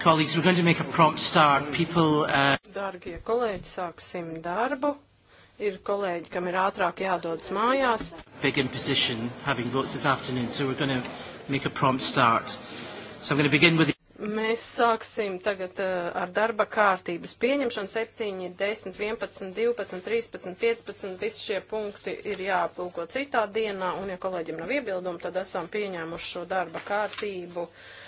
Colleagues, we're going to make a prompt start. People, uh... Dargie kolēģi, sāksim darbu. Ir kolēģi, kam ir ātrāk jādodas mājās. Big imposition having votes this afternoon, so we're going to make a prompt start. So I'm going to begin with... Mēs sāksim tagad uh, ar darba kārtības pieņemšanu 7, 10, 11, 12, 13, 15. Visi šie punkti ir jāaplūko citā dienā, un ja kolēģiem nav iebildumi, tad esam pieņēmuši šo darba kārtību. Uh,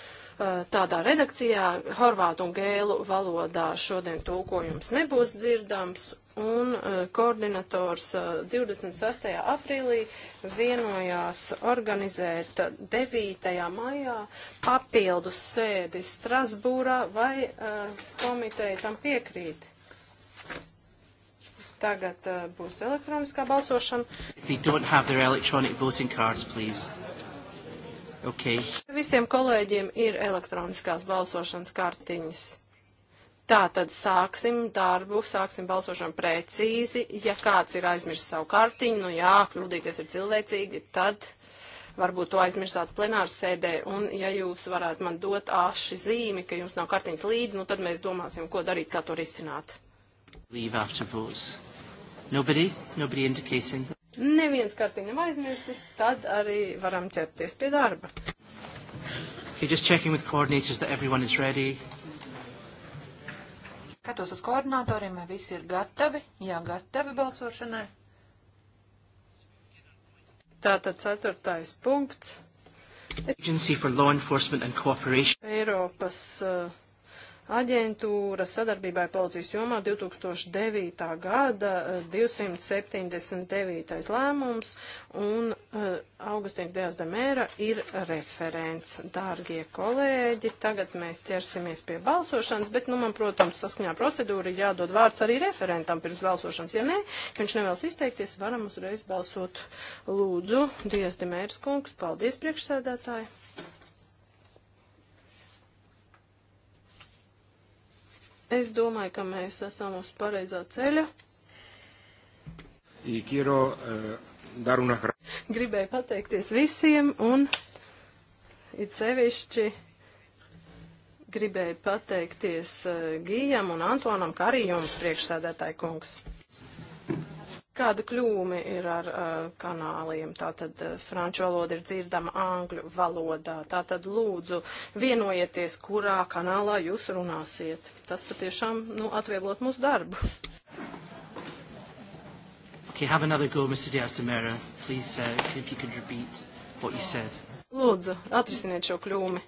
tādā redakcijā, horvātu un gēlu valodā šodien tulkojums nebūs dzirdams, un koordinators 26. aprīlī vienojās organizēt 9. maijā papildus sēdi Strasbūrā, vai komiteja tam piekrīt. Tagad būs elektroniskā balsošana. They don't have their electronic voting cards, please. Okay. Visiem kolēģiem ir elektroniskās balsošanas kartiņas. Tā tad sāksim darbu, sāksim balsošanu precīzi. Ja kāds ir aizmirsis savu kartiņu, nu jā, kļūdīties ir cilvēcīgi, tad varbūt to aizmirsāt plenāru sēdē. Un ja jūs varētu man dot āši zīmi, ka jums nav kartiņas līdzi, nu tad mēs domāsim, ko darīt, kā to risināt. Leave after votes. Nobody? Nobody indicating? neviens kartiņu nav aizmirsis, tad arī varam ķerties pie darba. Okay, just checking with coordinators that everyone is ready. Skatos uz koordinatoriem, vai visi ir gatavi? Jā, gatavi balsošanai. Tātad ceturtais punkts. Agency for Law Enforcement and Cooperation. Eiropas uh, Aģentūra sadarbībai policijas jomā 2009. gada 279. Eh, lēmums un uh, Augustīns Dēls Demēra ir referents. Dārgie kolēģi, tagad mēs ķersimies pie balsošanas, bet, nu, man, protams, saskaņā procedūra ir jādod vārds arī referentam pirms balsošanas. Ja nē, viņš nevēlas izteikties, varam uzreiz balsot. Lūdzu, Dievs Demērs kungs, paldies priekšsēdētāji. Es domāju, ka mēs esam uz pareizā ceļa. Quiero, uh, Gribēju pateikties visiem un it sevišķi gribēju pateikties uh, Gijam un Antonam, kā arī jums priekšsēdētāji kungs. Kāda kļūme ir ar uh, kanāliem? Tātad uh, franču valoda ir dzirdama angļu valodā. Tātad lūdzu vienojieties, kurā kanālā jūs runāsiet. Tas patiešām nu, atvieglot mūsu darbu. Okay, have another go, Mr. Diaz de Mera. Please, uh, if you could repeat what you said. Lūdzu, atrisiniet šo kļūmi.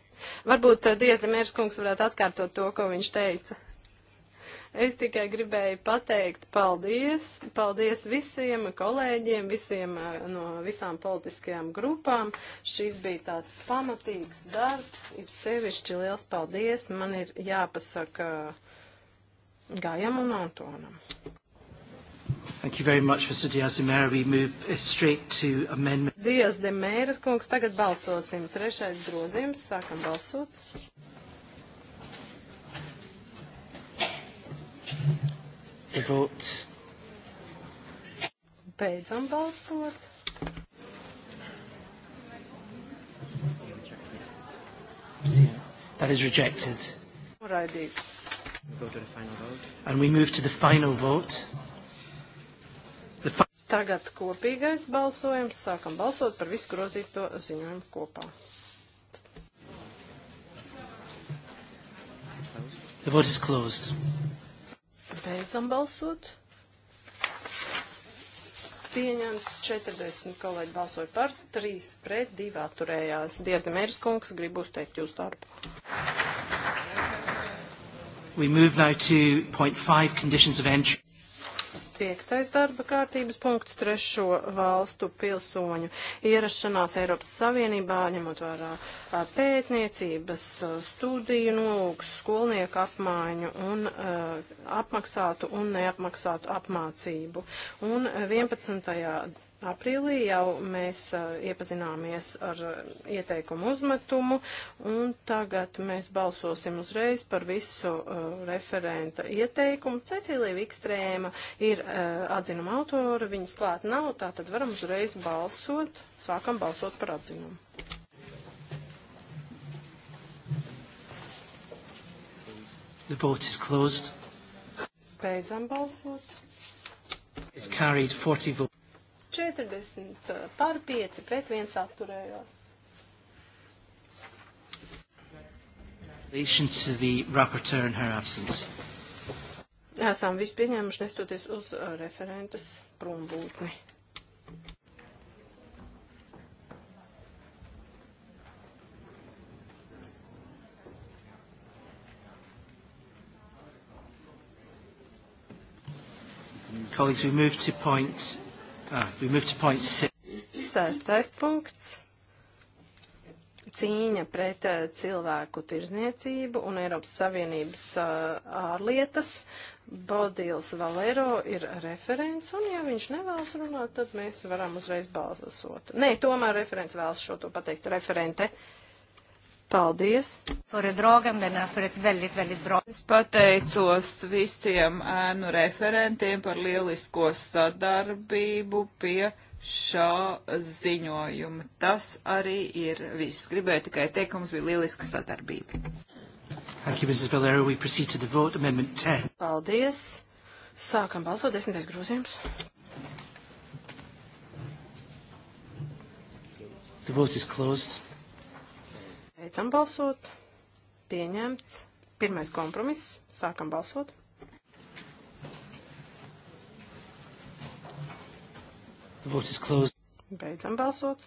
Varbūt uh, Diaz de Meras kungs varētu atkārtot to, ko viņš teica. Es tikai gribēju pateikt paldies, paldies visiem kolēģiem, visiem eh, no visām politiskajām grupām. Šis bija tāds pamatīgs darbs, ir sevišķi liels paldies. Man ir jāpasaka Gājam un Antonam. Thank you very much, Mr. Diaz de Mera. We move straight to amendment. Diaz de Meras kungs, tagad balsosim. Trešais grozījums, sākam balsot. The vote. Beidzam balsot. Yeah. That is rejected. Noraidīts. We go to the final vote. And we move to the final vote. The fi Tagad kopīgais balsojums. Sākam balsot par visu grozīto ziņojumu kopā. The vote is closed. Beidzam balsot. Pieņemts 40 kolēģi balsoja par, 3 pret, 2 atturējās. Diezde Mērs kungs, gribu uzteikt jūs darbu. We move now to point 5, conditions of entry piektais darba kārtības punkts, trešo valstu pilsoņu ierašanās Eiropas Savienībā, ņemot vērā pētniecības, studiju nolūks, skolnieku apmaiņu un apmaksātu un neapmaksātu apmācību. Un 11. Aprīlī jau mēs eh, iepazināmies ar eh, ieteikumu uzmetumu, un tagad mēs balsosim uzreiz par visu eh, referenta ieteikumu. Cecīlija Vikstrēma ir atzinuma autora, viņas klāt nav, tā tad varam uzreiz balsot, sākam balsot par atzinumu. The vote is closed. Beidzam balsot. It's carried 40 votes. 40 eh, par 5 pret 1 atturējās. Esam visu pieņēmuši, nestoties uz eh, referentes prombūtni. Colleagues, we move to point Ah, we move to point six. Sestais punkts cīņa pret uh, cilvēku tirzniecību un Eiropas Savienības uh, ārlietas. Bodils Valero ir referents, un ja viņš nevēlas runāt, tad mēs varam uzreiz balsot. Nē, tomēr referents vēlas šo to pateikt. Referente. Uh, Paldies! Es pateicos visiem ēnu referentiem par lielisko sadarbību pie šā ziņojuma. Tas arī ir viss. Gribēju tikai teikt, ka mums bija lieliska sadarbība. Thank you, Mrs. Valero. We proceed to the vote. Amendment 10. Paldies. Sākam balsot. Desmitais grozījums. The vote is closed. Beidzam balsot. Pieņemts. Pirmais kompromiss. Sākam balsot. Beidzam balsot.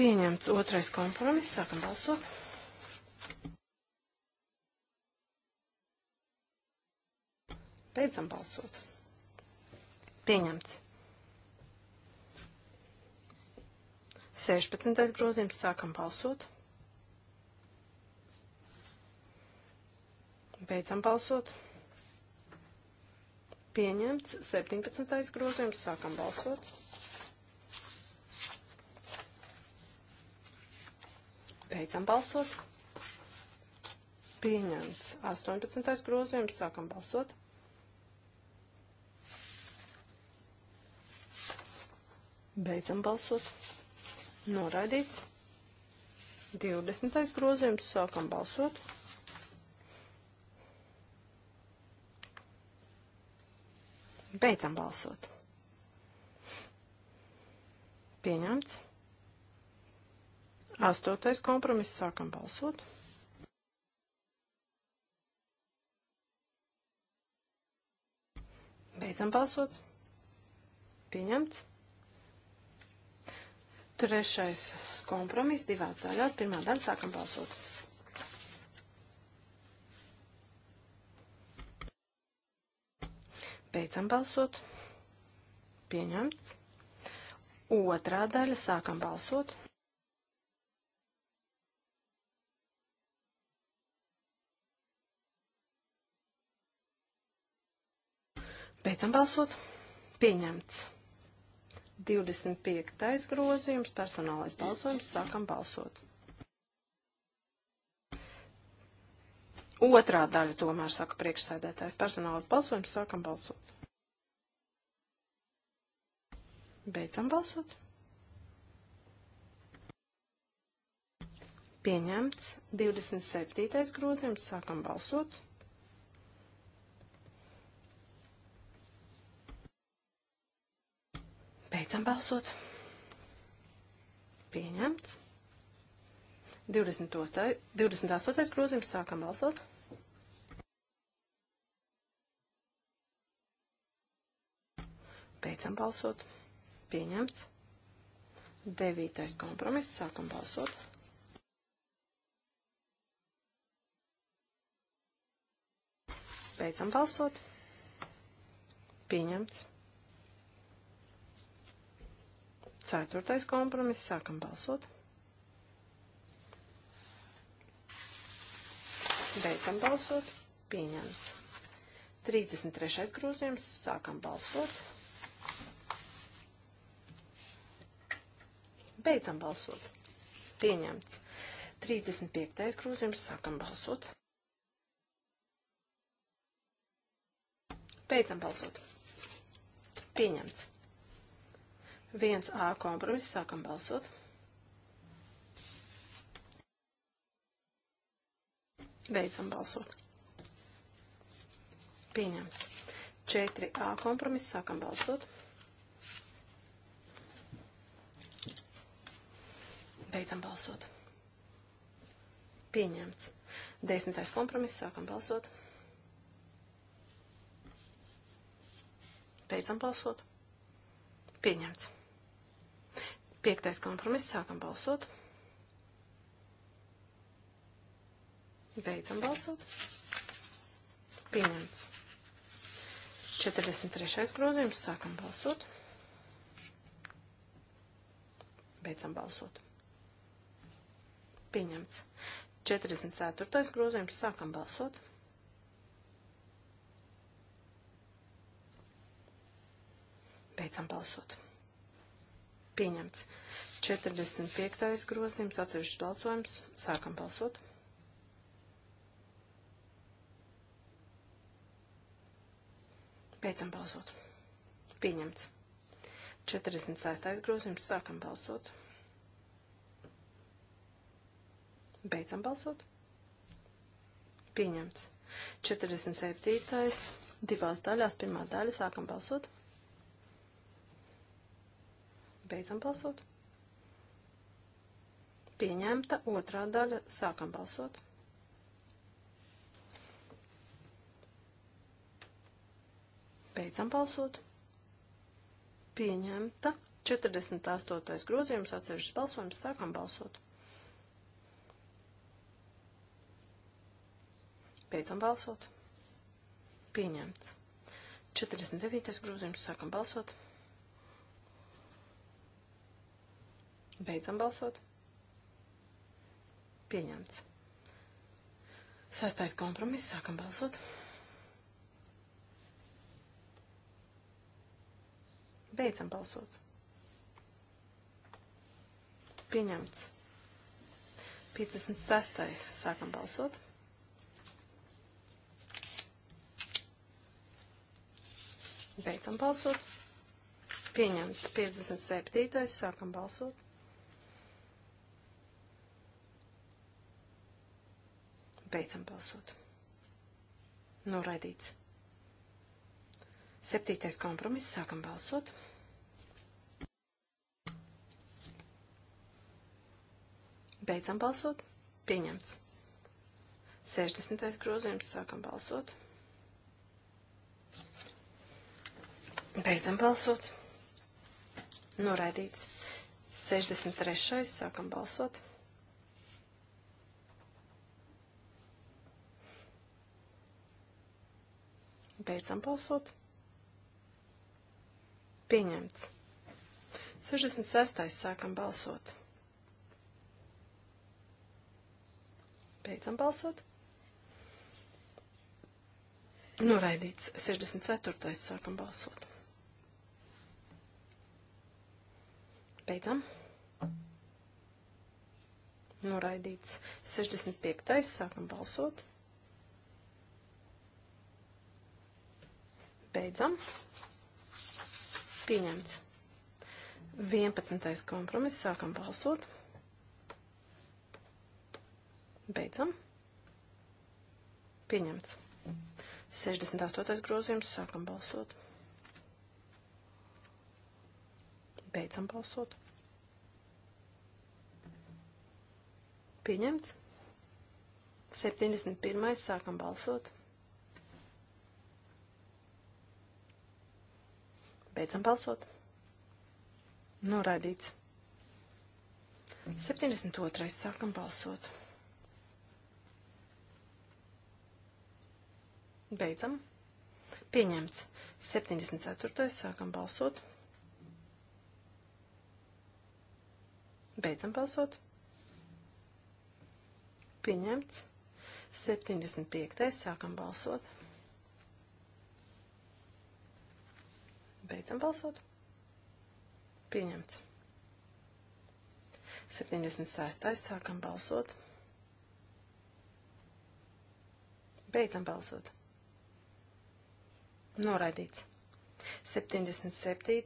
Pieņemts otrais kompromiss. Sākam balsot. Beidzam balsot. Pieņemts. 16. grozījums sākam balsot. Beidzam balsot. Pieņemts 17. grozījums sākam balsot. Beidzam balsot. Pieņemts 18. grozījums. Sākam balsot. Beidzam balsot. Noraidīts. 20. grozījums. Sākam balsot. Beidzam balsot. Pieņemts. 8. kompromiss. Sākam balsot. Beidzam balsot. Pieņemts. Trešais kompromiss divās daļās. Pirmā daļa sākam balsot. Beidzam balsot. Pieņemts. Otrā daļa sākam balsot. Beidzam balsot. Pieņemts. 25. grozījums, personālais balsojums, sākam balsot. Otrā daļa tomēr saka priekšsēdētājs. Personālais balsojums, sākam balsot. Beidzam balsot. Pieņemts 27. grozījums, sākam balsot. Beidzam balsot. Pieņemts. 28. 28. grozījums sākam balsot. Beidzam balsot. Pieņemts. 9. kompromiss sākam balsot. Beidzam balsot. Pieņemts. Ceturtais kompromiss. Sākam balsot. Beidzam balsot. Pieņemts. 33. grozījums. Sākam balsot. Beidzam balsot. Pieņemts. 35. grozījums. Sākam balsot. Beidzam balsot. Pieņemts. 1A kompromiss. Sākam balsot. Beidzam balsot. Pieņemts. 4A kompromiss. Sākam balsot. Beidzam balsot. Pieņemts. Desmitais kompromiss. Sākam balsot. Beidzam balsot. Pieņemts. Piektais kompromiss. Sākam balsot. Beidzam balsot. Pieņemts. 43. grozījums. Sākam balsot. Beidzam balsot. Pieņemts. 44. grozījums. Sākam balsot. Beidzam balsot. Pieņemts. 45. grozījums, atsevišķs balsojums. Sākam balsot. Beidzam balsot. Pieņemts. 46. grozījums, sākam balsot. Beidzam balsot. Pieņemts. 47. divās daļās, pirmā daļa, sākam balsot. Beidzam balsot. Pieņemta otrā daļa. Sākam balsot. Beidzam balsot. Pieņemta 48. grozījums atsevišķas balsojums. Sākam balsot. Beidzam balsot. Pieņemts. 49. grozījums. Sākam balsot. Pieņemts. Beidzam balsot. Pieņemts. Sastais kompromiss. Sākam balsot. Beidzam balsot. Pieņemts. 56. Sākam balsot. Beidzam balsot. Pieņemts 57. Sākam balsot. Beidzam balsot. Noraidīts. Septītais kompromiss. Sākam balsot. Beidzam balsot. Pieņemts. 60. grozījums. Sākam balsot. Beidzam balsot. Noraidīts. 63. Sākam balsot. Beidzam balsot. Pieņemts. 66. sākam balsot. Beidzam balsot. Noraidīts. 64. sākam balsot. Beidzam. Noraidīts. 65. sākam balsot. Beidzam. Pieņemts. 11. kompromiss. Sākam balsot. Beidzam. Pieņemts. 68. grozījums. Sākam balsot. Beidzam balsot. Pieņemts. 71. Sākam balsot. Beidzam balsot. Noraidīts. 72. Sākam balsot. Beidzam. Pieņemts. 74. Sākam balsot. Beidzam balsot. Pieņemts. 75. Sākam balsot. Beidzam balsot. Pieņemts. 76. Sākam balsot. Beidzam balsot. Noraidīts. 77.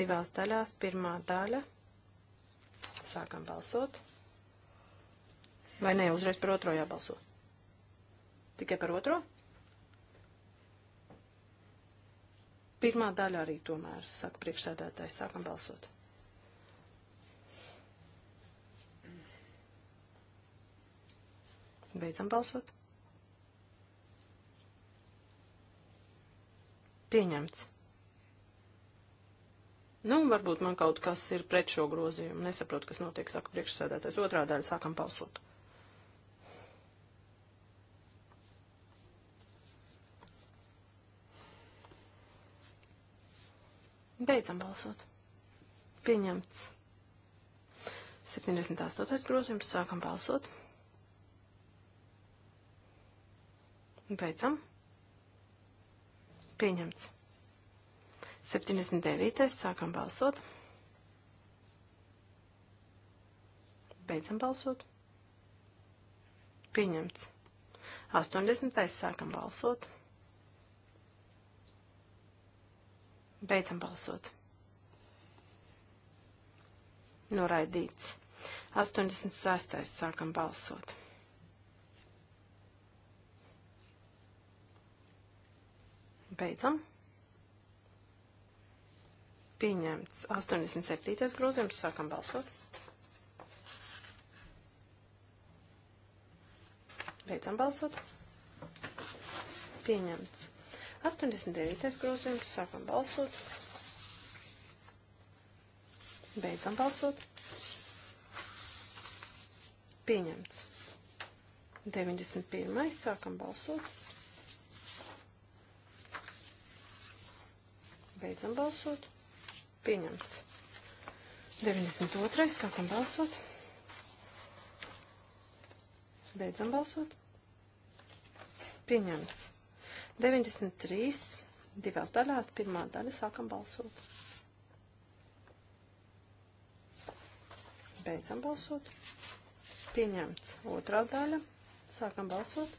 divās daļās, pirmā daļa. Sākam balsot. Vai ne, uzreiz par otro jābalso? Tikai par otro? Pirmā daļa arī tomēr, saka priekšsēdētājs, sākam balsot. Beidzam balsot. Pieņemts. Nu, varbūt man kaut kas ir pret šo grozījumu. Nesaprotu, kas notiek, saka priekšsēdētājs. Otrā daļa sākam balsot. Beidzam balsot. Pieņemts. 78. grozījums. Sākam balsot. Beidzam. Pieņemts. 79. Sākam balsot. Beidzam balsot. Pieņemts. 80. Sākam balsot. Beidzam balsot. Noraidīts. 86. sākam balsot. Beidzam. Pieņemts 87. grozījums. Sākam balsot. Beidzam balsot. Pieņemts 89. grozījums. Sākam balsot. Beidzam balsot. Pieņemts. 91. Sākam balsot. Beidzam balsot. Pieņemts. 92. Sākam balsot. Beidzam balsot. Pieņemts. 93. Divās daļās. Pirmā daļa. Sākam balsot. Beidzam balsot. Pieņemts. Otrā daļa. Sākam balsot.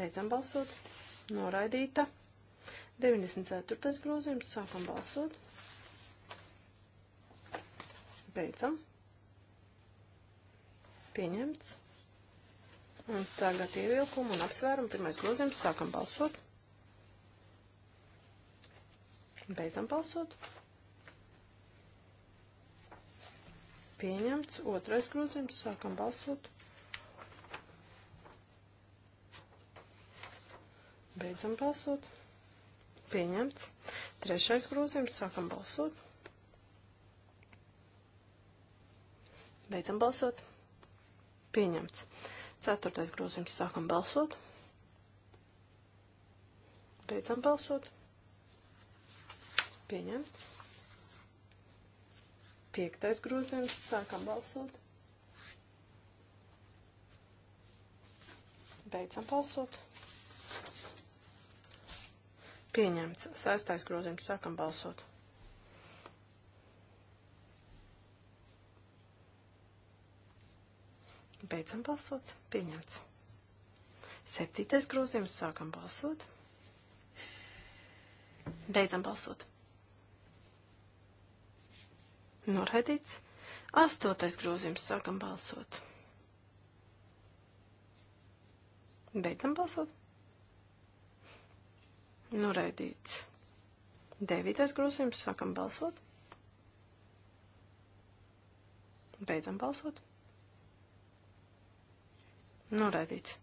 Beidzam balsot. Noraidīta. 94. grozījums. Sākam balsot. Beidzam. Pieņemts. Un tagad ievilkumu un apsvērumu pirmais grozījums. Sākam balsot. Beidzam balsot. Pieņemts. Otrais grozījums. Sākam balsot. Beidzam balsot. Pieņemts. Trešais grozījums. Sākam balsot. Beidzam balsot. Pieņemts. Ceturtais grozījums sākam balsot. Beidzam balsot. Pieņemts. Piektais grozījums sākam balsot. Beidzam balsot. Pieņemts. Sestais grozījums sākam balsot. Beidzam balsot. Pieņemts. Septītais grozījums. Sākam balsot. Beidzam balsot. Norhaidīts. Astotais grozījums. Sākam balsot. Beidzam balsot. Noraidīts. Devītais grozījums. Sākam balsot. Beidzam balsot. Noraidīts.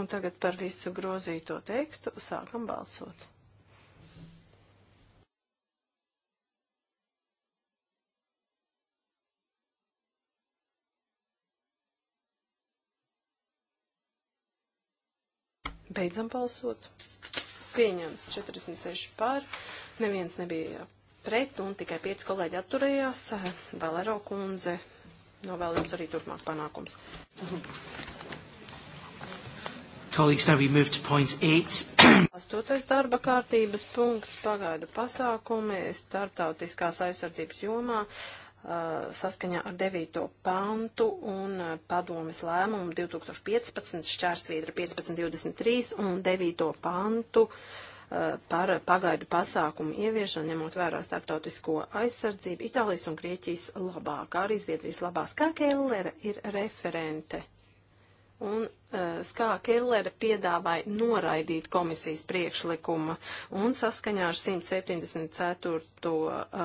Un tagad par visu grozīto tekstu sākam balsot. Beidzam balsot. Pieņemts 46 pār. Neviens nebija pret un tikai 5 kolēģi atturējās. Valero kundze Novēlu jums arī turpmāk panākums. Colleagues, now we move to point eight. Astotais darba kārtības punkts - pagaida pasākumi startautiskās aizsardzības jomā uh, saskaņā ar 9. pantu un uh, padomis lēmumu 2015 šķērsvīdra 1523 un 9. pantu uh, par pagaidu pasākumu ieviešanu, ņemot vērā starptautisko aizsardzību Itālijas un Grieķijas labā, kā arī Zviedrijas labās. Kā Kellere ir referente? Un Eh, Skā Kellere piedāvāja noraidīt komisijas priekšlikumu un saskaņā ar 174. Uh, eh,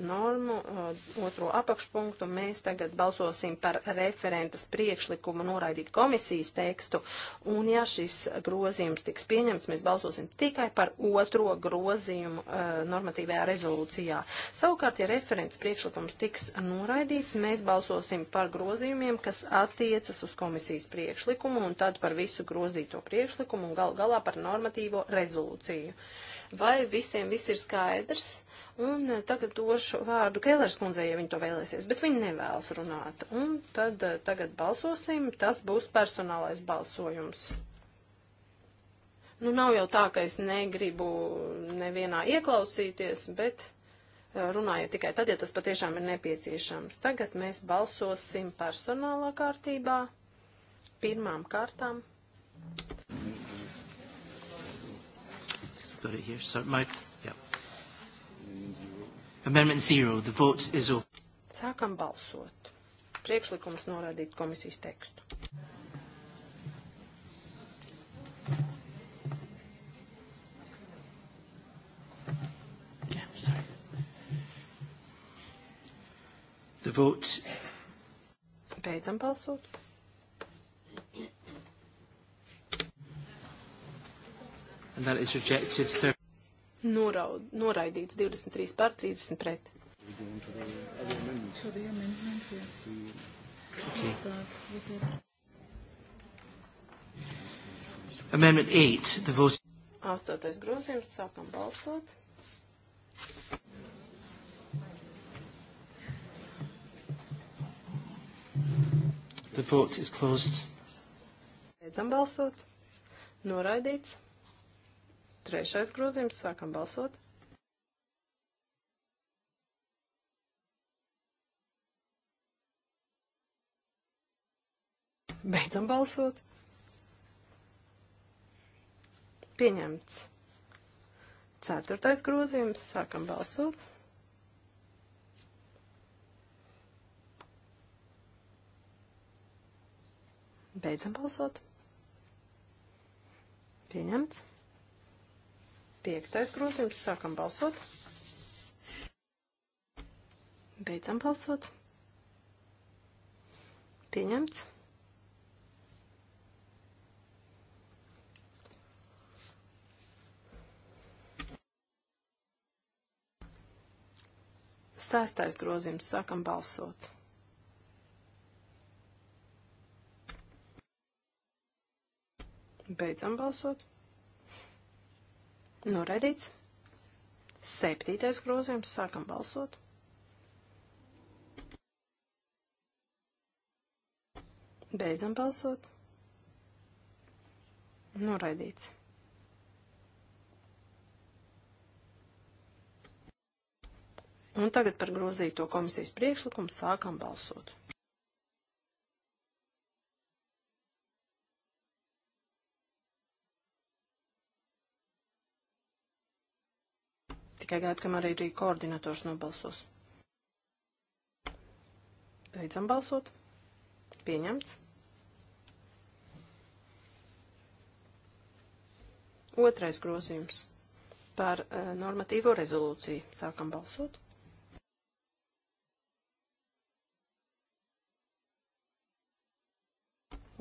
normu, uh, otro apakšpunktu, mēs tagad balsosim par referentas priekšlikumu noraidīt komisijas tekstu un ja šis grozījums tiks pieņemts, mēs balsosim tikai par otro grozījumu uh, normatīvajā rezolūcijā. Savukārt, ja referents priekšlikums tiks noraidīts, mēs balsosim par grozījumiem, kas attiecas uz komisijas priekšlikumu un tad par visu grozīto priekšlikumu un gal galā par normatīvo rezolūciju. Vai visiem viss ir skaidrs? Un eh, tagad došu vārdu Kēlers kundzei, ja viņa to vēlēsies, bet viņa nevēlas runāt. Un tad eh, tagad balsosim, tas būs personālais balsojums. Nu, nav jau tā, ka es negribu nevienā ieklausīties, bet eh, runāju tikai tad, ja tas patiešām ir nepieciešams. Tagad mēs balsosim personālā kārtībā. Pirmām kārtām. Got it here. So my, yeah. Amendment zero. The vote is open. Sākam balsot. Priekšlikums norādīt komisijas tekstu. The vote. Beidzam balsot. and that is rejected. Noraud, noraidīts 23 pār 30 pret. So the amendments, yes. Okay. Start with it. Amendment 8, the vote. Astotais grozījums, sākam balsot. The vote is closed. Beidzam balsot. Noraidīts. Trešais grozījums. Sākam balsot. Beidzam balsot. Pieņemts. Ceturtais grozījums. Sākam balsot. Beidzam balsot. Pieņemts piektais grozījums. Sākam balsot. Beidzam balsot. Pieņemts. Sēstais grozījums. Sākam balsot. Beidzam balsot. Noraidīts. Septītais grozījums. Sākam balsot. Beidzam balsot. Noraidīts. Un tagad par grozīto komisijas priekšlikumu sākam balsot. tikai gaidu, kamēr arī koordinators nobalsos. Beidzam balsot. Pieņemts. Otrais grozījums par uh, normatīvo rezolūciju. Sākam balsot.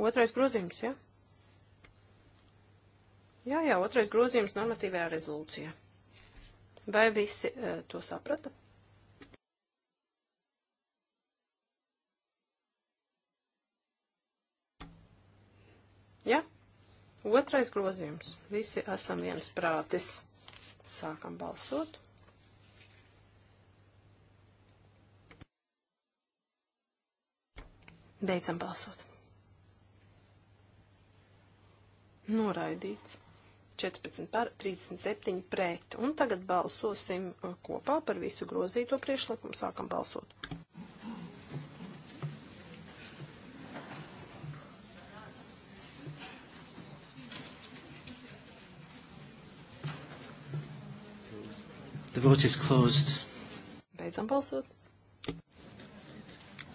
Otrais grozījums, jā? Ja? Jā, jā, otrais grozījums normatīvajā rezolūcijā. Vai visi uh, to saprata? Ja? Otrais grozījums. Visi esam viens prātis. Sākam balsot. Beidzam balsot. Noraidīts. 14 par 37 pret. Un tagad balsosim uh, kopā par visu grozīto priekšlikumu. Sākam balsot. The vote is closed. Beidzam balsot.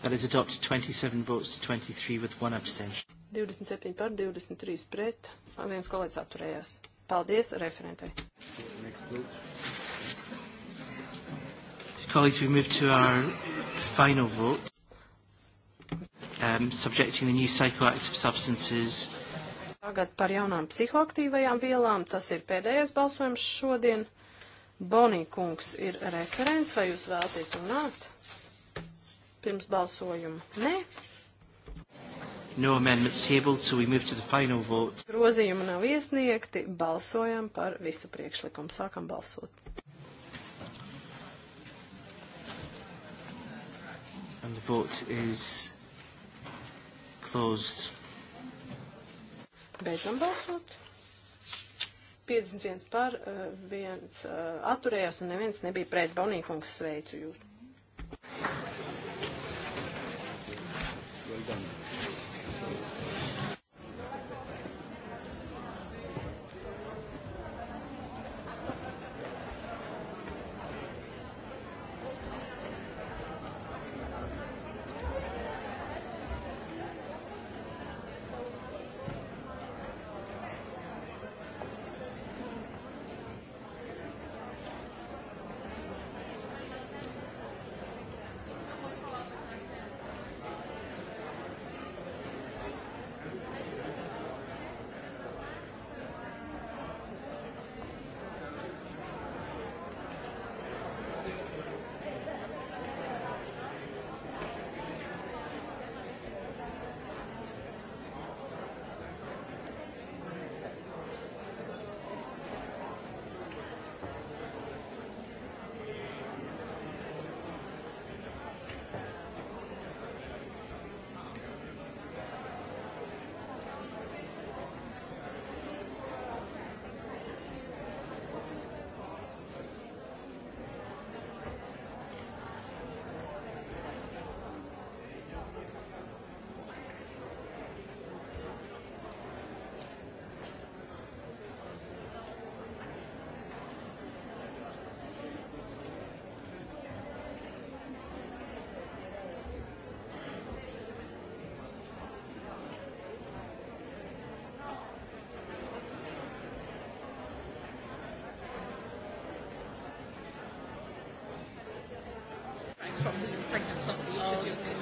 That is adopted 27 votes to 23 with one abstention. 27 par 23 pret, viens kolēģis atturējās. Paldies referentei. Colleagues, we move to our final vote, um, subjecting the new psychoactive substances. Tagad par jaunām psihoaktīvajām vielām. Tas ir pēdējais balsojums šodien. Bonī kungs ir referents, vai jūs vēlaties runāt pirms balsojuma? Nē. No amendments tabled, so we move to the final vote. Grozījumi nav iesniegti, balsojam par visu priekšlikumu. Sākam balsot. And the vote is closed. Beidzam balsot. 51 par, eh, viens eh, atturējās un neviens nebija pret. Bonīkungs sveicu jūs.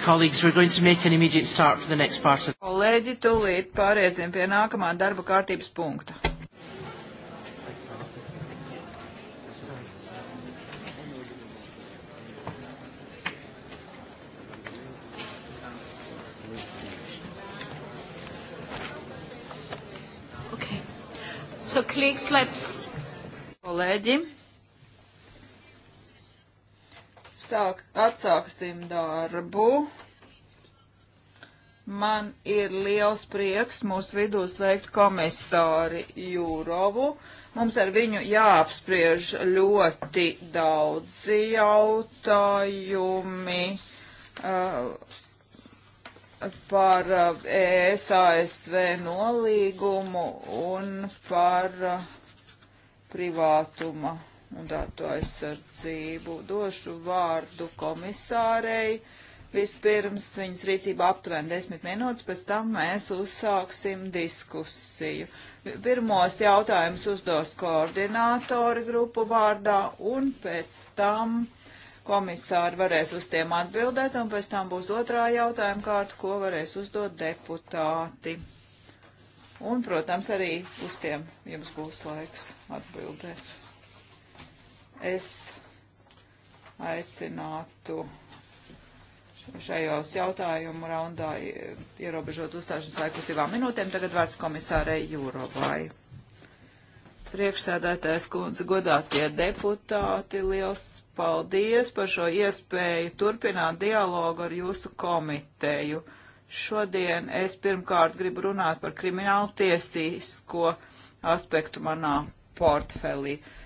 Colleagues, we're going to make an immediate start for the next part of... Kolēģi, tūlīt pāriesim pie nākamā darba kārtības punkta. Okay. So, colleagues, let's... Kolēģi, sāk Atsāksim darbu. Man ir liels prieks mūsu vidū sveikt komisāri Jūrovu. Mums ar viņu jāapspriež ļoti daudz jautājumi uh, par uh, ESASV nolīgumu un par uh, privātuma un datu aizsardzību. Došu vārdu komisārei. Vispirms viņas rīcība aptuveni desmit minūtes, pēc tam mēs uzsāksim diskusiju. Pirmos jautājumus uzdos koordinātori grupu vārdā un pēc tam komisāri varēs uz tiem atbildēt, un pēc tam būs otrā jautājuma kārta, ko varēs uzdot deputāti. Un, protams, arī uz tiem jums būs laiks atbildēt. Es aicinātu šajos jautājumu raundā ierobežot uzstāšanas laiku divām minūtēm. Tagad vārds komisārai Jūrovai. Priekšsēdētājs kundze, godātie deputāti, liels paldies par šo iespēju turpināt dialogu ar jūsu komiteju. Šodien es pirmkārt gribu runāt par kriminālu tiesīsko aspektu manā portfelī. Uh,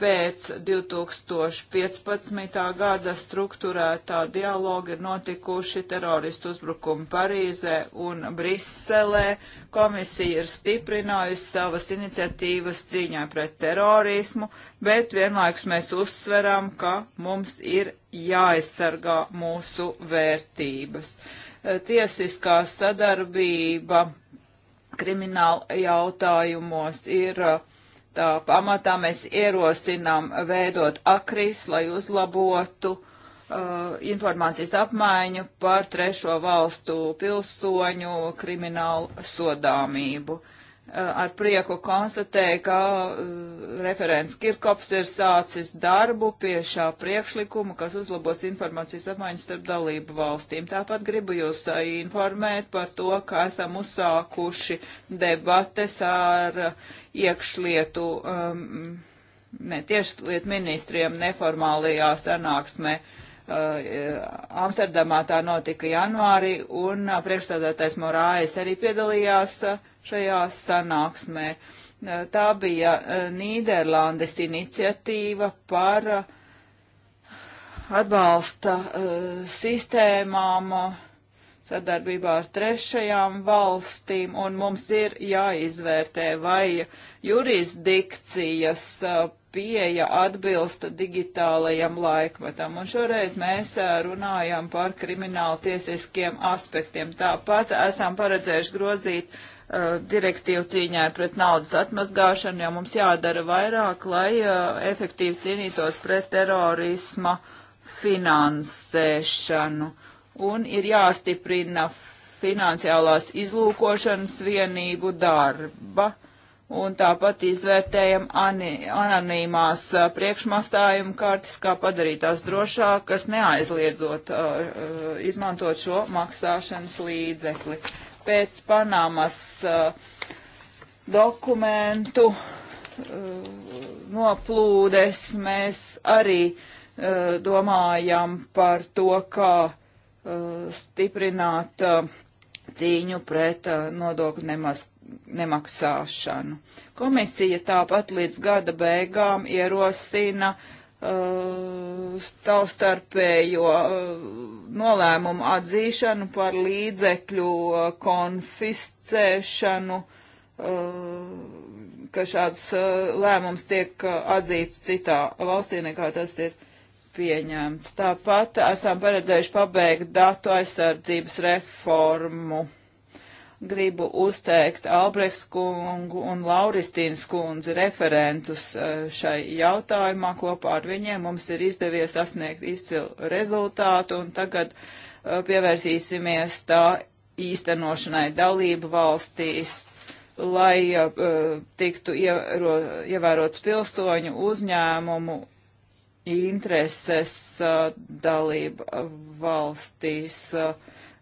pēc 2015. gada struktūrētā dialoga ir notikuši teroristu uzbrukumi Parīzē un Briselē. Komisija ir stiprinājusi savas iniciatīvas cīņā pret terorismu, bet vienlaiks mēs uzsveram, ka mums ir jāaizsargā mūsu vērtības. Eh, tiesiskā sadarbība krimināla jautājumos ir uh, tā pamatā mēs ierosinām veidot akris, lai uzlabotu uh, informācijas apmaiņu par trešo valstu pilsoņu kriminālu sodāmību. Uh, Eh, ar prieku konstatēju, ka eh, referents Kirkops ir sācis darbu pie šā priekšlikuma, kas uzlabos informācijas apmaiņas starp dalību valstīm. Tāpat gribu jūs eh, informēt par to, ka esam uzsākuši debates ar iekšlietu, um, ne tieši lietu ministriem neformālajā sanāksmē. Uh, Uh, Amsterdamā tā notika janvārī, un uh, priekšstādātais Morājas arī piedalījās uh, šajā sanāksmē. Tā bija Nīderlandes iniciatīva par atbalsta sistēmām sadarbībā ar trešajām valstīm, un mums ir jāizvērtē, vai jurisdikcijas pieeja atbilsta digitālajam laikmetam. Un šoreiz mēs runājam par kriminālu tiesiskiem aspektiem. Tāpat esam paredzējuši grozīt uh, direktīvu cīņai pret naudas atmazgāšanu, jo mums jādara vairāk, lai uh, efektīvi cīnītos pret terorisma finansēšanu. Un ir jāstiprina finansiālās izlūkošanas vienību darba. Uh, un tāpat izvērtējam anonīmās priekšmastājumu kartes, kā padarīt tās drošākas, neaizliedzot uh, izmantot šo maksāšanas līdzekli. Pēc Panamas uh, dokumentu uh, noplūdes mēs arī domājam par to, kā stiprināt cīņu pret nodokļu nemaz nemaksāšanu. Komisija tāpat līdz gada beigām ierosina uh, taustarpējo uh, nolēmumu atzīšanu par līdzekļu uh, konfiscēšanu, uh, ka šāds uh, lēmums tiek uh, atzīts citā valstī nekā tas ir pieņemts. Tāpat esam paredzējuši pabeigt datu aizsardzības reformu gribu uzteikt Albrechts kungu un Lauristīnas kundzi referentus e, šai jautājumā. Kopā ar viņiem mums ir izdevies sasniegt izcilu rezultātu un tagad e, pievērsīsimies tā īstenošanai dalību valstīs, lai uh, tiktu iero, ievērots pilsoņu uzņēmumu intereses uh, dalību valstīs. Uh,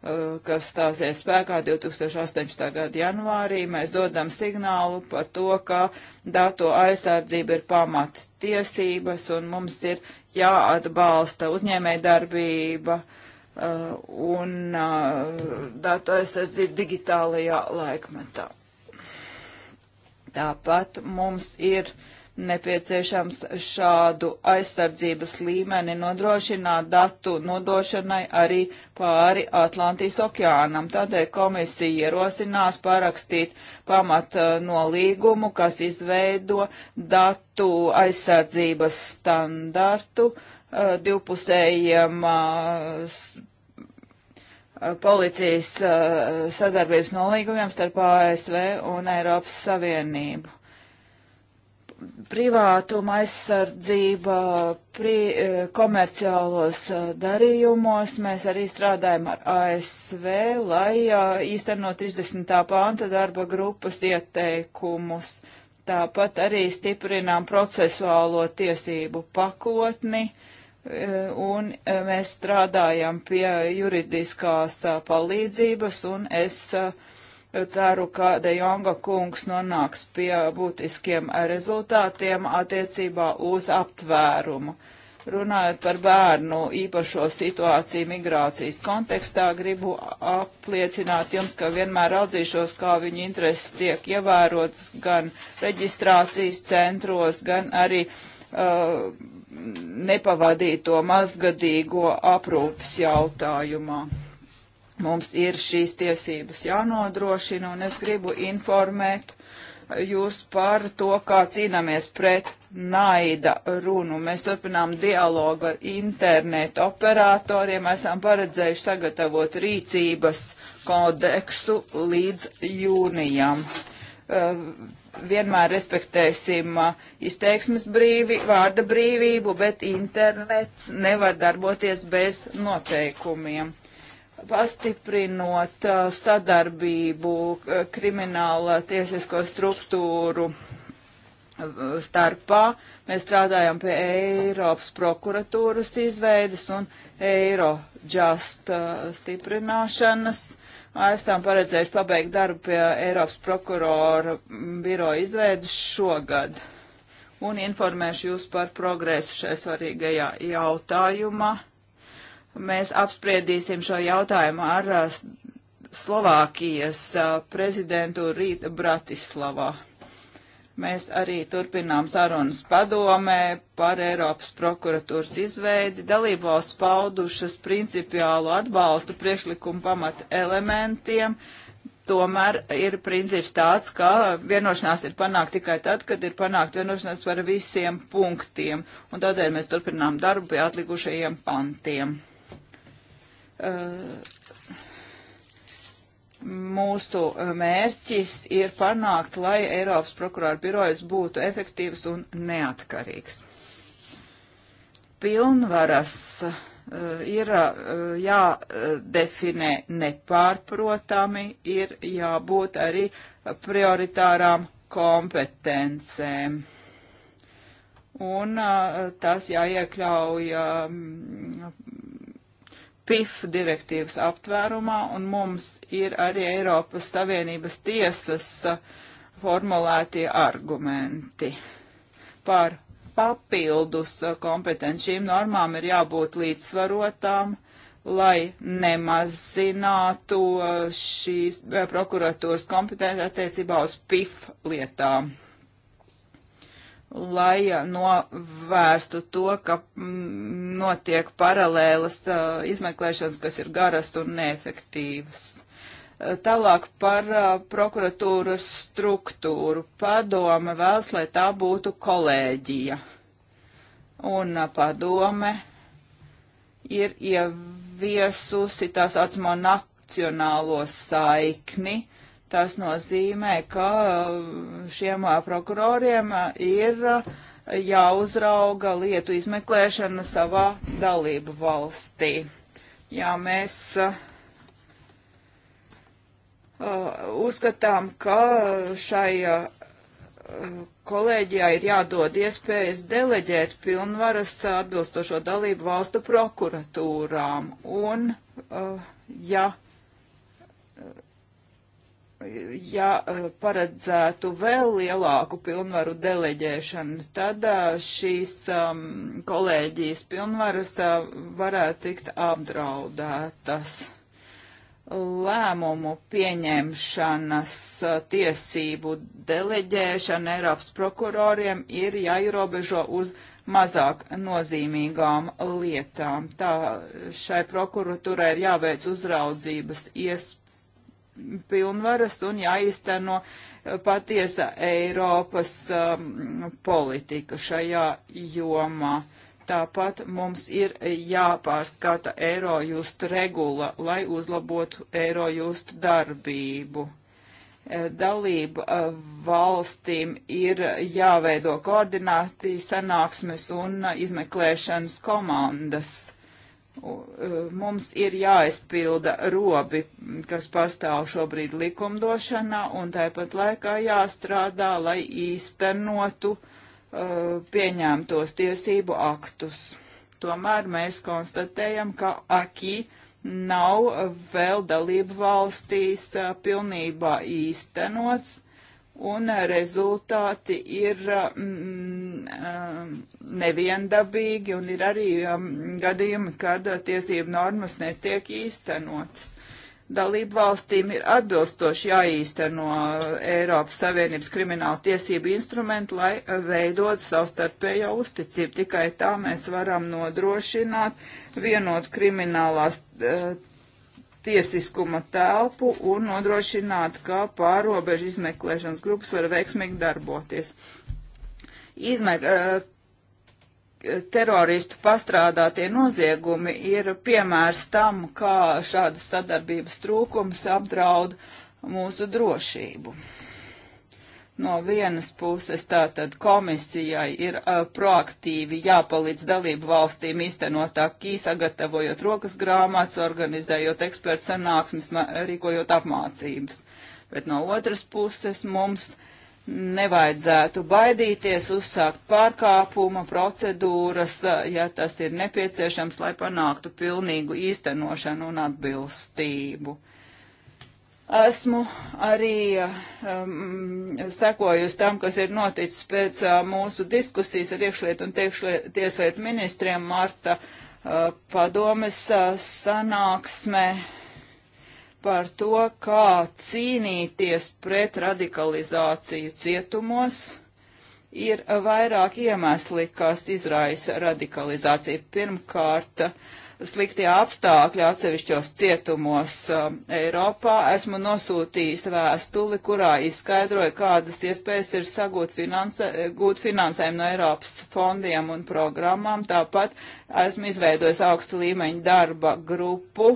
Uh, kas stāsies spēkā 2018. gada janvārī, mēs dodam signālu par to, ka datu aizsardzība ir pamat tiesības un mums ir jāatbalsta uzņēmē darbība uh, un uh, datu aizsardzība digitālajā laikmetā. Tāpat mums ir uh, nepieciešams šādu aizsardzības līmeni nodrošināt datu nodošanai arī pāri Atlantijas okeānam. Tādēļ komisija ierosinās parakstīt pamat eh, nolīgumu, kas izveido datu aizsardzības standartu eh, divpusējiem eh, policijas sadarbības nolīgumiem starp ASV un Eiropas Savienību privātuma aizsardzība pri, e, komerciālos e, darījumos. Mēs arī strādājam ar ASV, lai e, īstenot 30. pānta darba grupas ieteikumus. Tāpat arī stiprinām procesuālo tiesību pakotni un mēs strādājam pie juridiskās palīdzības un es uh, ceru, ka De Jonga kungs nonāks pie būtiskiem rezultātiem attiecībā uz aptvērumu. Runājot par bērnu īpašo situāciju migrācijas kontekstā, gribu apliecināt jums, ka vienmēr raudzīšos, kā viņu intereses tiek ievērotas gan reģistrācijas centros, gan arī uh, nepavadīto mazgadīgo aprūpes jautājumā. Mums ir šīs tiesības jānodrošina, un es gribu informēt jūs par to, kā cīnāmies pret naida runu. Mēs turpinām dialogu ar internetu operatoriem, esam paredzējuši sagatavot rīcības kodeksu līdz jūnijam. Uh, vienmēr respektēsim eh, izteiksmes brīvi, vārda brīvību, bet internets nevar darboties bez noteikumiem pastiprinot uh, sadarbību uh, krimināla tiesisko struktūru uh, starpā. Mēs strādājam pie Eiropas prokuratūras izveidas un Eirojust stiprināšanas. Esam paredzējuši pabeigt darbu pie Eiropas prokurora biroja izveidas šogad. Un informēšu jūs par progresu šai svarīgajā jautājumā Mēs apspriedīsim šo jautājumu ar uh, Slovākijas uh, prezidentu rīt Bratislavā. Mēs arī turpinām sarunas padomē par Eiropas prokuratūras izveidi. Dalībvalsts paudušas principiālu atbalstu priekšlikumu pamata elementiem. Tomēr ir princips tāds, ka vienošanās ir panākt tikai tad, kad ir panākt vienošanās par visiem punktiem. Un tādēļ mēs turpinām darbu pie atlikušajiem pantiem. Eh, mūsu eh, mērķis ir panākt, lai Eiropas prokurāra birojas būtu efektīvs un neatkarīgs. Pilnvaras eh, ir jādefinē nepārprotami, ir jābūt arī prioritārām kompetencēm. Un tas jāiekļauj PIF direktīvas aptvērumā, un mums ir arī Eiropas Savienības tiesas uh, formulētie argumenti. Par papildus uh, kompetenci šīm normām ir jābūt līdzsvarotām, lai nemazinātu uh, šīs prokuratūras kompetenci attiecībā uz PIF lietām lai novērstu to, ka mm, notiek paralēlas tā, izmeklēšanas, kas ir garas un neefektīvas. Tālāk par prokuratūras struktūru. Padome vēlas, lai tā būtu kolēģija. Un padome ir ieviesusi tā saucamo nacionālo saikni Tas nozīmē, ka uh, šiem uh, prokuroriem uh, ir jāuzrauga lietu izmeklēšana savā dalību valstī. Jā, mēs uzskatām, ka šai kolēģijā ir jādod iespējas deleģēt pilnvaras atbilstošo dalību valstu prokuratūrām. Un, ja ja eh, paredzētu vēl lielāku pilnvaru deleģēšanu, tad eh, šīs um, kolēģijas pilnvaras uh, varētu tikt apdraudētas. Lēmumu pieņemšanas uh, tiesību deleģēšana Eiropas prokuroriem ir jāierobežo uz mazāk nozīmīgām lietām. Tā šai prokuratūrai ir jāveic uzraudzības iespējas pilnvaras un jāizteno patiesa Eiropas um, politika šajā jomā. Tāpat mums ir jāpārskata Eirojust regula, lai uzlabotu Eirojust darbību. E, dalība e, valstīm ir jāveido koordināti sanāksmes un e, izmeklēšanas komandas E, mums ir jāizpilda robi, kas pastāv šobrīd likumdošanā, un tāpat laikā jāstrādā, lai īstenotu uh, pieņemtos tiesību aktus. Tomēr mēs konstatējam, ka akī nav vēl dalību valstīs uh, pilnībā īstenots, un eh, rezultāti ir eh, mm, eh, neviendabīgi, un ir arī gadījumi, kad tiesību normas netiek īstenotas. Dalību valstīm ir atbilstoši jāīsteno Eiropas Savienības krimināla tiesību instrumenti, lai veidot savstarpējo uzticību. Tikai tā mēs varam nodrošināt vienot kriminālās uh, tiesiskuma telpu un nodrošināt, ka pārobežu izmeklēšanas grupas var veiksmīgi darboties. Izmek eh, teroristu pastrādātie noziegumi ir piemērs tam, kā šādas sadarbības trūkums apdraud mūsu drošību. No vienas puses tātad komisijai ir uh, proaktīvi jāpalīdz dalību valstīm īstenot akī, sagatavojot rokas grāmatas, organizējot ekspertu sanāksmes, rīkojot apmācības. Bet no otras puses mums nevajadzētu baidīties uzsākt pārkāpuma procedūras, ja tas ir nepieciešams, lai panāktu pilnīgu īstenošanu un atbilstību Esmu arī um, sekojusi tam, kas ir noticis pēc uh, mūsu diskusijas ar iekšlietu un tieslietu ministriem Marta uh, padomes uh, sanāksmē par to, kā cīnīties pret radikalizāciju cietumos. Ir vairāk iemesli, kas izraisa radikalizāciju. Pirmkārt, uh, sliktie apstākļi atsevišķos cietumos um, Eiropā. Esmu nosūtījis vēstuli, kurā izskaidroju, kādas iespējas ir sagūt finansē, gūt finansējumu no Eiropas fondiem un programmām. Tāpat esmu izveidojis augstu līmeņu darba grupu,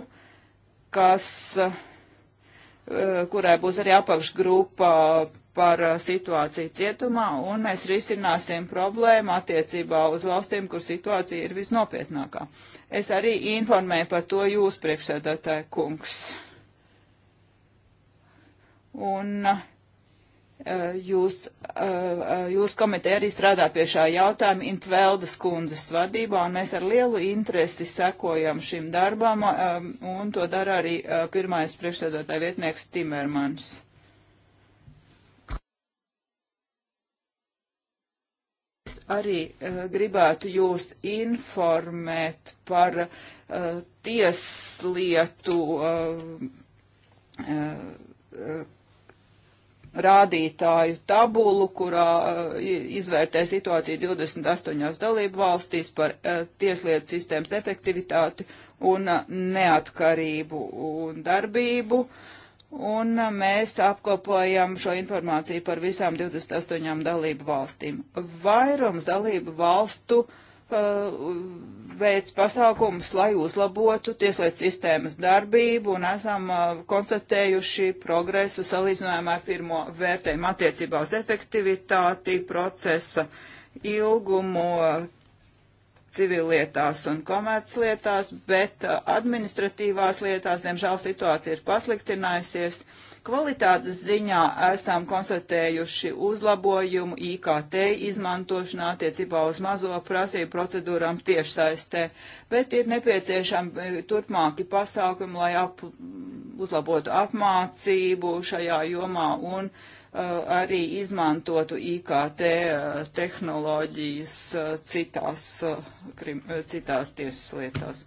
kas, uh, kurai būs arī apakšgrupa par uh, situāciju cietumā, un mēs risināsim problēmu attiecībā uz valstīm, kur situācija ir visnopietnākā. Es arī informēju par to jūs priekšsēdētāju kungs. Un uh, jūs, uh, jūs komiteja arī strādā pie šā jautājuma Intveldas kundzes vadībā, un mēs ar lielu interesi sekojam šim darbam, um, un to dara arī pirmais priekšsēdētāja vietnieks Timermans. arī uh, gribētu jūs informēt par uh, tieslietu eh, rādītāju tabulu, kurā izvērtē situāciju 28 dalību valstīs par tieslietu sistēmas efektivitāti un neatkarību un darbību. Uh, un uh, mēs apkopojam šo informāciju par visām 28 dalību valstīm. Vairums dalību valstu uh, veids pasākumus, lai uzlabotu tieslietu sistēmas darbību un esam uh, konstatējuši progresu salīdzinājumā ar pirmo vērtējumu attiecībā uz efektivitāti, procesa ilgumu, civilietās un komerclietās, bet uh, administratīvās lietās, diemžēl, situācija ir pasliktinājusies. Kvalitātes ziņā esam konstatējuši uzlabojumu IKT izmantošanā attiecībā uz mazo prasību procedūrām tiešsaistē, bet ir nepieciešami turpmāki pasākumi, lai ap, uzlabotu apmācību šajā jomā un uh, Eh, arī izmantotu IKT eh, tehnoloģijas eh, citās, krim, citās tiesas lietās.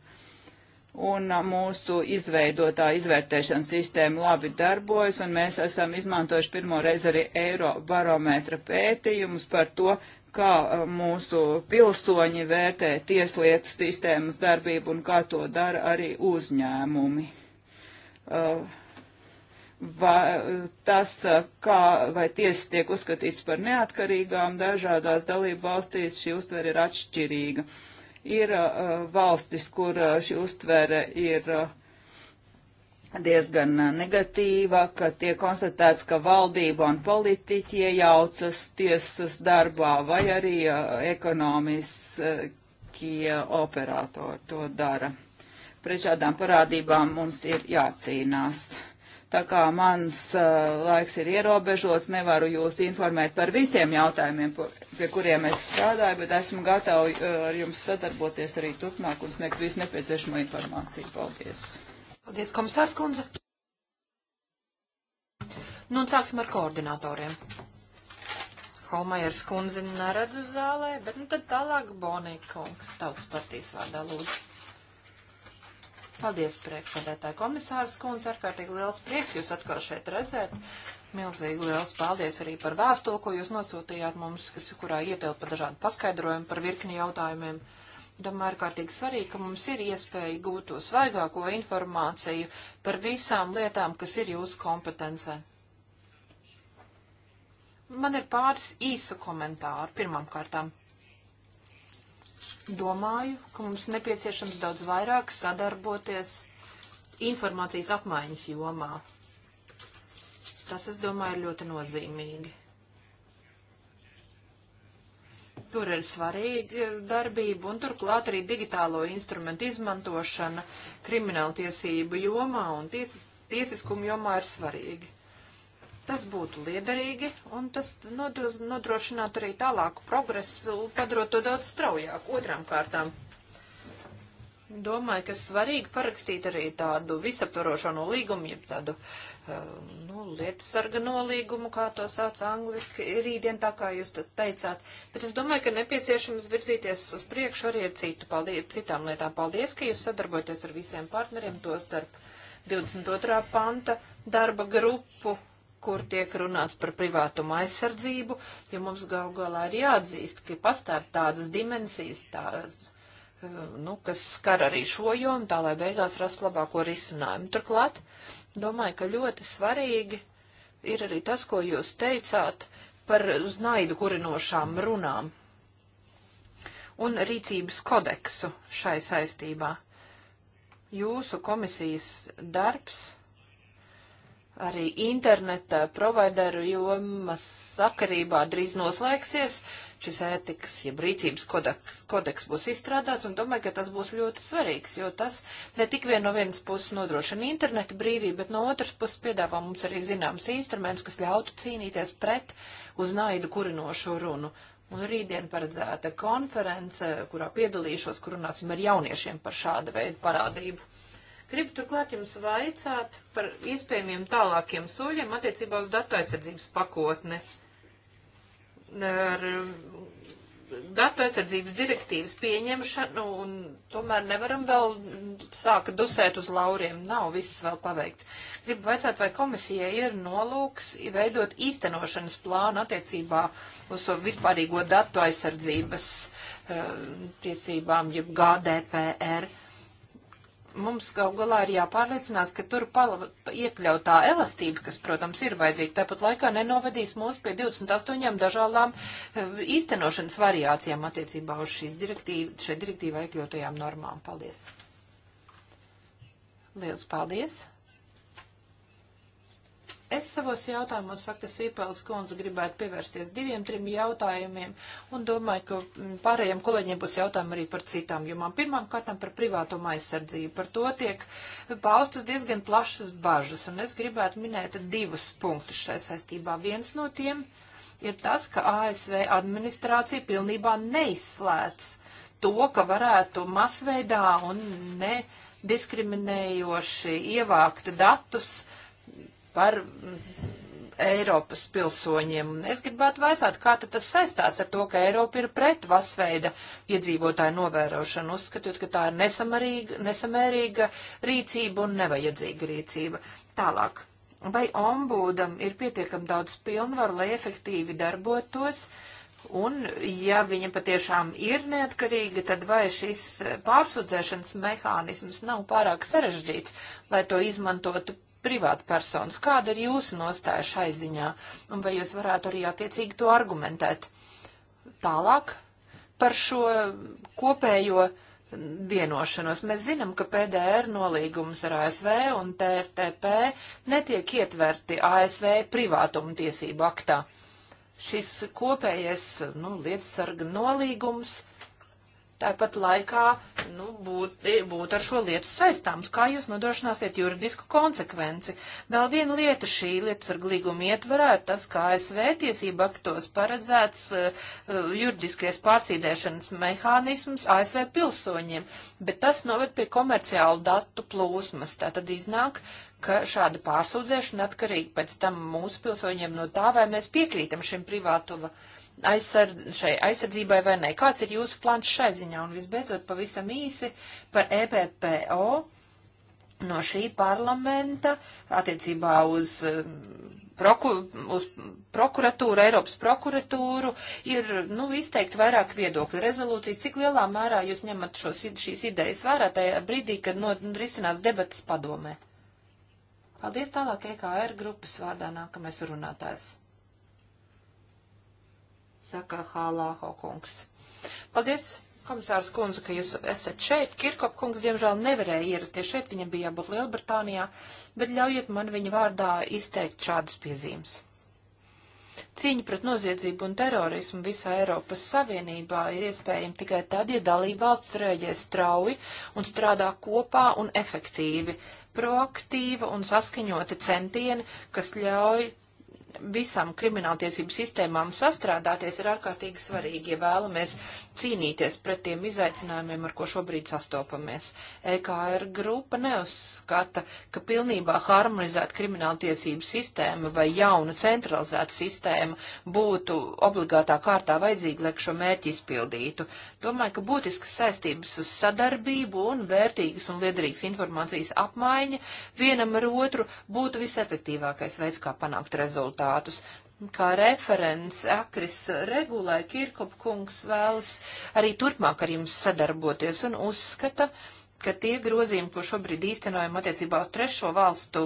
Un mūsu izveidotā izvērtēšana sistēma labi darbojas, un mēs esam izmantojuši pirmo reizi arī eiro barometra pētījumus par to, kā mūsu pilsoņi vērtē tieslietu sistēmas darbību un kā to dara arī uzņēmumi. Uh, vai tas, kā vai tiesas tiek uzskatīts par neatkarīgām, dažādās dalību valstīs šī uztvere ir atšķirīga. Ir uh, valstis, kur uh, šī uztvere ir uh, diezgan uh, negatīva, ka tiek konstatēts, ka valdība un politiķi iejaucas tiesas darbā vai arī uh, ekonomiskie uh, operatori to dara. Pret šādām parādībām mums ir jācīnās. Uh, Tā kā mans uh, laiks ir ierobežots, nevaru jūs informēt par visiem jautājumiem, pie kuriem es strādāju, bet esmu gatava eh, ar jums sadarboties arī turpmāk un sniegt visu nepieciešamo informāciju. Paldies! Paldies, komisārs kundze! Nu, un sāksim ar koordinatoriem. Holmajers kundzi neredzu zālē, bet nu tad tālāk Bonīkungs, tautas partijas vārdā lūdzu. Paldies, priekšsēdētāji komisārs Kunz, ārkārtīgi liels prieks jūs atkal šeit redzēt. Milzīgi liels paldies arī par vēstuli, ko jūs nosūtījāt mums, kas, kurā ietilpa dažādi paskaidrojumi par virkni jautājumiem. Domāju, ārkārtīgi svarīgi, ka mums ir iespēja gūt to svaigāko informāciju par visām lietām, kas ir jūsu kompetencē. Man ir pāris īsa komentāru pirmām kārtām domāju, ka mums nepieciešams daudz vairāk sadarboties informācijas apmaiņas jomā. Tas, es domāju, ir ļoti nozīmīgi. Tur ir svarīga darbība un turklāt arī digitālo instrumentu izmantošana krimināltiesību jomā un ties, tiesiskumu jomā ir svarīgi. Tas būtu liederīgi un tas nodrošinātu arī tālāku progresu, padarot to daudz straujāk. Otrām kārtām, domāju, ka svarīgi parakstīt arī tādu visaptvarošo nolīgumu, jeb tādu eh, nu, lietas sarga nolīgumu, kā to sauc angliski, rītdien tā kā jūs teicāt. Bet es domāju, ka nepieciešams virzīties uz priekšu arī ar citu, paldies, citām lietām. Paldies, ka jūs sadarbojaties ar visiem partneriem, to starp 22. panta darba grupu kur tiek runāts par privātuma aizsardzību, jo mums gal galā ir jāatzīst, ka pastāv tādas dimensijas, tādas, eh, nu, kas skar arī šo jomu, tā lai beigās rastu labāko risinājumu. Turklāt, domāju, ka ļoti svarīgi ir arī tas, ko jūs teicāt par uz naidu kurinošām runām un rīcības kodeksu šai saistībā. Jūsu komisijas darbs arī interneta provideru jomas sakarībā drīz noslēgsies. Šis ētikas, ja rīcības kodeks, kodeks būs izstrādāts, un domāju, ka tas būs ļoti svarīgs, jo tas ne tik vien no vienas puses nodrošina interneta brīvību, bet no otras puses piedāvā mums arī zināms instruments, kas ļautu cīnīties pret uz naidu kurinošo runu. Un rītdien paredzēta konference, kurā piedalīšos, kur runāsim ar jauniešiem par šāda veida parādību. Gribu turklāt jums vaicāt par iespējamiem tālākiem soļiem attiecībā uz datu aizsardzības pakotne. Ar um, datu aizsardzības direktīvas pieņemšanu un tomēr nevaram vēl sākt dusēt uz lauriem. Nav viss vēl paveikts. Gribu vaicāt, vai komisijai ir nolūks veidot īstenošanas plānu attiecībā uz vispārīgo datu aizsardzības uh, tiesībām, jeb GDPR. Uh, mums gal galā ir jāpārliecinās, ka tur pala, iekļautā elastība, kas, protams, ir vajadzīga, tāpat laikā nenovadīs mūs pie 28 dažādām eh, īstenošanas variācijām attiecībā uz šīs direktīva, šeit direktīvā iekļautajām normām. Paldies! Liels paldies! Es savos jautājumos, saka Sīpels kundze, gribētu pievērsties diviem, trim jautājumiem un domāju, ka pārējiem kolēģiem būs jautājumi arī par citām jomām. Pirmām kārtām par privātumu aizsardzību. Par to tiek paustas diezgan plašas bažas un es gribētu minēt divus punktus šai saistībā. Viens no tiem ir tas, ka ASV administrācija pilnībā neizslēdz to, ka varētu masveidā un nediskriminējoši ievākt datus, uh, par mm, Eiropas pilsoņiem. Es gribētu vaicāt, kā tas saistās ar to, ka Eiropa ir pret vasveida iedzīvotāju novērošanu, uzskatot, ka tā ir nesamērīga rīcība un nevajadzīga rīcība. Tālāk. Vai ombūdam ir pietiekam daudz pilnvaru, lai efektīvi darbotos? Un, ja viņa patiešām ir neatkarīga, tad vai šis pārsūdzēšanas mehānisms nav pārāk sarežģīts, lai to izmantotu privāta personas. Kāda ir jūsu nostāja šai ziņā? Un vai jūs varētu arī attiecīgi to argumentēt? Tālāk par šo kopējo vienošanos. Mēs zinām, ka PDR nolīgums ar ASV un TFTP netiek ietverti ASV privātuma tiesību aktā. Šis kopējais nu, lietsarga nolīgums tāpat laikā nu, būt, būt ar šo lietu saistāms. Kā jūs nodrošināsiet juridisku konsekvenci? Vēl viena lieta šī lietasarga līguma ietvarā ir tas, kā ASV tiesība aktos paredzēts uh, juridiskais pārsīdēšanas mehānisms ASV pilsoņiem, bet tas noved pie komerciālu datu plūsmas. Tā tad iznāk, ka šāda pārsūdzēšana atkarīga pēc tam mūsu pilsoņiem no tā, vai mēs piekrītam šim privātuma aizsardz, šai aizsardzībai vai nē. Kāds ir jūsu plāns šai ziņā? Un visbeidzot, pavisam īsi par EPPO no šī parlamenta attiecībā uz, um, proku, uz prokuratūru, Eiropas prokuratūru, ir, nu, izteikti vairāk viedokļu rezolūciju. Cik lielā mērā jūs ņemat šos, šīs idejas vērā tajā brīdī, kad no, risinās debatas padomē? Paldies tālāk EKR grupas vārdā nākamais runātājs saka Hālāho kungs. Paldies, komisārs kundze, ka jūs esat šeit. Kirkop kungs, diemžēl, nevarēja ierasties šeit, viņam bija jābūt Lielbritānijā, bet ļaujiet man viņa vārdā izteikt šādas piezīmes. Cīņa pret noziedzību un terorismu visā Eiropas Savienībā ir iespējama tikai tad, ja dalībvalsts rēģē strauji un strādā kopā un efektīvi, proaktīva un saskaņota centieni, kas ļauj visām krimināltiesību sistēmām sastrādāties ir ārkārtīgi svarīgi, ja vēlamies cīnīties pret tiem izaicinājumiem, ar ko šobrīd sastopamies. EKR grupa neuzskata, ka pilnībā harmonizēta krimināltiesību sistēma vai jauna centralizēta sistēma būtu obligātā kārtā vajadzīga, lai šo mērķi izpildītu. Domāju, ka būtiskas saistības uz sadarbību un vērtīgas un liederīgas informācijas apmaiņa vienam ar otru būtu visefektīvākais veids, kā panākt rezultātu rezultātus. Kā referents Akris regulē, Kirkopkungs vēlas arī turpmāk ar jums sadarboties un uzskata, ka tie grozījumi, ko šobrīd īstenojam attiecībā uz trešo valstu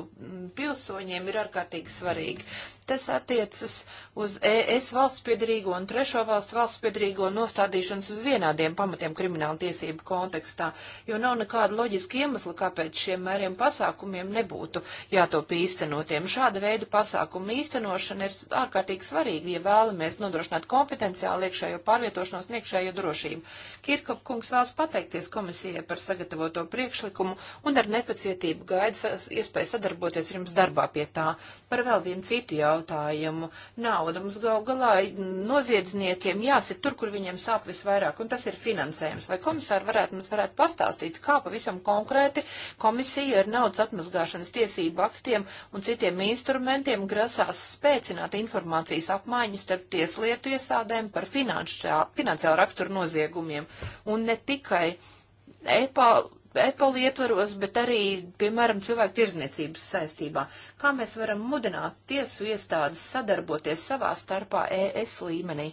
pilsoņiem, ir ārkārtīgi svarīgi tas attiecas uz ES valsts piedarīgo un trešo valstu valsts piedarīgo nostādīšanas uz vienādiem pamatiem krimināla tiesību kontekstā, jo nav nekāda loģiska iemesla, kāpēc šiem mēriem pasākumiem nebūtu jātop īstenotiem. Šāda veida pasākumu īstenošana ir ārkārtīgi svarīga, ja vēlamies nodrošināt kompetenciālu iekšējo pārvietošanos un iekšējo drošību. Kirkop kungs vēlas pateikties komisijai par sagatavoto priekšlikumu un ar nepacietību gaida iespēju sadarboties ar jums darbā pie tā. Par vēl vienu citu jautājumu jautājumu. Nauda mums gal galā noziedzniekiem jāsit tur, kur viņiem sāp visvairāk, un tas ir finansējums. Lai komisāri varētu mums varētu pastāstīt, kā pavisam konkrēti komisija ar naudas atmazgāšanas tiesību aktiem un citiem instrumentiem grasās spēcināt informācijas apmaiņu starp tieslietu iesādēm par finansiālu raksturu noziegumiem. Un ne tikai EPA EPOLI ietvaros, bet arī, piemēram, cilvēku tirzniecības saistībā. Kā mēs varam mudināt tiesu iestādes sadarboties savā starpā ES līmenī?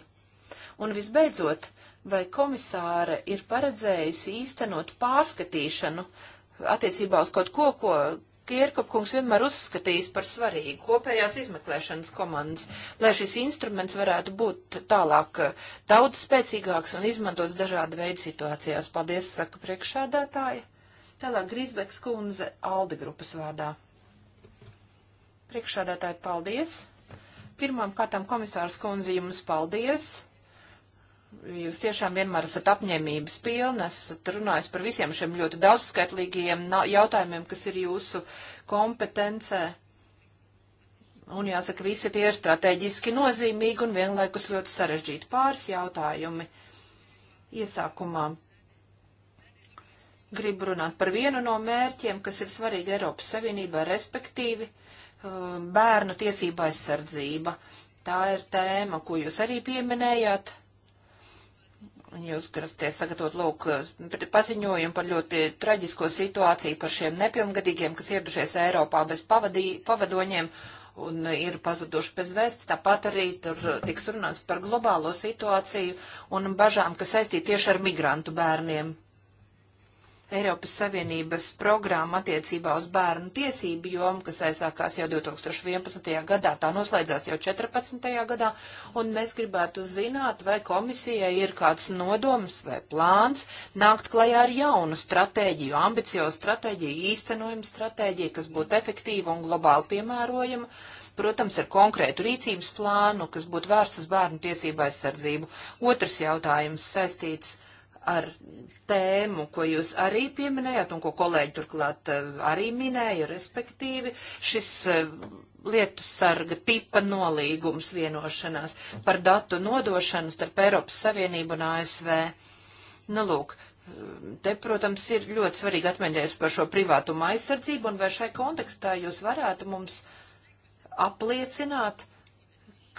Un visbeidzot, vai komisāre ir paredzējusi īstenot pārskatīšanu attiecībā uz kaut ko, ko, Kierkopkungs vienmēr uzskatījis par svarīgu kopējās izmeklēšanas komandas, lai šis instruments varētu būt tālāk eh, daudz spēcīgāks un izmantots dažāda veida situācijās. Paldies, saka priekšādātāja. Tālāk Grīsbeks kundze Alde grupas vārdā. Priekšādātāji, paldies. Pirmām kārtām komisārs kundze jums paldies Jūs tiešām vienmēr esat apņēmības pilni, esat runājis par visiem šiem ļoti daudzskaitlīgajiem jautājumiem, kas ir jūsu kompetencē. Un jāsaka, visi tie ir strateģiski nozīmīgi un vienlaikus ļoti sarežģīti pāris jautājumi. Iesākumā gribu runāt par vienu no mērķiem, kas ir svarīgi Eiropas Savienībā, respektīvi um, bērnu tiesība aizsardzība. Tā ir tēma, ko jūs arī pieminējāt Jūs grasties sagatavot, lūk, paziņojumu par ļoti traģisko situāciju par šiem nepilngadīgiem, kas ieradušies Eiropā bez pavadī, pavadoņiem un ir pazuduši bez vēsts. Tāpat arī tur tiks runāts par globālo situāciju un bažām, kas saistīti tieši ar migrantu bērniem. Eiropas Savienības programma attiecībā uz bērnu tiesību jomu, kas aizsākās jau 2011. gadā, tā noslēdzās jau 14. gadā, un mēs gribētu zināt, vai komisijai ir kāds nodoms vai plāns nākt klajā ar jaunu stratēģiju, ambiciozu stratēģiju, īstenojumu stratēģiju, kas būtu efektīva un globāli piemērojama protams, ar konkrētu rīcības plānu, kas būtu vērsts uz bērnu tiesību aizsardzību. Otrs jautājums saistīts ar tēmu, ko jūs arī pieminējāt un ko kolēģi turklāt eh, arī minēja, respektīvi šis eh, lietu sarga tipa nolīgums vienošanās par datu nodošanu starp Eiropas Savienību un ASV. Nu, lūk, te, protams, ir ļoti svarīgi atmiņties par šo privātumu aizsardzību un vai šai kontekstā jūs varētu mums apliecināt, uh,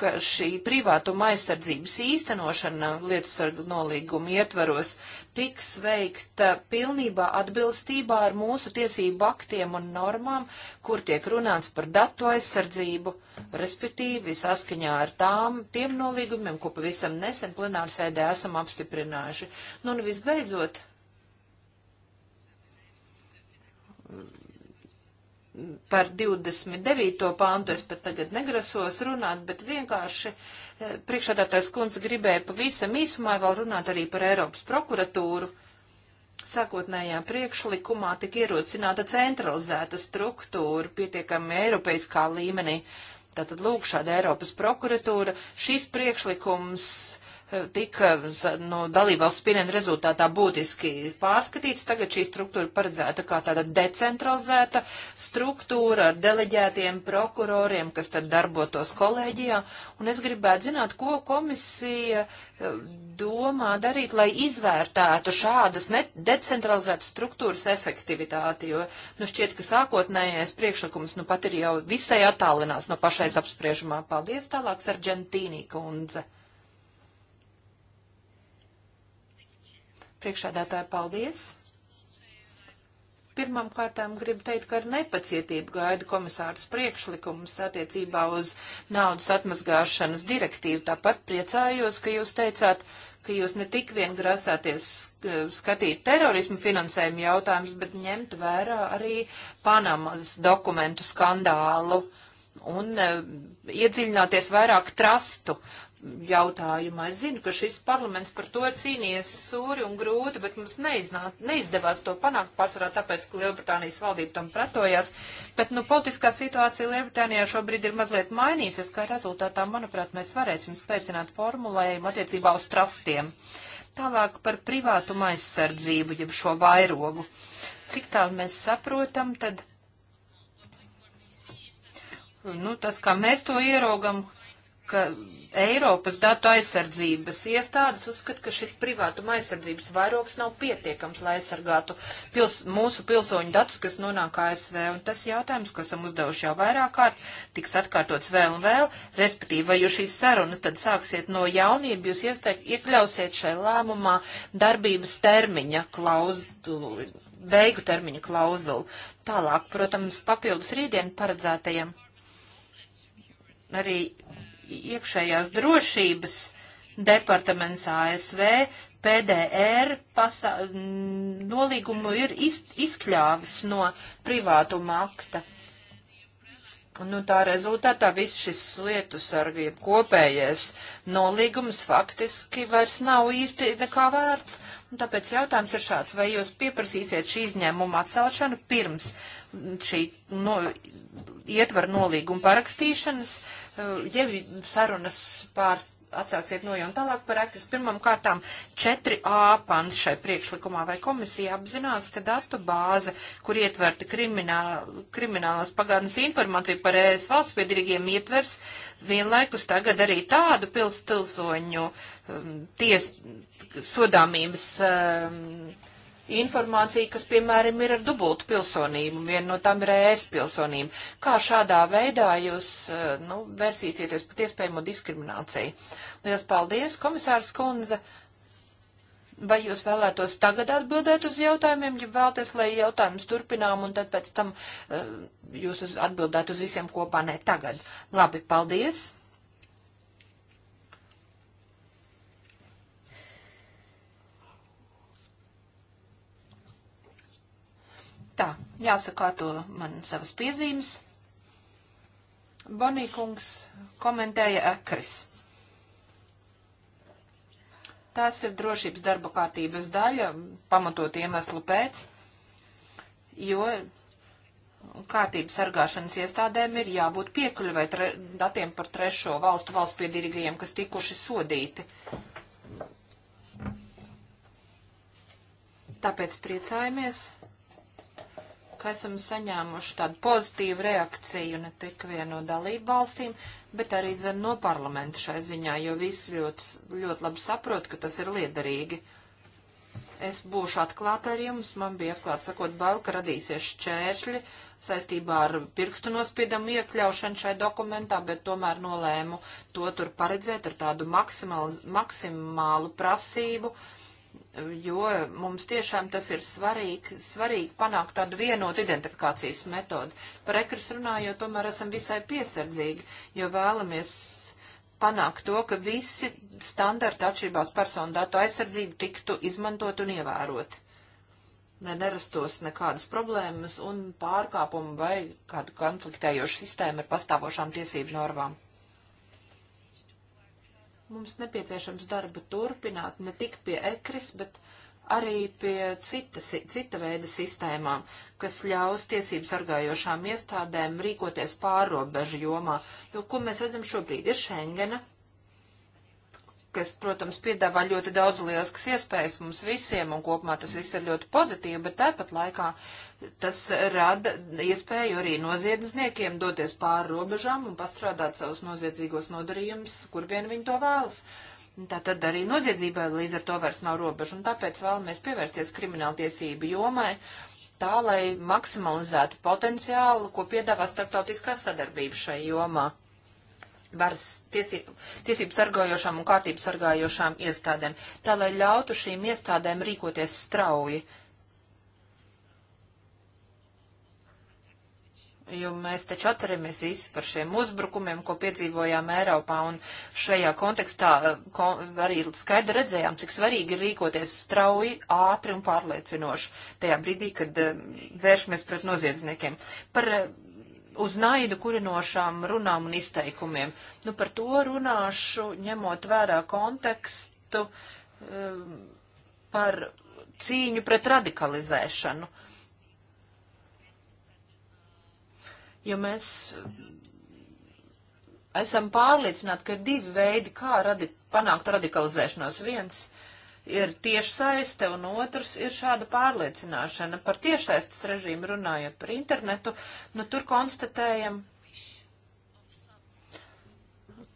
ka šī privātuma aizsardzības īstenošana lietasargu nolīguma ietvaros tiks veikta pilnībā atbilstībā ar mūsu tiesību aktiem un normām, kur tiek runāts par datu aizsardzību, respektīvi saskaņā ar tām, tiem nolīgumiem, ko pavisam nesen plenārsēdē esam apstiprinājuši. Nu un visbeidzot, par 29. pāntu es pat tagad negrasos runāt, bet vienkārši eh, priekšādātais kundze gribēja pavisam īsumā vēl runāt arī par Eiropas prokuratūru. Sākotnējā priekšlikumā tika ierosināta centralizēta struktūra pietiekami eiropeiskā līmenī. Tātad lūk šāda Eiropas prokuratūra. Šis priekšlikums tika eh, no dalībvalsts spiediena rezultātā būtiski pārskatīts. Tagad šī struktūra paredzēta kā tāda decentralizēta struktūra ar deleģētiem prokuroriem, kas tad darbotos kolēģijā. Un es gribētu zināt, ko komisija eh, domā darīt, lai izvērtētu šādas decentralizētas struktūras efektivitāti, jo nu šķiet, ka sākotnējais priekšlikums nu pat ir jau visai attālinās no pašais apspriežamā. Paldies tālāk, Sargentīnī kundze. Priekšādātāji, paldies! Pirmām kārtām gribu teikt, ka ar nepacietību gaida komisārs priekšlikums attiecībā uz naudas atmazgāšanas direktīvu. Tāpat priecājos, ka jūs teicāt, ka jūs ne tik vien grasāties uh, skatīt terorismu finansējumu jautājumus, bet ņemt vērā arī Panamas dokumentu skandālu un e, iedziļināties vairāk trastu jautājumu. Es zinu, ka šis parlaments par to ir cīnījies sūri un grūti, bet mums neiznā, neizdevās to panākt pārsvarā tāpēc, ka Lielbritānijas valdība tam pretojās. Bet, nu, politiskā situācija Lielbritānijā šobrīd ir mazliet mainīsies, kā rezultātā, manuprāt, mēs varēsim spēcināt formulējumu attiecībā uz trastiem. Tālāk par privātuma aizsardzību, jeb šo vairogu. Cik tālu mēs saprotam, tad nu, tas, kā mēs to ieraugam, ka Eiropas datu aizsardzības iestādes uzskata, ka šis privātuma aizsardzības vairogs nav pietiekams, lai aizsargātu pils, mūsu pilsoņu datus, kas nonāk ASV. Un tas jautājums, ko esam uzdevuši jau vairāk kārt, tiks atkārtots vēl un vēl, respektīvi, vai jūs šīs sarunas tad sāksiet no jaunību, jūs iesteik, iekļausiet šai lēmumā darbības termiņa klauzulu, beigu termiņa klauzulu. Tālāk, protams, papildus rītdien paredzētajiem arī iekšējās drošības departaments ASV PDR pasā, nolīgumu ir iz, izkļāvis no privātuma akta. Nu, tā rezultātā viss šis lietu sargība kopējais nolīgums faktiski vairs nav īsti nekā vērts. Un tāpēc jautājums ir šāds, vai jūs pieprasīsiet šī izņēmuma atcelšanu pirms šī no, ietvaru nolīguma parakstīšanas, Eh, ja sarunas pār atsāksiet no jau un tālāk par ekras. Pirmam kārtām 4a pants šai priekšlikumā vai komisija apzinās, ka datu bāze, kur ietverta krimināla, kriminālas pagātnes informācija par ES valsts piedarīgiem ietvers vienlaikus tagad arī tādu pilstilzoņu um, ties sodāmības um, informācija, kas, piemēram, ir ar dubultu pilsonību, viena no tām ir ES pilsonība. Kā šādā veidā jūs, eh, nu, versīsieties pat iespējamo diskrimināciju? Lielas paldies, komisārs Kunze! Vai jūs vēlētos tagad atbildēt uz jautājumiem, ja vēlaties, lai jautājumus turpinām, un tad pēc tam uh, jūs atbildētu uz visiem kopā? Nē, tagad. Labi, paldies! Tā, jāsakārto man savas piezīmes. Bonīkungs komentēja ekris. Tās ir drošības darba kārtības daļa, pamatot iemeslu pēc, jo kārtības sargāšanas iestādēm ir jābūt piekļuvai datiem par trešo valstu valsts piedīrīgajiem, kas tikuši sodīti. Tāpēc priecājamies, ka esam saņēmuši tādu pozitīvu reakciju ne tikai no dalību valstīm, bet arī dzen no parlamenta šai ziņā, jo visi ļoti, ļoti labi saprot, ka tas ir liederīgi. Es būšu atklāta ar jums, man bija atklāta sakot bail, ka radīsies šķēršļi, saistībā ar pirkstu nospiedumu iekļaušanu šai dokumentā, bet tomēr nolēmu to tur paredzēt ar tādu maksimālu prasību, jo mums tiešām tas ir svarīgi, svarīgi panākt tādu vienotu identifikācijas metodu. Par ekras runājot, tomēr esam visai piesardzīgi, jo vēlamies panākt to, ka visi standarti atšķirībās personu datu aizsardzību tiktu izmantot un ievērot. Ne nerastos nekādas problēmas un pārkāpumu vai kādu konfliktējošu sistēmu ar pastāvošām tiesību normām. Mums nepieciešams darbu turpināt ne tik pie ekris, bet arī pie cita, cita veida sistēmām, kas ļaus tiesību sargājošām iestādēm rīkoties pārrobežu jomā. Jo, ko mēs redzam šobrīd, ir Schengena, kas, protams, piedāvā ļoti daudz lielisks iespējas mums visiem, un kopumā tas viss ir ļoti pozitīvi, bet tāpat laikā tas rada iespēju arī noziedzniekiem doties pāri robežām un pastrādāt savus noziedzīgos nodarījumus, kur vien viņi to vēlas. Tā tad arī noziedzībai līdz ar to vairs nav robežu, un tāpēc vēlamies pievērsties krimināltiesību jomai, tā lai maksimalizētu potenciālu, ko piedāvā starptautiskā sadarbība šai jomā varas tiesību, tiesību sargājošām un kārtību sargājošām iestādēm, tā lai ļautu šīm iestādēm rīkoties strauji. Jo mēs taču atceramies visi par šiem uzbrukumiem, ko piedzīvojām Eiropā, un šajā kontekstā ko, arī skaidri redzējām, cik svarīgi ir rīkoties strauji, ātri un pārliecinoši tajā brīdī, kad eh, vēršamies pret noziedzniekiem. Par eh, uz naidu kurinošām runām un izteikumiem. Nu, par to runāšu, ņemot vērā kontekstu um, par cīņu pret radikalizēšanu. Jo mēs esam pārliecināti, ka ir divi veidi, kā radi panākt radikalizēšanos. Viens ir tiešsaiste, un otrs ir šāda pārliecināšana. Par tiešsaistes režīmu runājot par internetu, nu tur konstatējam,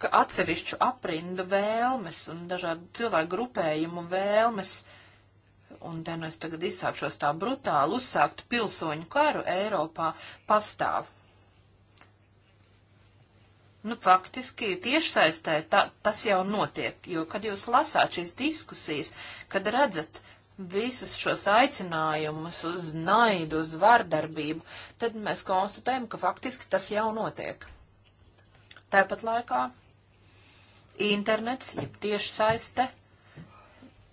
ka atsevišķu aprindu vēlmes un dažādu cilvēku grupējumu vēlmes, un te nu es tagad izsākšos tā brutāli, uzsākt pilsoņu karu Eiropā pastāv. Nu, faktiski tiešsaistē ta, tas jau notiek, jo, kad jūs lasāt šīs diskusijas, kad redzat visus šos aicinājumus uz naidu, uz vardarbību, tad mēs konstatējam, ka faktiski tas jau notiek. Tāpat laikā internets, jeb tiešsaiste,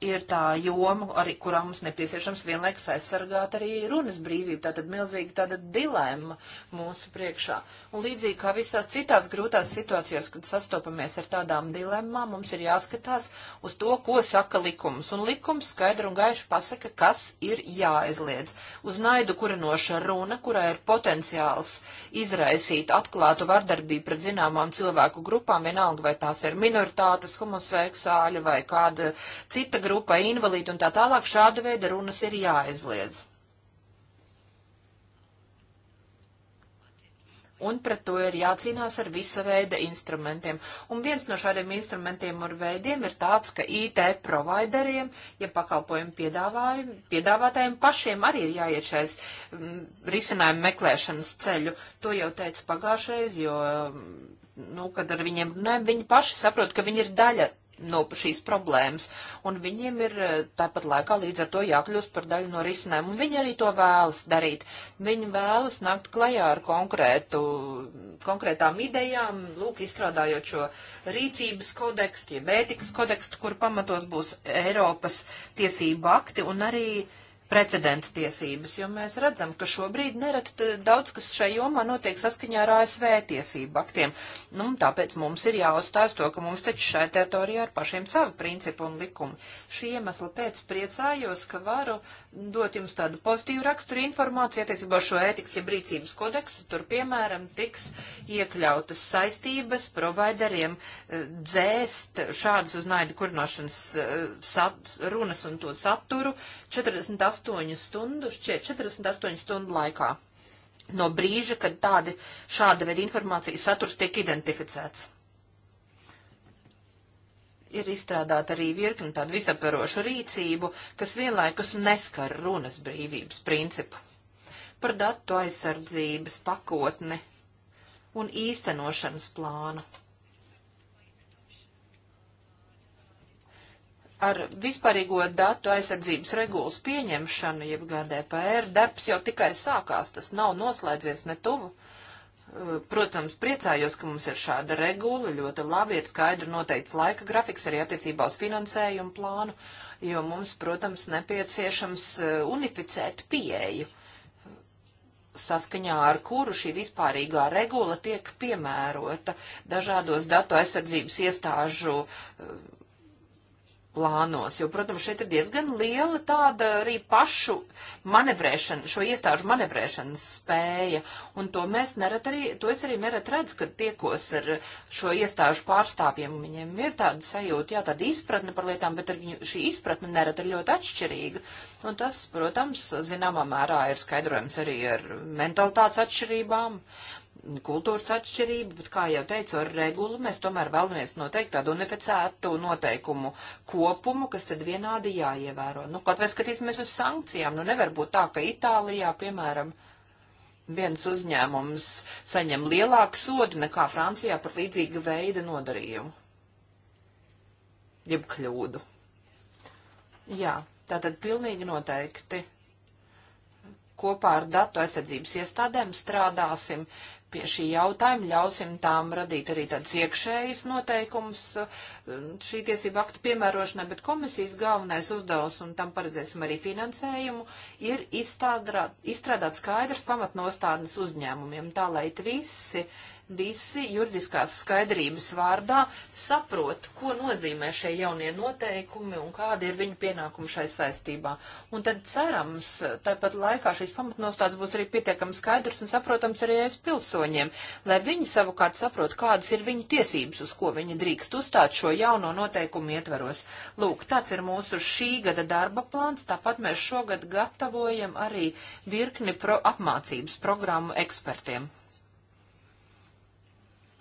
ir tā joma, arī kurā mums nepieciešams vienlaikus aizsargāt arī runas brīvību. Tātad milzīga tāda dilemma mūsu priekšā. Un līdzīgi kā visās citās grūtās situācijās, kad sastopamies ar tādām dilemmām, mums ir jāskatās uz to, ko saka likums. Un likums skaidri un gaiši pasaka, kas ir jāaizliedz. Uz naidu kurinoša runa, kurā ir potenciāls izraisīt atklātu vardarbību pret zināmām cilvēku grupām, vienalga vai tās ir minoritātes, homoseksuāļi vai kāda cita grupa grupai, invalīdi un tā tālāk, šāda veida runas ir jāaizliedz. Un pret to ir jācīnās ar visa veida instrumentiem. Un viens no šādiem instrumentiem un veidiem ir tāds, ka IT provideriem, ja pakalpojumu piedāvātājiem pašiem arī ir jāiet šais mm, risinājumu meklēšanas ceļu. To jau teicu pagājušais, jo mm, nu, kad ar viņiem runājam, viņi paši saprot, ka viņi ir daļa no nu, šīs problēmas, un viņiem ir eh, tāpat laikā līdz ar to jākļūst par daļu no risinājumu, un viņi arī to vēlas darīt. Viņi vēlas nākt klajā ar konkrētu, konkrētām idejām, lūk, izstrādājot šo rīcības kodekstu, jeb ētikas kodekstu, kur pamatos būs Eiropas tiesība akti, un arī uh, precedenta tiesības, jo mēs redzam, ka šobrīd nerad daudz, kas šai jomā notiek saskaņā ar ASV tiesību aktiem. Nu, tāpēc mums ir jāuzstāst to, ka mums taču šai teritorijā ir pašiem savi principi un likumi. Šī iemesla pēc priecājos, ka varu dot jums tādu pozitīvu raksturu informāciju attiecībā ar šo ētikas jeb rīcības kodeksu. Tur, piemēram, tiks iekļautas saistības provideriem e, dzēst šādas uz naidu kurināšanas e, runas un to saturu 48. 48 stundu, šķiet 48 stundu laikā no brīža, kad tādi šāda veida informācijas saturs tiek identificēts. Ir izstrādāta arī virkni tādu visaparošu rīcību, kas vienlaikus neskar runas brīvības principu. Par datu aizsardzības pakotni un īstenošanas plānu. ar vispārīgo datu aizsardzības regulas pieņemšanu, jeb GDPR, darbs jau tikai sākās, tas nav noslēdzies ne tuvu. Uh, protams, priecājos, ka mums ir šāda regula, ļoti labi ir skaidri noteikts laika grafiks arī attiecībā uz finansējumu plānu, jo mums, protams, nepieciešams uh, unificēt pieeju, saskaņā ar kuru šī vispārīgā regula tiek piemērota dažādos datu aizsardzības iestāžu uh, plānos, jo, protams, šeit ir diezgan liela tāda arī pašu manevrēšana, šo iestāžu manevrēšanas spēja, un to mēs nerad arī, to es arī nerad redzu, kad tiekos ar šo iestāžu pārstāvjiem, viņiem ir tāda sajūta, jā, tāda izpratne par lietām, bet viņu, šī izpratne nerad ir ļoti atšķirīga, un tas, protams, zināmā mērā ir skaidrojams arī ar mentalitātes atšķirībām, kultūras atšķirība, bet, kā jau teicu, ar regulu mēs tomēr vēlamies noteikt tādu unificētu noteikumu kopumu, kas tad vienādi jāievēro. Nu, kaut vai skatīsimies uz sankcijām, nu nevar būt tā, ka Itālijā, piemēram, viens uzņēmums saņem lielāku sodu nekā Francijā par līdzīga veida nodarījumu. Jeb kļūdu. Jā, tā tad pilnīgi noteikti kopā ar datu aizsardzības iestādēm strādāsim pie šī jautājuma, ļausim tām radīt arī tāds iekšējs noteikums um, šī tiesība akta piemērošanai, bet komisijas galvenais uzdevums, un tam paredzēsim arī finansējumu, ir izstrādāt, izstrādāt skaidrs pamatnostādnes uzņēmumiem, tā lai visi visi juridiskās skaidrības vārdā saprot, ko nozīmē šie jaunie noteikumi un kāda ir viņu pienākuma šai saistībā. Un tad cerams, tāpat laikā šīs pamatnostādes būs arī pietiekami skaidrs un saprotams arī aiz pilsoņiem, lai viņi savukārt saprot, kādas ir viņu tiesības, uz ko viņi drīkst uzstāt šo jauno noteikumu ietveros. Lūk, tāds ir mūsu šī gada darba plāns, tāpat mēs šogad gatavojam arī virkni pro apmācības programmu ekspertiem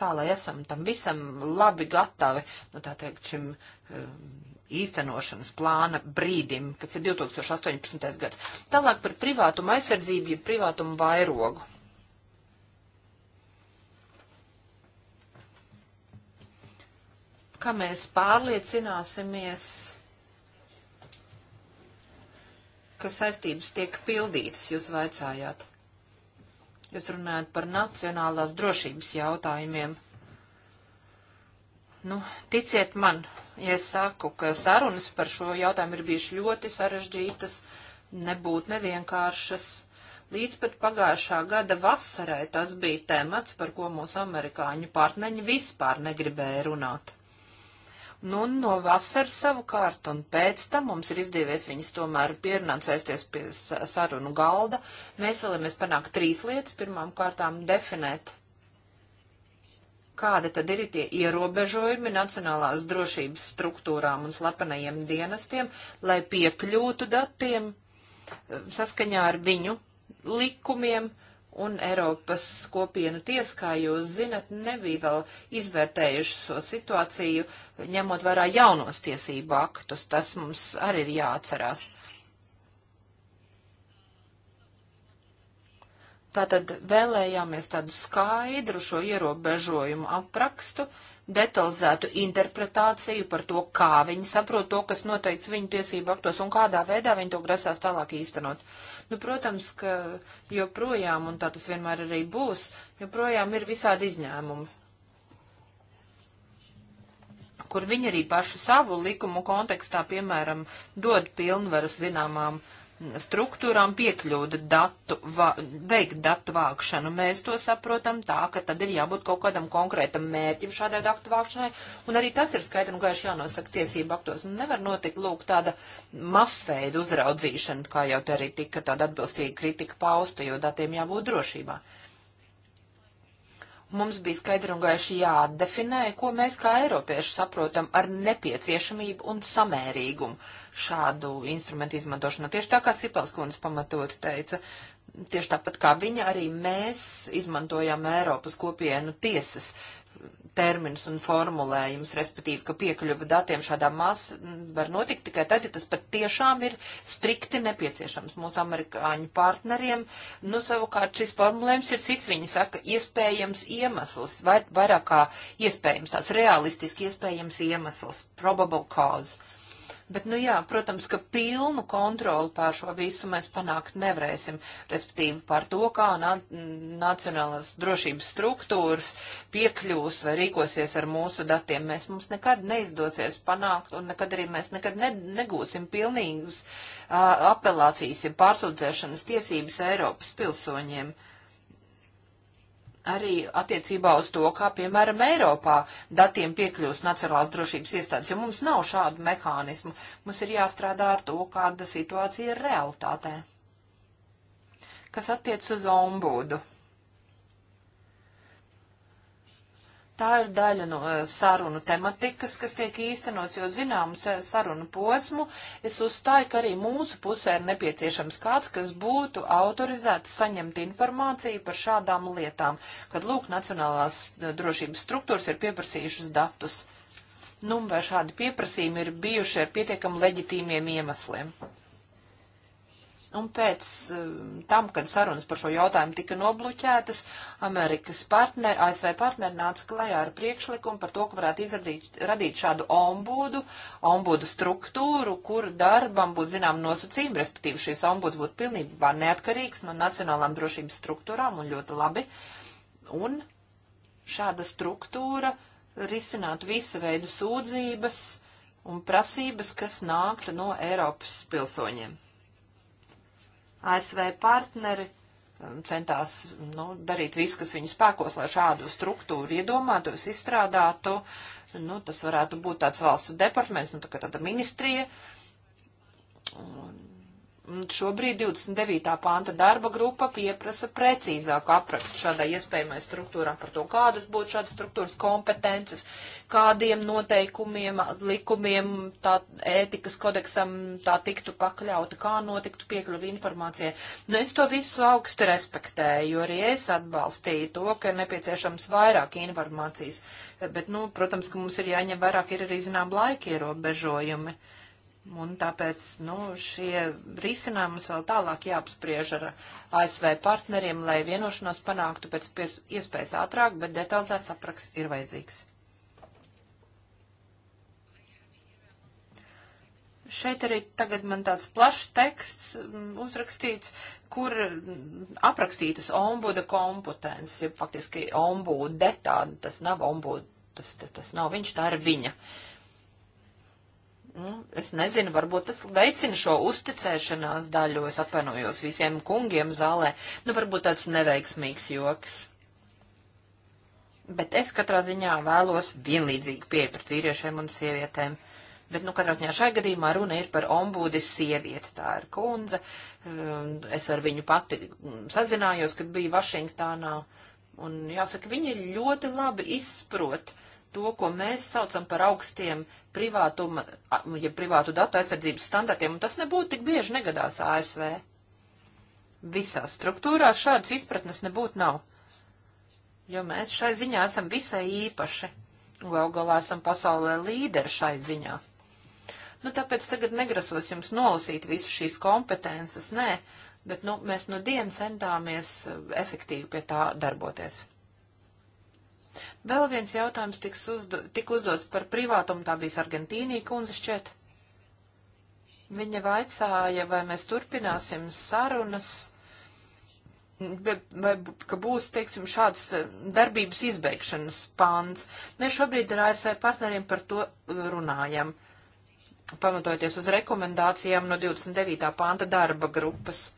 tā, lai esam tam visam labi gatavi, nu tā teikt, šim um, īstenošanas plāna brīdim, kas ir 2018. gads. Tālāk par privātumu aizsardzību, ja privātumu vairogu. Kā mēs pārliecināsimies, ka saistības tiek pildītas, jūs vaicājāt? Jūs runājat par nacionālās drošības jautājumiem. Nu, ticiet man, ja es saku, ka sarunas par šo jautājumu ir bijušas ļoti sarežģītas, nebūtu nevienkāršas. Līdz pat pagājušā gada vasarai tas bija temats, par ko mūsu amerikāņu partneņi vispār negribēja runāt. Nu, no vasaras savukārt, un pēc tam mums ir izdevies viņas tomēr pierunāt sēsties pie sarunu galda. Mēs vēlamies panākt trīs lietas. Pirmām kārtām definēt, kāda tad ir tie ierobežojumi nacionālās drošības struktūrām un slepenajiem dienestiem, lai piekļūtu datiem eh, saskaņā ar viņu likumiem. Uh, un Eiropas kopienu ties, kā jūs zinat, nebija vēl izvērtējuši šo so situāciju, ņemot vērā jaunos tiesību aktus. Tas mums arī ir jāatcerās. Tātad vēlējāmies tādu skaidru šo ierobežojumu aprakstu, detalizētu interpretāciju par to, kā viņi saprot to, kas noteikts viņu tiesību aktos un kādā veidā viņi to grasās tālāk īstenot. Uh, Nu, protams, ka joprojām, un tā tas vienmēr arī būs, joprojām ir visādi izņēmumi, kur viņi arī pašu savu likumu kontekstā, piemēram, dod pilnvaras zināmām uh, struktūrām piekļūda datu, va, veikt datu vākšanu. Mēs to saprotam tā, ka tad ir jābūt kaut kādam konkrētam mērķim šādai datu vākšanai, un arī tas ir skaidri un gaiši jānosaka tiesību aktos. Un nu, nevar notikt, lūk, tāda masveida uzraudzīšana, kā jau te arī tika tāda atbilstīga kritika pausta, jo datiem jābūt drošībā. Uh, mums bija skaidri un gaiši jādefinē, ko mēs kā eiropieši saprotam ar nepieciešamību un samērīgumu šādu instrumentu izmantošanā. Tieši tā kā Sipels kundze pamatot teica, tieši tāpat kā viņa, arī mēs izmantojam Eiropas kopienu tiesas uh, terminus un formulējumus, respektīvi, ka piekļuva datiem šādā masā var notikt tikai tad, ja tas pat tiešām ir strikti nepieciešams mūsu amerikāņu partneriem. Nu, savukārt šis formulējums ir cits, viņi saka, iespējams iemesls, vai, vairāk kā iespējams, tāds realistiski iespējams iemesls, probable cause. Bet, nu jā, protams, ka pilnu kontroli pār šo visu mēs panākt nevarēsim, respektīvi pār to, kā na nacionālās drošības struktūras piekļūs vai rīkosies ar mūsu datiem. Mēs mums nekad neizdosies panākt un nekad arī mēs nekad ne, negūsim pilnīgus uh, apelācijas, ja pārsūdzēšanas tiesības Eiropas pilsoņiem. Uh, arī attiecībā uz to, kā, piemēram, Eiropā datiem piekļūst nacionālās drošības iestādes, jo mums nav šādu mehānismu. Mums ir jāstrādā ar to, kāda situācija ir realitātē. Kas attiec uz ombudu? Tā ir daļa no eh, sarunu tematikas, kas tiek īstenots, jo zināmu sarunu posmu es uzstāju, ka arī mūsu pusē ir nepieciešams kāds, kas būtu autorizēts saņemt informāciju par šādām lietām, kad lūk Nacionālās eh, drošības struktūras ir pieprasījušas datus. Nu, vai šādi pieprasījumi ir bijuši ar pietiekam leģitīmiem iemesliem? Un pēc um, tam, kad sarunas par šo jautājumu tika nobloķētas, Amerikas partneri, ASV partneri nāca klajā ar priekšlikumu par to, ka varētu izradīt, radīt šādu ombudu, ombudu struktūru, kur darbam būtu zinām nosacījumi, respektīvi šīs ombuds būtu pilnībā neatkarīgs no nacionālām drošības struktūrām un ļoti labi. Un šāda struktūra risinātu visu veidu sūdzības un prasības, kas nāktu no Eiropas pilsoņiem. ASV partneri um, centās nu, darīt visu, kas viņu spēkos, lai šādu struktūru iedomātos, izstrādātu. Nu, tas varētu būt tāds valsts departaments, nu, tā kā tāda ministrija. Un, Šobrīd 29. panta darba grupa pieprasa precīzāku aprakstu šādai iespējamai struktūrā par to, kādas būtu šādas struktūras kompetences, kādiem noteikumiem, likumiem, tā ētikas kodeksam tā tiktu pakļauta, kā notiktu piekļuvi informācijai. Nu, es to visu augstu respektēju, jo arī es atbalstīju to, ka ir nepieciešams vairāk informācijas, bet, nu, protams, ka mums ir jāņem vairāk, ir arī zinām laika ierobežojumi. Uh, Un tāpēc nu, šie risinājumi mums vēl tālāk jāapspriež ar ASV partneriem, lai vienošanos panāktu pēc pies, iespējas ātrāk, bet detalizēts apraksts ir vajadzīgs. Šeit arī tagad man tāds plašs teksts mm, uzrakstīts, kur mm, aprakstītas ombuda kompetences, ir faktiski ombude, tā tas nav ombuda, tas, tas, tas nav viņš, tā ir viņa. Uh, Nu, es nezinu, varbūt tas veicina šo uzticēšanās daļu. Es atvainojos visiem kungiem zālē. Nu, varbūt tāds neveiksmīgs joks. Bet es katrā ziņā vēlos vienlīdzīgu pieeju pret vīriešiem un sievietēm. Bet, nu, katrā ziņā šai gadījumā runa ir par ombūdes sievieti. Tā ir kundze. Es ar viņu pati sazinājos, kad biju Vašingtānā. Un, jāsaka, viņa ļoti labi izprot. Uh, to, ko mēs saucam par augstiem privātuma, ja privātu datu aizsardzības standartiem, un tas nebūtu tik bieži negadās ASV. Visās struktūrās šādas izpratnes nebūtu nav, jo mēs šai ziņā esam visai īpaši. Gal galā esam pasaulē līderi šai ziņā. Nu, tāpēc tagad negrasos jums nolasīt visas šīs kompetences, nē, bet, nu, mēs nu dienu centāmies eh, efektīvi pie tā darboties. Vēl viens jautājums tiks uzdo, tika uzdots par privātumu, tā bija Argentīnija kundze šķiet. Viņa vaicāja, vai mēs turpināsim sarunas, vai ka būs, teiksim, šāds eh, darbības izbeigšanas pāns. Mēs šobrīd ar ASV partneriem par to runājam, pamatojoties uz rekomendācijām no 29. pānta darba grupas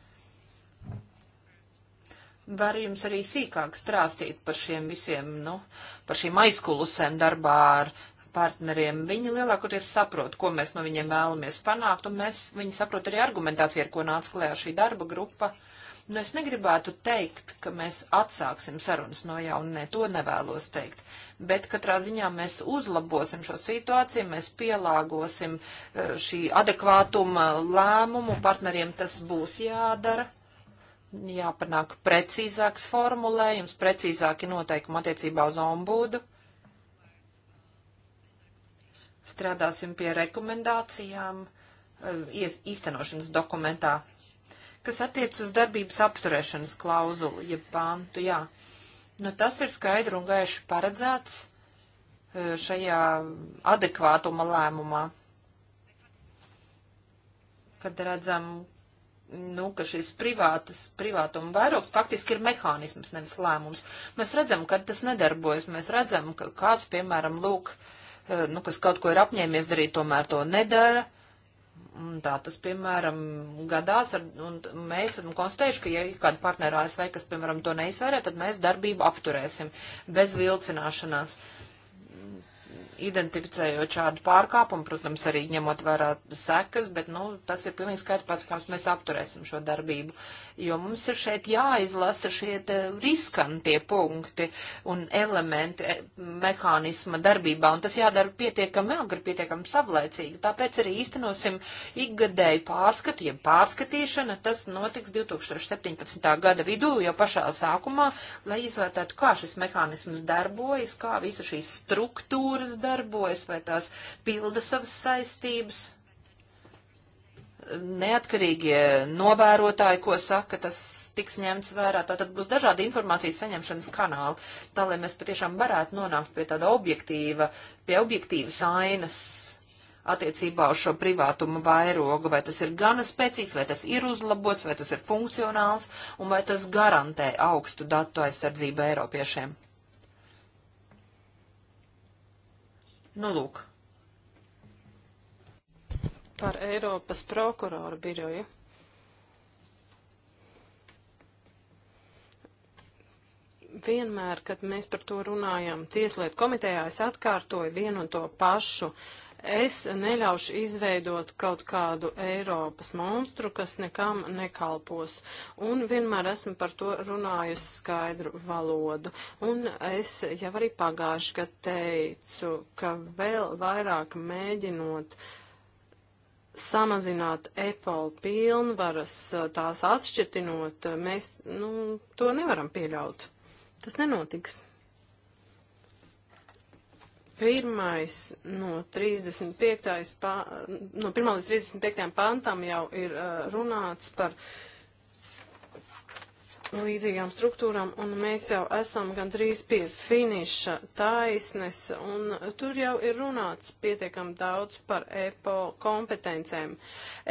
var jums arī sīkāk strāstīt par šiem visiem, nu, par šīm aizkulusēm darbā ar partneriem. Viņi lielākoties saprot, ko mēs no viņiem vēlamies panākt, un mēs, viņi saprot arī argumentāciju, ar ko nāca klējā šī darba grupa. Nu, es negribētu teikt, ka mēs atsāksim sarunas no jauna, ne, to nevēlos teikt bet katrā ziņā mēs uzlabosim šo situāciju, mēs pielāgosim eh, šī adekvātuma lēmumu, partneriem tas būs jādara jāpanāk precīzāks formulējums, precīzāki noteikumi attiecībā uz ombudu. Strādāsim pie rekomendācijām eh, īstenošanas dokumentā, kas attiec uz darbības apturēšanas klauzulu, jeb pāntu, jā. Nu, tas ir skaidri un gaiši paredzēts eh, šajā adekvātuma lēmumā, kad redzam, nu, ka šis privātas, privātuma vairogs faktiski ir mehānisms, nevis lēmums. Mēs redzam, ka tas nedarbojas, mēs redzam, ka kāds, piemēram, lūk, eh, nu, kas kaut ko ir apņēmies darīt, tomēr to nedara. Un tā tas, piemēram, gadās, ar, un mēs esam konstatējuši, ka, ja ir kāda partnera ASV, kas, piemēram, to neizvērē, tad mēs darbību apturēsim bez vilcināšanās identificējot šādu pārkāpumu, protams, arī ņemot vērā sekas, bet, nu, tas ir pilnīgi skaidrs pats, kāds mēs apturēsim šo darbību. Jo mums ir šeit jāizlasa šie riskantie punkti un elementi e, mehānisma darbībā, un tas jādara pietiekami agri, pietiekami savlaicīgi. Tāpēc arī īstenosim ikgadēju pārskatu, ja pārskatīšana, tas notiks 2017. gada vidū, jau pašā sākumā, lai izvērtētu, kā šis mehānisms darbojas, kā visa šīs struktūras darbojas darbojas, vai tās pilda savas saistības. Neatkarīgie novērotāji, ko saka, tas tiks ņemts vērā. Tātad būs dažādi informācijas saņemšanas kanāli, tā lai mēs patiešām varētu nonākt pie tāda objektīva, pie objektīvas ainas attiecībā uz šo privātumu vairogu, vai tas ir gana spēcīgs, vai tas ir uzlabots, vai tas ir funkcionāls, un vai tas garantē augstu datu aizsardzību Eiropiešiem. Nu, lūk. Par Eiropas prokuroru biroju. Vienmēr, kad mēs par to runājam tieslietu komitejā, es atkārtoju vienu un to pašu. Uh, Es neļaušu izveidot kaut kādu Eiropas monstru, kas nekam nekalpos. Un vienmēr esmu par to runājusi skaidru valodu. Un es jau arī pagājuši, ka teicu, ka vēl vairāk mēģinot samazināt Apple pilnvaras, tās atšķirtinot, mēs nu, to nevaram pieļaut. Tas nenotiks. Pirmais no 35. Pā, no 1. līdz 35. pantam jau ir uh, runāts par līdzīgām struktūrām, un mēs jau esam gandrīz pie finiša taisnes, un tur jau ir runāts pietiekam daudz par EPOL kompetencēm.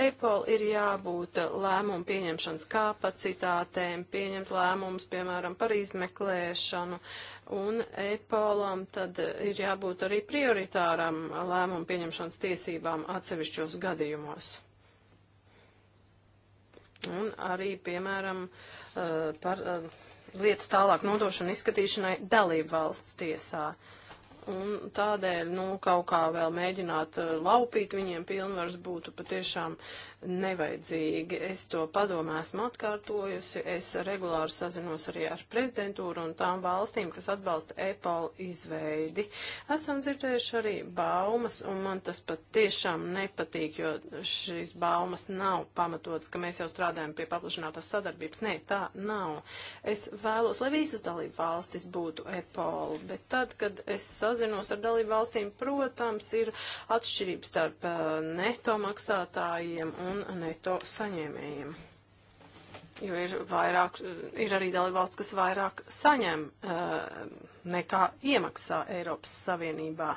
EPOL ir jābūt lēmumu pieņemšanas kapacitātēm, pieņemt lēmumus, piemēram, par izmeklēšanu, uh, un EPOLam tad ir jābūt arī prioritāram lēmumu pieņemšanas tiesībām atsevišķos gadījumos. Un arī, piemēram, eh, par eh, lietas tālāk nodošanu izskatīšanai dalību valsts tiesā. Uh, un tādēļ, nu, kaut kā vēl mēģināt eh, laupīt viņiem pilnvars būtu patiešām nevajadzīgi. Es to padomē esmu atkārtojusi, es regulāri sazinos arī ar prezidentūru un tām valstīm, kas atbalsta EPOL izveidi. Esam dzirdējuši arī baumas, un man tas patiešām nepatīk, jo šīs baumas nav pamatotas, ka mēs jau strādājam pie paplašinātās sadarbības. Nē, tā nav. Es vēlos, lai visas dalību valstis būtu EPOL, bet tad, kad es sazinos, sazinos ar dalību valstīm, protams, ir atšķirības starp uh, neto maksātājiem un neto saņēmējiem. Jo ir, vairāk, ir arī dalībvalsts, kas vairāk saņem uh, nekā iemaksā Eiropas Savienībā.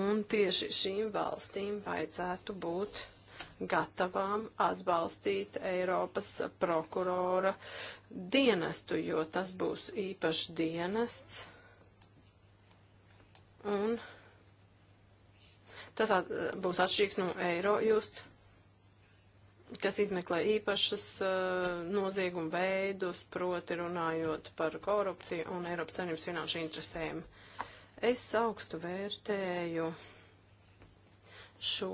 Un tieši šīm valstīm vajadzētu būt gatavām atbalstīt Eiropas prokurora dienestu, jo tas būs īpašs dienests, Un tas at, būs atšķirīgs no eiro just, kas izmeklē īpašas uh, nozieguma veidus, proti runājot par korupciju un Eiropas saimnības finanšu interesēm. Es augstu vērtēju šo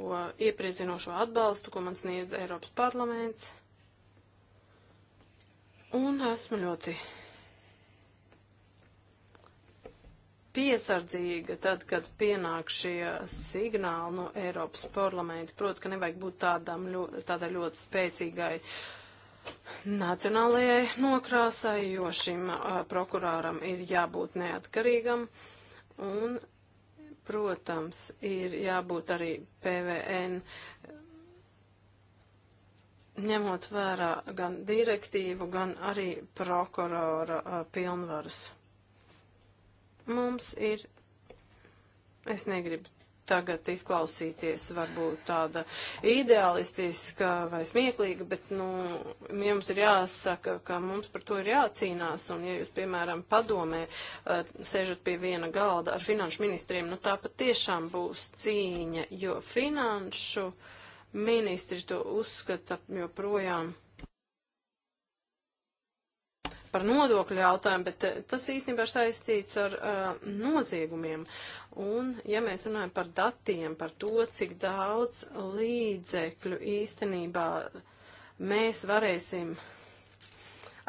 iepriecinošo atbalstu, ko man sniedz Eiropas parlaments. Un esmu ļoti piesardzīga tad, kad pienāk šie signāli no Eiropas parlamenta. Protams, ka nevajag būt tādam, tādai ļoti spēcīgai nacionālajai nokrāsai, jo šim uh, prokurāram ir jābūt neatkarīgam. Un, protams, ir jābūt arī PVN ņemot vērā gan direktīvu, gan arī prokurora uh, pilnvaras. Mums ir, es negribu tagad izklausīties varbūt tāda ideālistiska vai smieklīga, bet, nu, jums ir jāsaka, ka mums par to ir jācīnās, un ja jūs, piemēram, padomē eh, sēžat pie viena galda ar finanšu ministriem, nu, tā pat tiešām būs cīņa, jo finanšu ministri to uzskata joprojām par nodokļu jautājumu, bet eh, tas īstenībā ir saistīts ar uh, noziegumiem. Un, ja mēs runājam par datiem, par to, cik daudz līdzekļu īstenībā mēs varēsim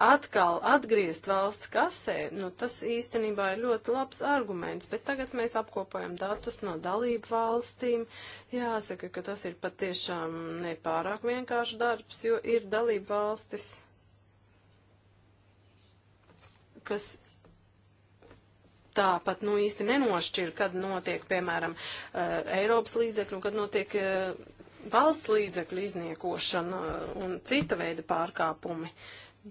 atkal atgriezt valsts kasē, nu tas īstenībā ir ļoti labs arguments, bet tagad mēs apkopojam datus no dalību valstīm. Jāsaka, ka tas ir patiešām nepārāk vienkāršs darbs, jo ir dalību valstis kas tāpat nu, īsti nenošķir, kad notiek, piemēram, eh, Eiropas līdzekļu, kad notiek eh, valsts līdzekļu izniekošana eh, un cita veida pārkāpumi.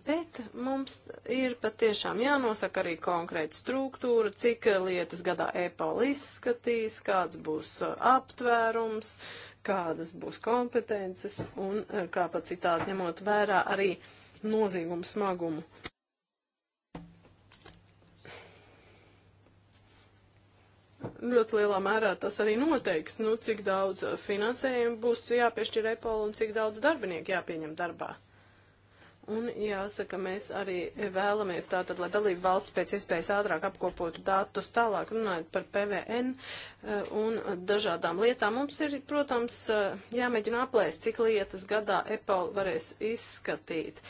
Bet mums ir patiešām jānosaka arī konkrēta struktūra, cik lietas gadā EPAL izskatīs, kāds būs aptvērums, kādas būs kompetences un kapacitāti ņemot vērā arī nozīgumu smagumu. ļoti lielā mērā tas arī noteiks, nu, cik daudz uh, finansējumu būs jāpiešķir Apple un cik daudz darbinieku jāpieņem darbā. Un jāsaka, mēs arī vēlamies tātad, lai dalība valsts pēc iespējas ātrāk apkopotu datus, tālāk runājot par PVN eh, un dažādām lietām. Mums ir, protams, eh, jāmēģina aplēst, cik lietas gadā EPOL varēs izskatīt.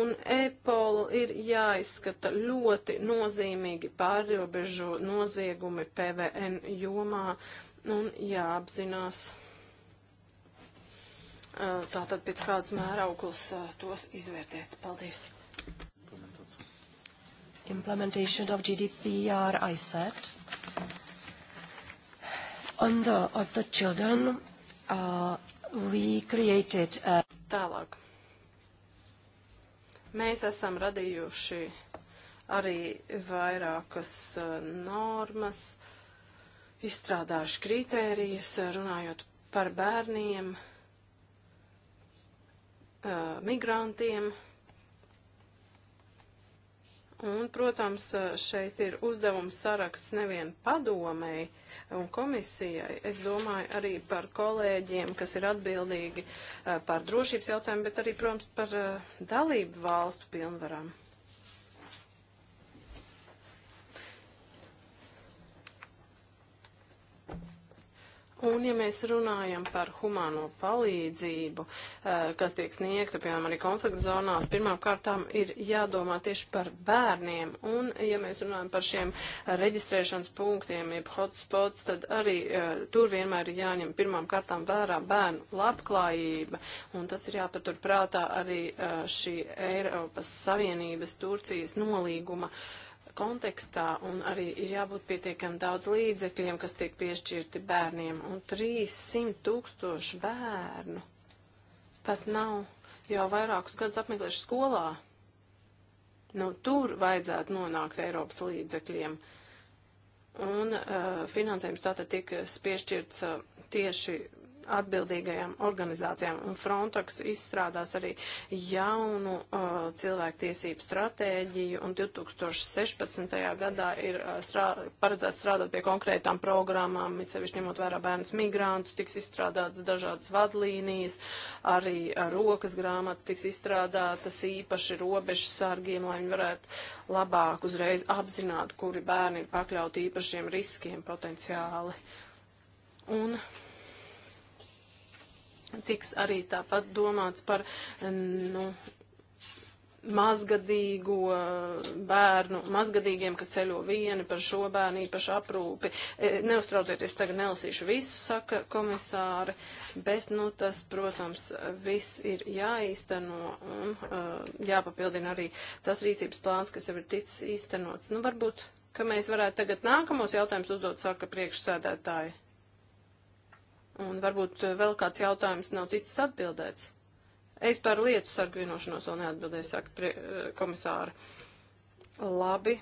Un EPOL ir jāizskata ļoti nozīmīgi pārrobežu noziegumi PVN jomā un jāapzinās. Eh, tātad pēc kādas mēra auglas eh, tos izvērtēt. Paldies. Implementation of GDPR, I said. On the, on the children, uh, we created... A... Tālāk. Mēs esam radījuši arī vairākas eh, normas, izstrādājuši kritērijas, runājot par bērniem, uh, uh, migrantiem. Un, protams, uh, šeit ir uzdevums saraksts nevien padomēji un komisijai. Es domāju arī par kolēģiem, kas ir atbildīgi uh, par drošības jautājumu, bet arī, protams, par uh, dalību valstu pilnvarām. Un, ja mēs runājam par humāno palīdzību, eh, kas tiek sniegta, piemēram, arī konflikta zonās, pirmām kārtām ir jādomā tieši par bērniem. Un, ja mēs runājam par šiem reģistrēšanas punktiem, jeb hotspots, tad arī eh, tur vienmēr ir jāņem pirmām kārtām vērā bērnu labklājība. Un tas ir jāpatur prātā arī eh, šī Eiropas Savienības Turcijas nolīguma. Uh, kontekstā, un arī ir jābūt pietiekami daudz līdzekļiem, kas tiek piešķirti bērniem, un 300 tūkstoši bērnu pat nav jau vairākus gadus apmeklējuši skolā. Nu, tur vajadzētu nonākt Eiropas līdzekļiem. Un uh, finansējums tātad tika piešķirts uh, tieši atbildīgajām organizācijām. Un Frontex izstrādās arī jaunu uh, cilvēktiesību stratēģiju un 2016. gadā ir uh, strā, paredzēts strādāt pie konkrētām programmām, it sevišķi ņemot vērā bērnus migrantus, tiks izstrādātas dažādas vadlīnijas, arī uh, rokas grāmatas tiks izstrādātas īpaši robežas sargiem, lai viņi varētu labāk uzreiz apzināt, kuri bērni ir pakļauti īpašiem riskiem potenciāli. Un tiks arī tāpat domāts par nu, mazgadīgo eh, bērnu, mazgadīgiem, kas ceļo vieni par šo bērnu īpašu aprūpi. Eh, neuztraucieties, tagad nelasīšu visu, saka komisāri, bet, nu, tas, protams, viss ir jāīsteno un eh, jāpapildina arī tas rīcības plāns, kas jau ir ticis īstenots. Nu, varbūt, ka mēs varētu tagad nākamos jautājumus uzdot, saka priekšsēdētāji. Un varbūt eh, vēl kāds jautājums nav ticis atbildēts. Es par lietu sargu vienošanos vēl neatbildēju, saka prie, eh, komisāra. Labi,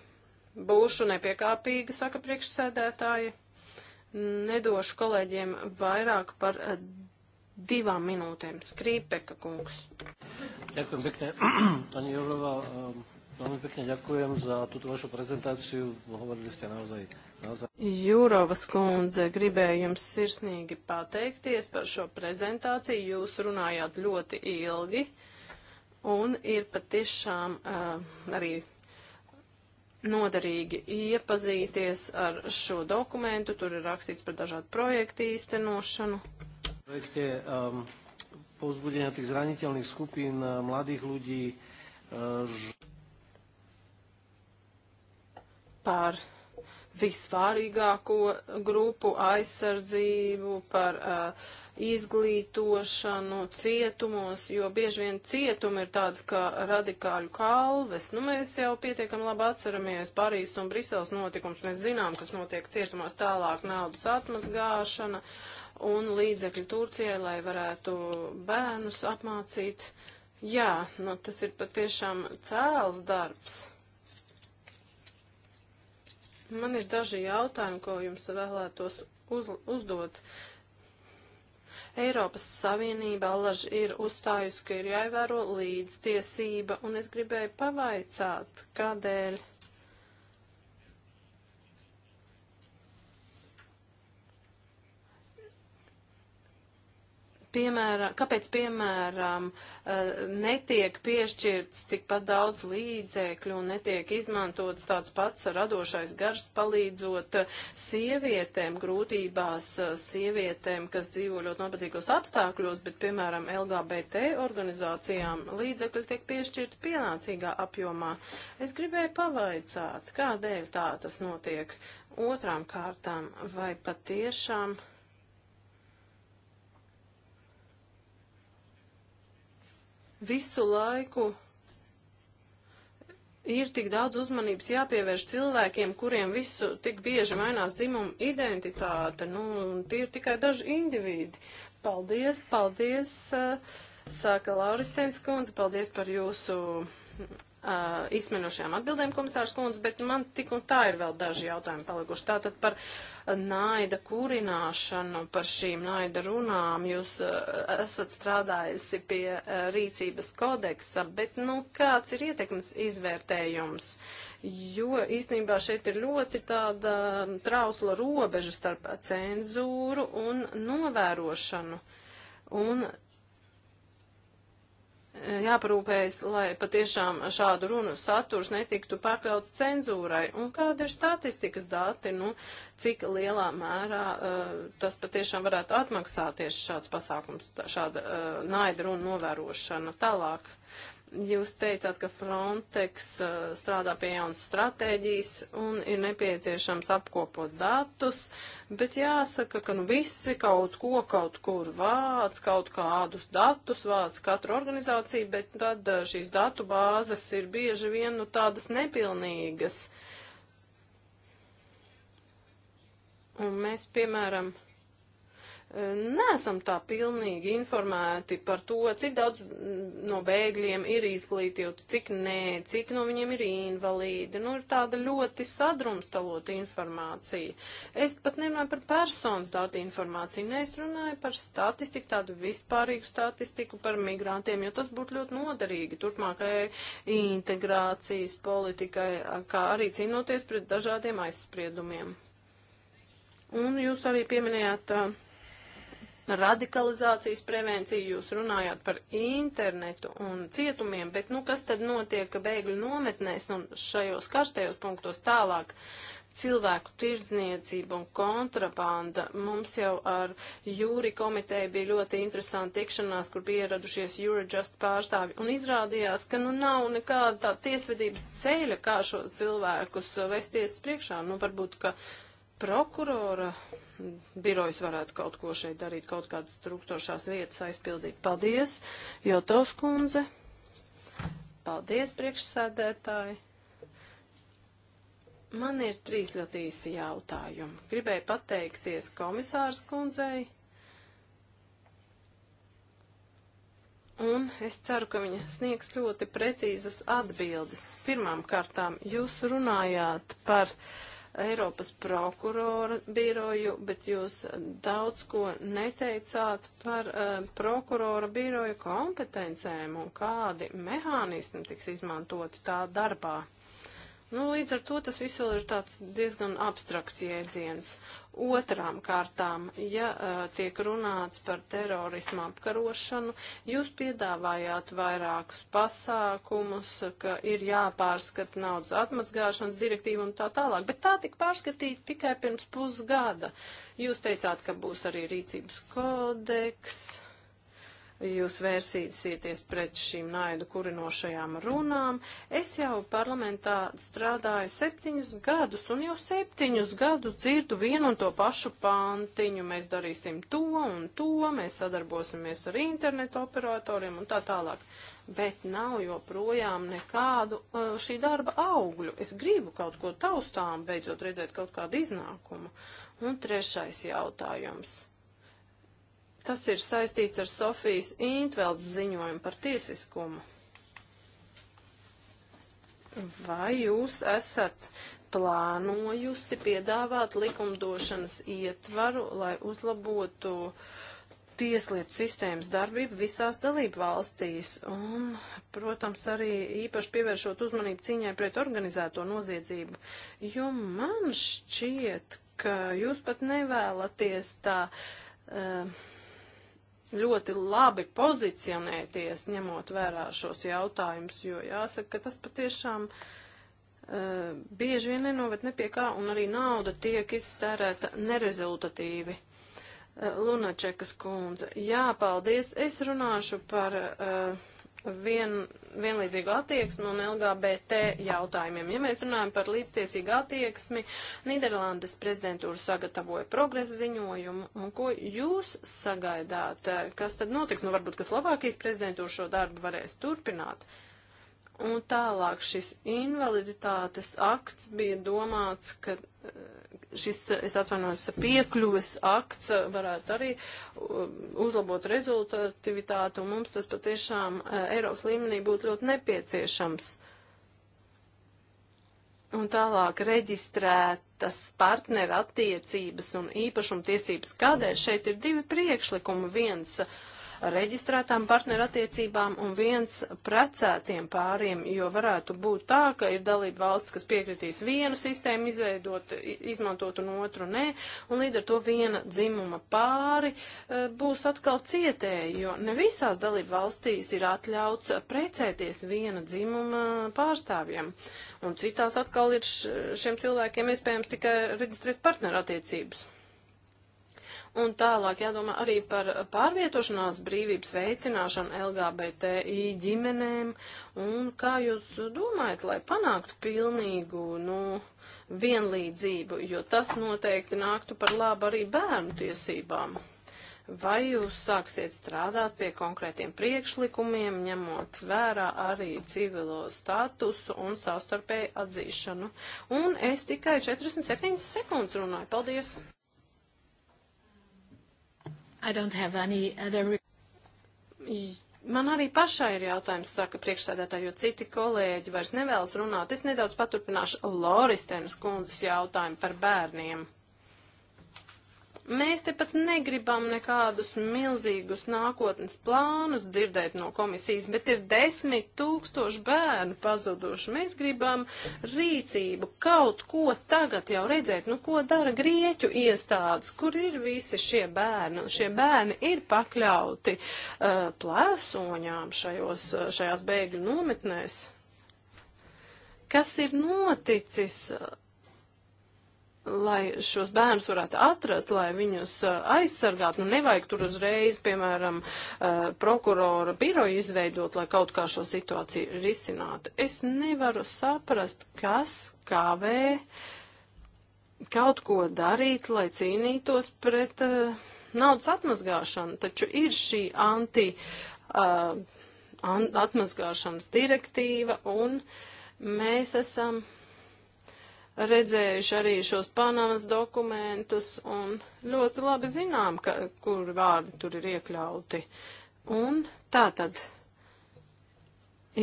būšu nepiekāpīga, saka priekšsēdētāji. Nedošu kolēģiem vairāk par eh, divām minūtēm. Skrīpeka kungs. Ďakujem pekne, pani Jourová. Ehm, veľmi pekne ďakujem za túto vašu prezentáciu. Hovorili ste naozaj Jūrovas kundze, gribēju jums sirsnīgi pateikties par šo prezentāciju. Jūs runājāt ļoti ilgi un ir patiešām uh, arī noderīgi iepazīties ar šo dokumentu. Tur ir rakstīts par dažādu projektu īstenošanu. Projekte um, ehm, pozbudzenia tých zraniteľných skupín eh, mladých ľudí. Uh, ž... Par visvārīgāko grupu aizsardzību, par uh, izglītošanu cietumos, jo bieži vien cietumi ir tāds kā radikāļu kalves. Nu, mēs jau pietiekam labi atceramies Parīzes un Briseles notikums, mēs zinām, kas notiek cietumos tālāk naudas atmazgāšana un līdzekļi Turcijai, lai varētu bērnus apmācīt. Jā, nu tas ir patiešām cēls darbs. Man ir daži jautājumi, ko jums vēlētos uz, uzdot. Eiropas Savienība allaž ir uzstājusi, ka ir jāievēro līdztiesība, un es gribēju pavaicāt, kādēļ piemēram, kāpēc, piemēram, eh, netiek piešķirts tikpat daudz līdzēkļu un netiek izmantots tāds pats radošais gars palīdzot eh, sievietēm grūtībās, eh, sievietēm, kas dzīvo ļoti nabadzīgos apstākļos, bet, piemēram, LGBT organizācijām līdzekļi tiek piešķirti pienācīgā apjomā. Es gribēju pavaicāt, kādēļ tā tas notiek. Otrām kārtām, vai patiešām. tiešām visu laiku ir tik daudz uzmanības jāpievērš cilvēkiem, kuriem visu tik bieži mainās dzimuma identitāte. Nu, tie ir tikai daži individi. Paldies, paldies, sāka Lauristēns kundze, paldies par jūsu uh, izsmenošajām atbildēm, komisārs Kundze, bet man tik un tā ir vēl daži jautājumi palikuši. Tātad par uh, naida kurināšanu, par šīm naida runām jūs uh, esat strādājusi pie uh, rīcības kodeksa, bet, nu, kāds ir ietekmes izvērtējums? Jo īstenībā šeit ir ļoti tāda trausla robeža starp cenzūru un novērošanu. Un jāparūpējas, lai patiešām šādu runu saturs netiktu pakļauts cenzūrai. Un kāda ir statistikas dati, nu, cik lielā mērā uh, tas patiešām varētu atmaksāties šāds pasākums, šāda uh, naida runa novērošana tālāk. Uh, Jūs teicāt, ka Frontex uh, strādā pie jaunas stratēģijas un ir nepieciešams apkopot datus, bet jāsaka, ka nu visi kaut ko kaut kur vāc, kaut kādus datus vāc katra organizācija, bet tad uh, šīs datu bāzes ir bieži vien nu tādas nepilnīgas. Un mēs, piemēram, nesam tā pilnīgi informēti par to, cik daudz no bēgļiem ir izglītīti, cik nē, cik no viņiem ir invalīdi. Nu, ir tāda ļoti sadrumstalota informācija. Es pat nerunāju par personas datu informāciju, ne, es runāju par statistiku, tādu vispārīgu statistiku par migrantiem, jo tas būtu ļoti noderīgi turpmākajai integrācijas politikai, kā arī cīnoties pret dažādiem aizspriedumiem. Un jūs arī pieminējāt uh, radikalizācijas prevenciju, jūs runājāt par internetu un cietumiem, bet nu, kas tad notiek bēgļu nometnēs un šajos karstajos punktos tālāk? cilvēku tirdzniecība un kontrabanda. Mums jau ar jūri komiteju bija ļoti interesanti tikšanās, kur bija ieradušies Eurojust pārstāvi, un izrādījās, ka nu nav nekāda tā tiesvedības ceļa, kā šo cilvēkus vesties priekšā. Nu, varbūt, ka prokurora birojas varētu kaut ko šeit darīt, kaut kādas trūkstošās vietas aizpildīt. Paldies, Jotovs kundze. Paldies, priekšsēdētāji. Man ir trīs ļoti īsi jautājumi. Gribēju pateikties komisārs kundzei. Un es ceru, ka viņa sniegs ļoti precīzas atbildes. Pirmām kārtām jūs runājāt par uh, Eiropas prokurora biroju, bet jūs daudz ko neteicāt par uh, eh, prokurora biroju kompetencēm un kādi mehānismi tiks izmantoti tā darbā. Nu, līdz ar to tas viss vēl ir tāds diezgan abstrakts jēdziens. Otrām kārtām, ja uh, tiek runāts par terorismu apkarošanu, jūs piedāvājāt vairākus pasākumus, ka ir jāpārskat naudas atmazgāšanas direktīva un tā tālāk, bet tā tika pārskatīta tikai pirms pusgada. Jūs teicāt, ka būs arī rīcības kodeks jūs vērsīsieties pret šīm naidu kurinošajām runām. Es jau parlamentā strādāju septiņus gadus, un jau septiņus gadus dzirdu vienu un to pašu pantiņu. Mēs darīsim to un to, mēs sadarbosimies ar internetu operatoriem un tā tālāk. Bet nav joprojām nekādu uh, šī darba augļu. Es gribu kaut ko taustām, beidzot redzēt kaut kādu iznākumu. Un trešais jautājums Tas ir saistīts ar Sofijas Intveldes ziņojumu par tiesiskumu. Vai jūs esat plānojusi piedāvāt likumdošanas ietvaru, lai uzlabotu tieslietu sistēmas darbību visās dalību valstīs un, protams, arī īpaši pievēršot uzmanību cīņai pret organizēto noziedzību, jo man šķiet, ka jūs pat nevēlaties tā. Uh, ļoti labi pozicionēties, ņemot vērā šos jautājumus, jo jāsaka, ka tas patiešām uh, bieži vien nenoved ne pie kā, un arī nauda tiek iztērēta nerezultatīvi. Uh, Lunačekas kundze, jā, paldies, es runāšu par uh, vien, vienlīdzīgu attieksmi un LGBT jautājumiem. Ja mēs runājam par līdztiesīgu attieksmi, Nīderlandes prezidentūra sagatavoja progresa ziņojumu. Un ko jūs sagaidāt? Kas tad notiks? Nu, varbūt, ka Slovākijas prezidentūra šo darbu varēs turpināt. Uh, Un tālāk šis invaliditātes akts bija domāts, ka eh, šis, es atvainojos, piekļuves akts varētu arī uh, uzlabot rezultatīvitāti, un mums tas patiešām eh, Eiropas līmenī būtu ļoti nepieciešams. Un tālāk reģistrētas partneru attiecības un īpašumtiesības. Kādēļ šeit ir divi priekšlikumi? Viens uh, reģistrētām partnerattiecībām un viens precētiem pāriem, jo varētu būt tā, ka ir dalība valsts, kas piekritīs vienu sistēmu izveidot, izmantot un otru nē, un līdz ar to viena dzimuma pāri e, būs atkal cietēji, jo ne visās dalība valstīs ir atļauts precēties viena dzimuma pārstāvjiem. Un citās atkal ir šiem cilvēkiem iespējams tikai reģistrēt partnerattiecības. Un tālāk jādomā arī par pārvietošanās brīvības veicināšanu LGBTI ģimenēm. Un kā jūs domājat, lai panāktu pilnīgu, nu, vienlīdzību, jo tas noteikti nāktu par labu arī bērnu tiesībām? Vai jūs sāksiet strādāt pie konkrētiem priekšlikumiem, ņemot vērā arī civilo statusu un savstarpēju atzīšanu? Un es tikai 47 sekundes runāju. Paldies! I don't have any other... Man arī pašai ir jautājums, saka priekšsēdētāji, jo citi kolēģi vairs nevēlas runāt. Es nedaudz paturpināšu Loristenas kundzes jautājumu par bērniem. Mēs tepat negribam nekādus milzīgus nākotnes plānus dzirdēt no komisijas, bet ir desmit tūkstoši bērnu pazuduši. Mēs gribam rīcību, kaut ko tagad jau redzēt, nu ko dara grieķu iestādes, kur ir visi šie bērni. Šie bērni ir pakļauti uh, plēsoņām šajos, uh, šajās bēgļu nometnēs. Kas ir noticis? Uh, lai šos bērnus varētu atrast, lai viņus uh, aizsargātu. Nu, nevajag tur uzreiz, piemēram, uh, prokurora biroju izveidot, lai kaut kā šo situāciju risinātu. Es nevaru saprast, kas kavē kaut ko darīt, lai cīnītos pret uh, naudas atmazgāšanu. Taču ir šī anti uh, atmazgāšanas direktīva un mēs esam redzējuši arī šos Panamas dokumentus un ļoti labi zinām, ka, kur vārdi tur ir iekļauti. Un tā tad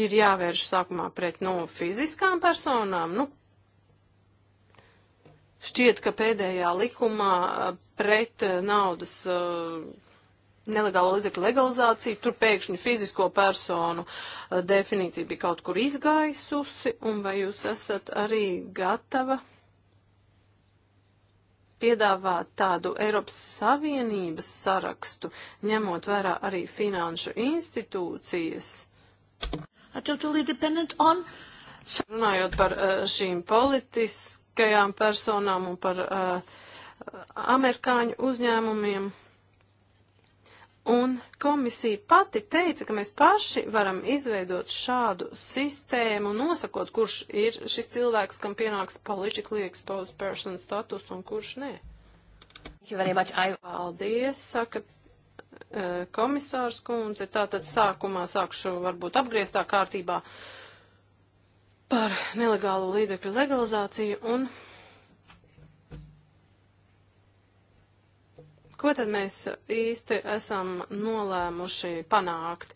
ir jāvērš sākumā pret no nu, fiziskām personām. Nu, šķiet, ka pēdējā likumā eh, pret eh, naudas. Uh, nelegālo līdzekļu legalizāciju, tur pēkšņi fizisko personu uh, definīcija bija kaut kur izgaisusi, un vai jūs esat arī gatava piedāvāt tādu Eiropas Savienības sarakstu, ņemot vērā arī finanšu institūcijas? Totally on... Runājot par uh, šīm politiskajām personām un par uh, amerikāņu uzņēmumiem. Un komisija pati teica, ka mēs paši varam izveidot šādu sistēmu, nosakot, kurš ir šis cilvēks, kam pienāks politically exposed person status un kurš nē. I... Paldies, saka eh, komisārs kundze. Tātad sākumā sākšu varbūt apgrieztā kārtībā par nelegālo līdzekļu legalizāciju un Ko tad mēs īsti esam nolēmuši panākt?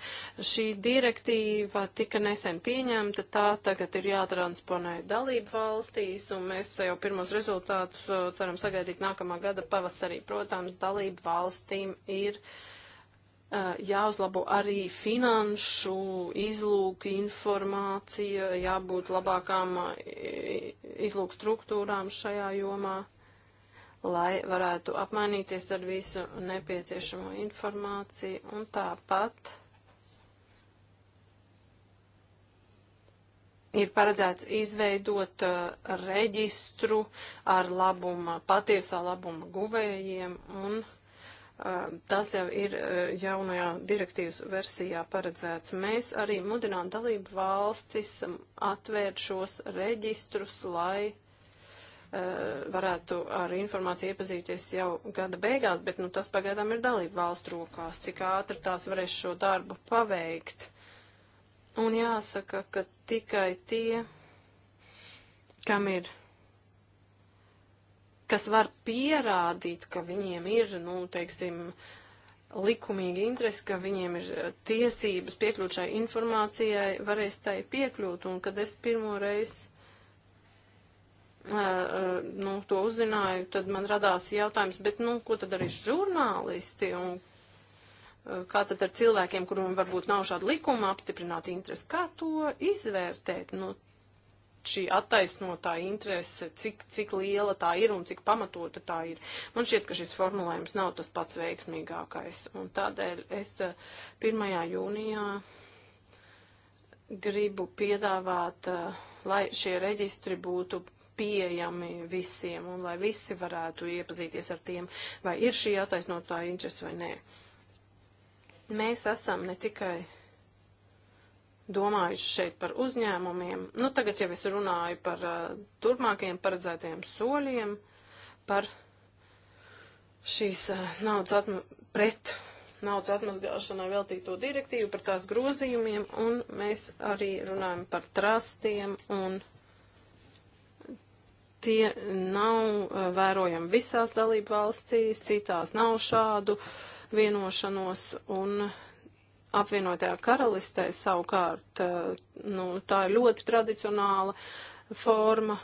Šī direktīva tika nesen pieņemta, tā tagad ir jātransponē dalību valstīs, un mēs jau pirmos rezultātus uh, ceram sagaidīt nākamā gada pavasarī. Protams, dalību valstīm ir uh, jāuzlabo arī finanšu izlūka informācija, jābūt labākām uh, izlūka struktūrām šajā jomā lai varētu apmainīties ar visu nepieciešamo informāciju un tāpat ir paredzēts izveidot uh, reģistru ar labuma, patiesā labuma guvējiem un uh, Tas jau ir uh, jaunajā direktīvas versijā paredzēts. Mēs arī mudinām dalību valstis um, atvērt šos reģistrus, lai Eh, varētu ar informāciju iepazīties jau gada beigās, bet nu, tas pagaidām ir dalību valstu rokās, cik ātri tās varēs šo darbu paveikt. Un jāsaka, ka tikai tie, kam ir, kas var pierādīt, ka viņiem ir, nu, teiksim, likumīgi interesi, ka viņiem ir tiesības piekļūt šai informācijai, varēs tai piekļūt. Un kad es pirmo reizi nu, to uzzināju, tad man radās jautājums, bet, nu, ko tad arī žurnālisti un kā tad ar cilvēkiem, kuriem varbūt nav šāda likuma apstiprināta interese, kā to izvērtēt, nu, šī attaisnotā interese, cik, cik liela tā ir un cik pamatota tā ir. Man šķiet, ka šis formulējums nav tas pats veiksmīgākais, un tādēļ es 1. jūnijā gribu piedāvāt, lai šie reģistri būtu pieejami visiem un lai visi varētu iepazīties ar tiem, vai ir šī attaisnotā interese vai nē. Mēs esam ne tikai domājuši šeit par uzņēmumiem, nu tagad jau es runāju par uh, turpmākajiem paredzētajiem soļiem, par šīs uh, naudas atma pret naudas atmazgāšanai veltīto direktīvu, par tās grozījumiem, un mēs arī runājam par trastiem un tie nav uh, vērojami visās dalību valstīs, citās nav šādu vienošanos un apvienotajā karalistē savukārt, uh, nu, tā ir ļoti tradicionāla forma,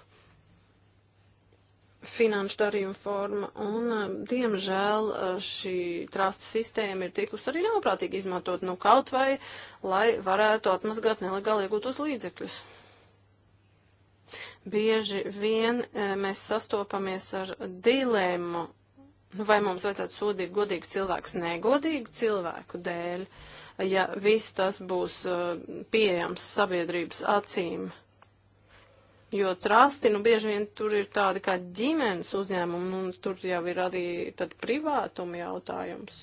finanšu darījuma forma, un, uh, diemžēl, šī trastu sistēma ir tikusi arī ļaunprātīgi izmantot, nu, kaut vai, lai varētu atmazgāt nelegāli iegūtos līdzekļus. Bieži vien e, mēs sastopamies ar dilemmu, nu, vai mums vajadzētu sodīt godīgu cilvēku, negodīgu cilvēku dēļ, ja viss tas būs e, pieejams sabiedrības acīm. Jo trasti, nu, bieži vien tur ir tādi kā ģimenes uzņēmumi, un tur jau ir arī tad privātuma jautājums.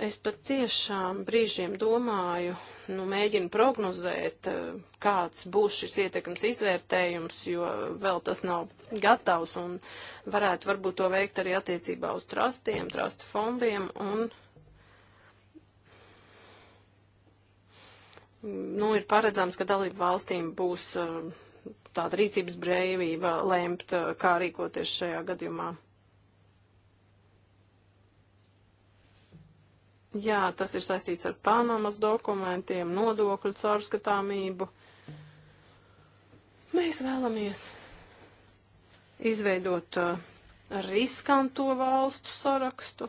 Es pat tiešām brīžiem domāju, nu, mēģinu prognozēt, eh, kāds būs šis ietekmes izvērtējums, jo vēl tas nav gatavs un varētu varbūt to veikt arī attiecībā uz trastiem, trasta fondiem un nu, ir paredzams, ka dalību valstīm būs eh, tāda rīcības brīvība lēmt, eh, kā rīkoties šajā gadījumā. Jā, tas ir saistīts ar Panamas dokumentiem, nodokļu caurskatāmību. Mēs vēlamies izveidot uh, riskanto valstu sarakstu.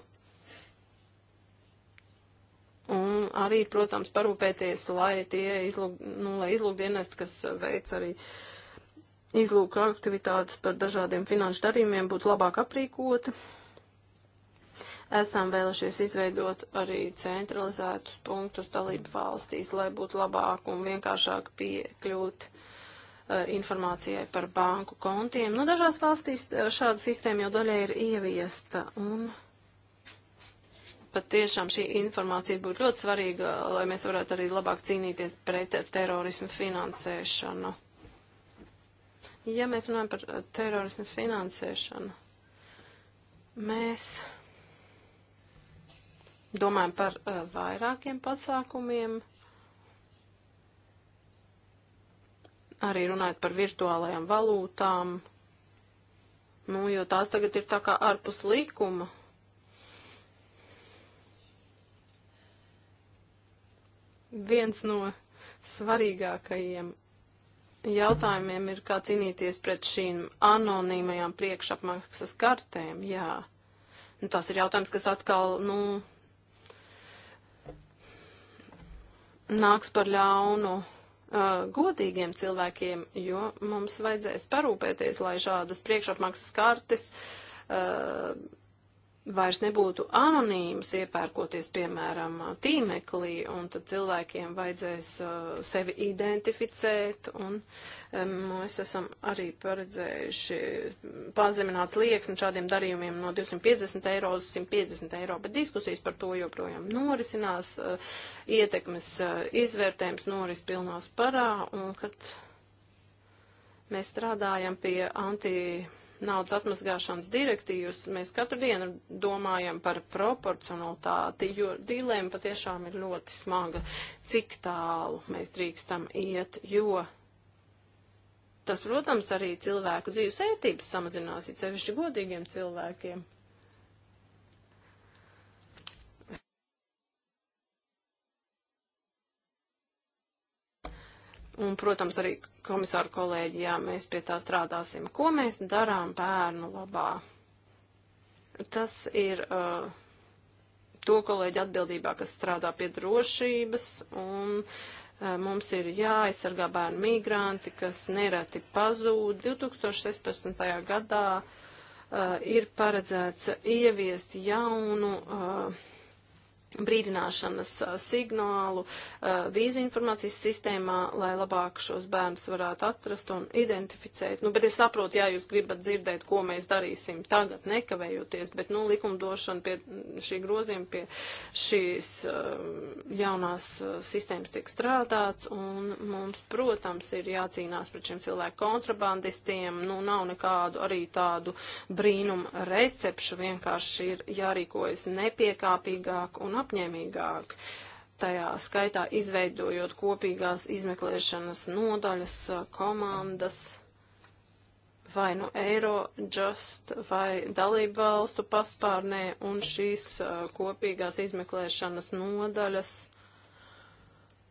Un arī, protams, parūpēties, lai tie izlūg, nu, lai izlūkdienesti, kas veic arī izlūka aktivitātes par dažādiem finanšu darījumiem, būtu labāk aprīkoti. Esam vēlušies izveidot arī centralizētus punktus dalību valstīs, lai būtu labāk un vienkāršāk piekļūt uh, informācijai par banku kontiem. Nu, dažās valstīs e, šāda sistēma jau daļai ir ieviesta, un pat tiešām šī informācija būtu ļoti svarīga, lai mēs varētu arī labāk cīnīties pret terorismu finansēšanu. Ja mēs runājam par e, terorismu finansēšanu, mēs Domājam par uh, vairākiem pasākumiem. Arī runājot par virtuālajām valūtām. Nu, jo tās tagad ir tā kā ārpus likuma. Viens no svarīgākajiem jautājumiem ir, kā cīnīties pret šīm anonīmajām priekšapmaksas kartēm. Jā, nu, tas ir jautājums, kas atkal, nu, nāks par ļaunu uh, godīgiem cilvēkiem, jo mums vajadzēs parūpēties, lai šādas priekšapmaksas kartes uh, vairs nebūtu anonīms iepērkoties, piemēram, tīmeklī, un tad cilvēkiem vajadzēs uh, sevi identificēt, un um, mēs esam arī paredzējuši pazemināts lieksni šādiem darījumiem no 250 eiro uz 150 eiro, bet diskusijas par to joprojām norisinās, uh, ietekmes uh, izvērtējums noris pilnā sparā, un kad mēs strādājam pie anti naudas atmazgāšanas direktīvas, mēs katru dienu domājam par proporcionalitāti, jo dīlēma patiešām ir ļoti smaga, cik tālu mēs drīkstam iet, jo tas, protams, arī cilvēku dzīves ērtības samazinās, it sevišķi godīgiem cilvēkiem. Un, protams, arī komisāru kolēģijā mēs pie tā strādāsim. Ko mēs darām bērnu labā? Tas ir uh, to kolēģi atbildībā, kas strādā pie drošības un uh, mums ir jāaizsargā bērnu migranti, kas nereti pazūd. 2016. gadā uh, ir paredzēts ieviest jaunu uh, brīdināšanas signālu vīzu informācijas sistēmā, lai labāk šos bērnus varētu atrast un identificēt. Nu, bet es saprotu, jā, jūs gribat dzirdēt, ko mēs darīsim tagad, nekavējoties, bet, nu, likumdošana pie šī grozījuma, pie šīs jaunās sistēmas tiek strādāts, un mums, protams, ir jācīnās pret šiem cilvēku kontrabandistiem, nu, nav nekādu arī tādu brīnumu recepšu, vienkārši ir jārīkojas nepiekāpīgāk un apņēmīgāk. Tajā skaitā izveidojot kopīgās izmeklēšanas nodaļas, komandas, vai nu Eirojust vai dalību valstu paspārnē un šīs uh, kopīgās izmeklēšanas nodaļas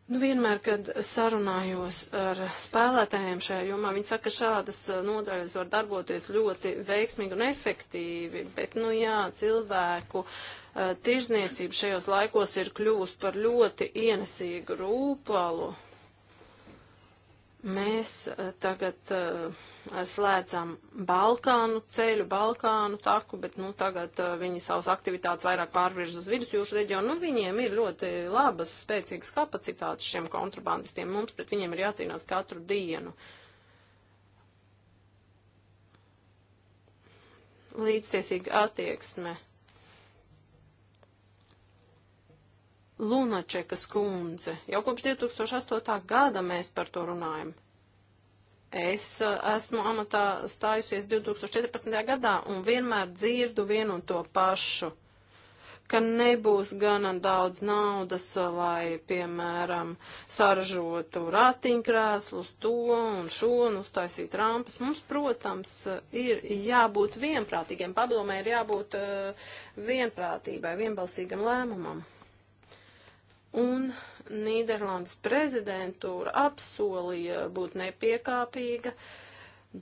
Nu, vienmēr, kad sarunājos ar spēlētājiem šajā jomā, viņi saka, ka šādas eh, nodaļas var darboties ļoti veiksmīgi un efektīvi, bet, nu jā, cilvēku eh, tirzniecība šajos laikos ir kļūst par ļoti ienesīgu rūpalu. Mēs eh, tagad uh, slēdzam Balkānu ceļu, Balkānu taku, bet nu, tagad uh, viņi savas aktivitātes vairāk pārvirz uz vidusjūras reģionu. Nu, viņiem ir ļoti labas, spēcīgas kapacitātes šiem kontrabandistiem. Mums pret viņiem ir jācīnās katru dienu. Līdztiesīga attieksme Lunačekas kundze. Jau kopš 2008. gada mēs par to runājam. Es e, esmu amatā stājusies 2014. gadā un vienmēr dzirdu vienu un to pašu, ka nebūs gana daudz naudas, e, lai, piemēram, saražotu ratiņkrēslus to un šo un uztaisītu rampas. Mums, protams, e, ir jābūt vienprātīgiem, padomē ir jābūt vienprātībai, vienbalsīgam lēmumam. Un Nīderlandes prezidentūra apsolīja būt nepiekāpīga,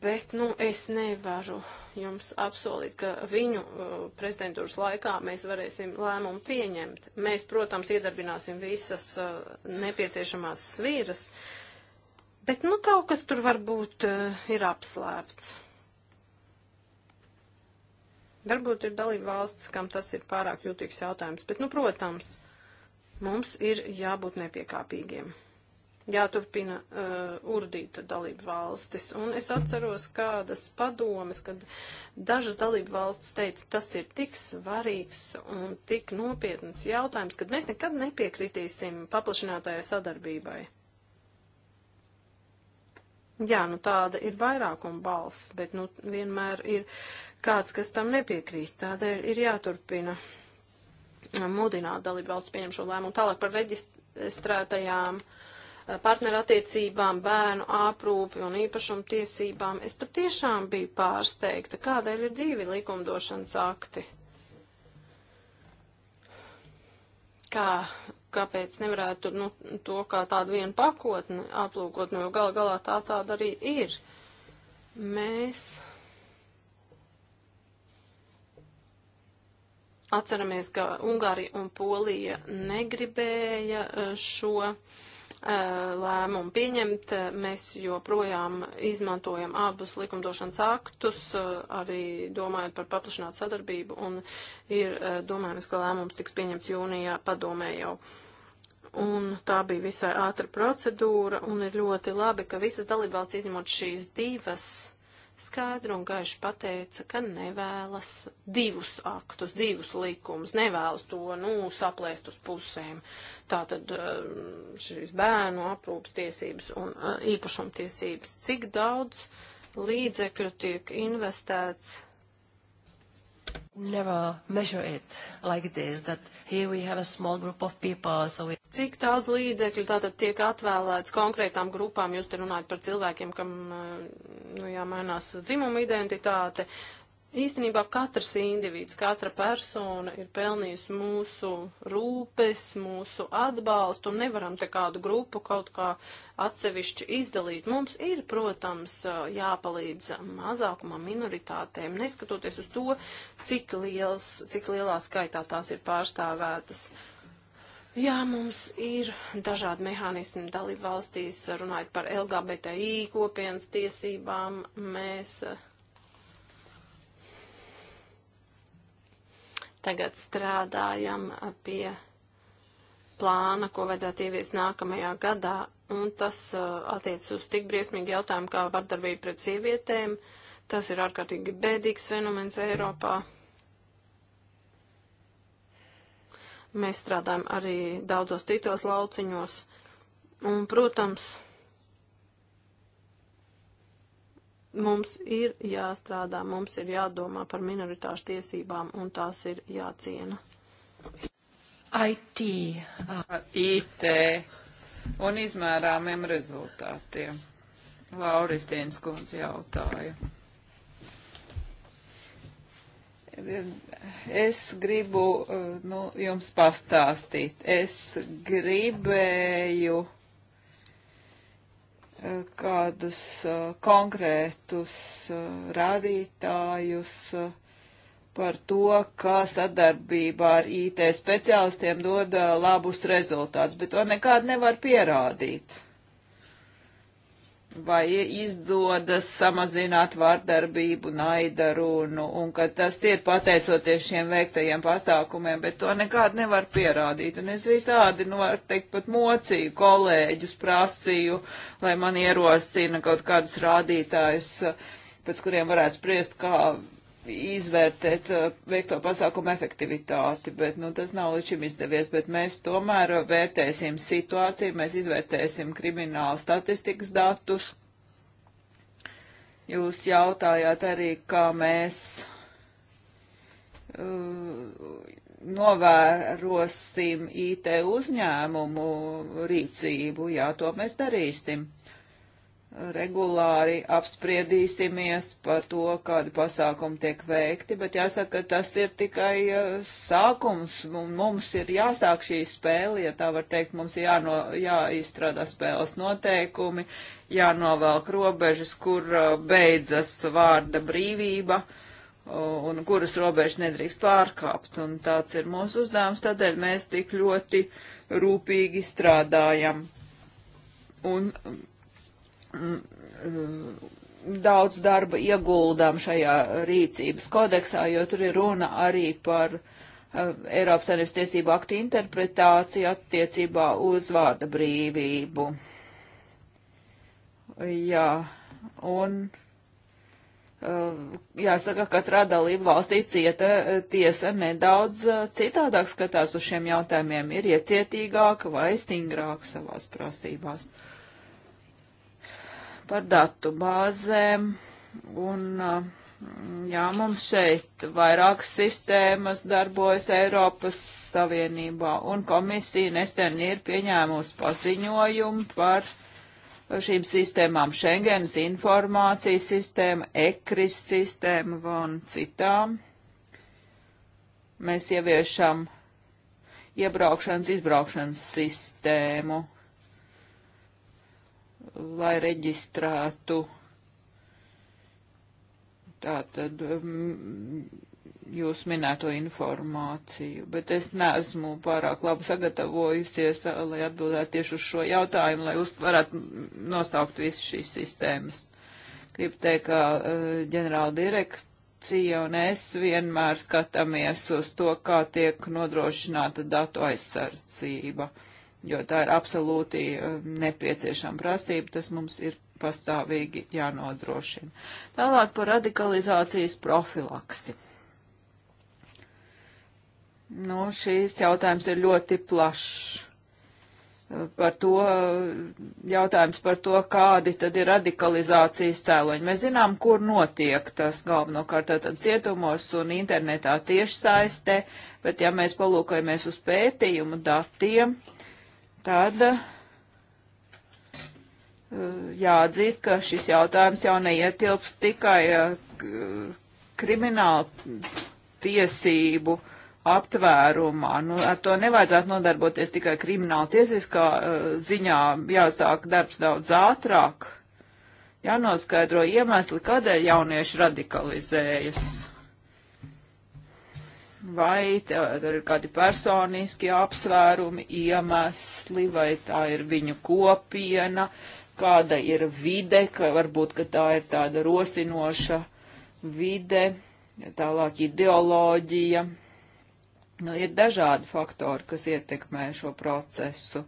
bet, nu, es nevaru jums apsolīt, ka viņu uh, prezidentūras laikā mēs varēsim lēmumu pieņemt. Mēs, protams, iedarbināsim visas uh, nepieciešamās svīras, bet, nu, kaut kas tur varbūt uh, ir apslēpts. Varbūt ir dalība valsts, kam tas ir pārāk jūtīgs jautājums, bet, nu, protams. Mums ir jābūt nepiekāpīgiem. Jāturpina uh, urdīt dalību valstis. Un es atceros kādas padomas, kad dažas dalību valstis teica, tas ir tik svarīgs un tik nopietnas jautājums, kad mēs nekad nepiekritīsim paplašinātājai sadarbībai. Jā, nu tāda ir vairākuma balss, bet nu vienmēr ir kāds, kas tam nepiekrīt. Tādēļ ir jāturpina mudināt dalību valsts pieņem šo lēmumu. Tālāk par reģistrētajām eh, partnerattiecībām, bērnu aprūpi un īpašumu tiesībām. Es patiešām biju pārsteigta, kādēļ ir divi likumdošanas akti. Kā, kāpēc nevarētu nu, to kā tādu vienu pakotni aplūkot, nu, jo gal galā tā tāda arī ir. Mēs Atceramies, ka Ungārija un Polija negribēja e, šo e, lēmumu pieņemt. Mēs joprojām izmantojam abus likumdošanas aktus, e, arī domājot par paplašinātu sadarbību, un ir domājams, ka lēmums tiks pieņemts jūnijā padomē jau. Un tā bija visai ātra procedūra, un ir ļoti labi, ka visas dalībvalsts izņemot šīs divas skaidru un gaišu pateica, ka nevēlas divus aktus, divus likumus, nevēlas to, nu, saplēst uz pusēm. Tātad eh, šīs bērnu aprūpas tiesības un eh, īpašumtiesības, cik daudz līdzekļu tiek investēts never measure it like this that here we have a small group of people so we cik daudz līdzekļu tātad tiek atvēlēts konkrētām grupām, jūs te runājat par cilvēkiem, kam eh, nu, jāmainās dzimuma identitāte. Īstenībā katrs individs, katra persona ir pelnījusi mūsu rūpes, mūsu atbalstu, un nevaram te kādu grupu kaut kā atsevišķi izdalīt. Mums ir, protams, eh, jāpalīdz mazākumam minoritātēm, neskatoties uz to, cik, liels, cik lielā skaitā tās ir pārstāvētas. Uh, Jā, mums ir dažādi mehānismi dalību valstīs, runājot par LGBTI kopienas tiesībām. Mēs eh, tagad strādājam eh, pie plāna, ko vajadzētu ieviest nākamajā gadā, un tas eh, attiec uz tik briesmīgu jautājumu kā vardarbība pret sievietēm. Tas ir ārkārtīgi bēdīgs fenomens Eiropā. Mm. Mēs strādājam arī daudzos citos lauciņos. Un, protams, mums ir jāstrādā, mums ir jādomā par minoritāšu tiesībām, un tās ir jāciena. IT. IT un izmērāmiem rezultātiem. Lauristīnas kundze jautāja. Es gribu eh, nu, jums pastāstīt. Es gribēju eh, kādus eh, konkrētus rādītājus par to, kā sadarbībā ar IT speciālistiem dod labus rezultātus, bet to nekādu nevar pierādīt vai izdodas samazināt vārdarbību, naida runu, un ka tas ir pateicoties šiem veiktajiem pasākumiem, bet to nekādu nevar pierādīt. Un es visādi, nu, var teikt, pat mocīju kolēģus, prasīju, lai man ierosina kaut kādus rādītājus, pēc kuriem varētu spriest, kā izvērtēt uh, veikto pasākumu efektivitāti, bet nu, tas nav līdz šim izdevies, bet mēs tomēr vērtēsim situāciju, mēs izvērtēsim kriminālu statistikas datus. Jūs jautājāt arī, kā mēs uh, novērosim IT uzņēmumu rīcību, jā, to mēs darīsim regulāri apspriedīsimies par to, kādi pasākumi tiek veikti, bet jāsaka, ka tas ir tikai eh, sākums, un mums ir jāsāk šī spēle, ja tā var teikt, mums ir jāno, jāizstrādā spēles noteikumi, jānovelk robežas, kur eh, beidzas vārda brīvība eh, un kuras robežas nedrīkst pārkāpt, un tāds ir mūsu uzdevums, tādēļ mēs tik ļoti rūpīgi strādājam. Un Mm, mm, daudz darba ieguldām šajā rīcības kodeksā, jo tur ir runa arī par uh, Eiropas Savienības tiesību aktu interpretāciju attiecībā uz vārda brīvību. Jā, un uh, jāsaka, katrā dalība valstī cieta uh, tiesa nedaudz citādāk skatās uz šiem jautājumiem, ir iecietīgāka vai stingrāka savās prasībās. Uh, par datu bāzēm. Un, mm, jā, mums šeit vairāk sistēmas darbojas Eiropas Savienībā, un komisija nesen ir pieņēmusi paziņojumu par šīm sistēmām Schengens informācijas sistēma, ECRIS sistēma un citām. Mēs ieviešam iebraukšanas, izbraukšanas sistēmu lai reģistrētu tātad mm, jūs minēto informāciju, bet es neesmu pārāk labi sagatavojusies, lai atbildētu tieši uz šo jautājumu, lai jūs varētu nosaukt visas šīs sistēmas. Gribu teikt, ka ģenerāla direkcija un es vienmēr skatāmies uz to, kā tiek nodrošināta datu aizsardzība. Uh, jo tā ir absolūti eh, nepieciešama prasība, tas mums ir pastāvīgi jānodrošina. Tālāk par radikalizācijas profilaksti. Nu, šīs jautājums ir ļoti plašs. Eh, par to eh, jautājums par to, kādi tad ir radikalizācijas cēloņi. Mēs zinām, kur notiek tas galvenokārt tātad cietumos un internetā tieši saistē, bet ja mēs palūkojamies uz pētījumu datiem, uh, tad uh, jāatzīst, ka šis jautājums jau neietilps tikai uh, kriminālu tiesību aptvērumā. Nu, ar to nevajadzētu nodarboties tikai krimināla tiesiskā uh, ziņā, jāsāk darbs daudz ātrāk. Jānoskaidro iemesli, kādēļ jaunieši radikalizējas vai tur ir kādi personiski apsvērumi, iemesli, vai tā ir viņu kopiena, kāda ir vide, ka varbūt, ka tā ir tāda rosinoša vide, tālāk ideoloģija. Nu, ir dažādi faktori, kas ietekmē šo procesu.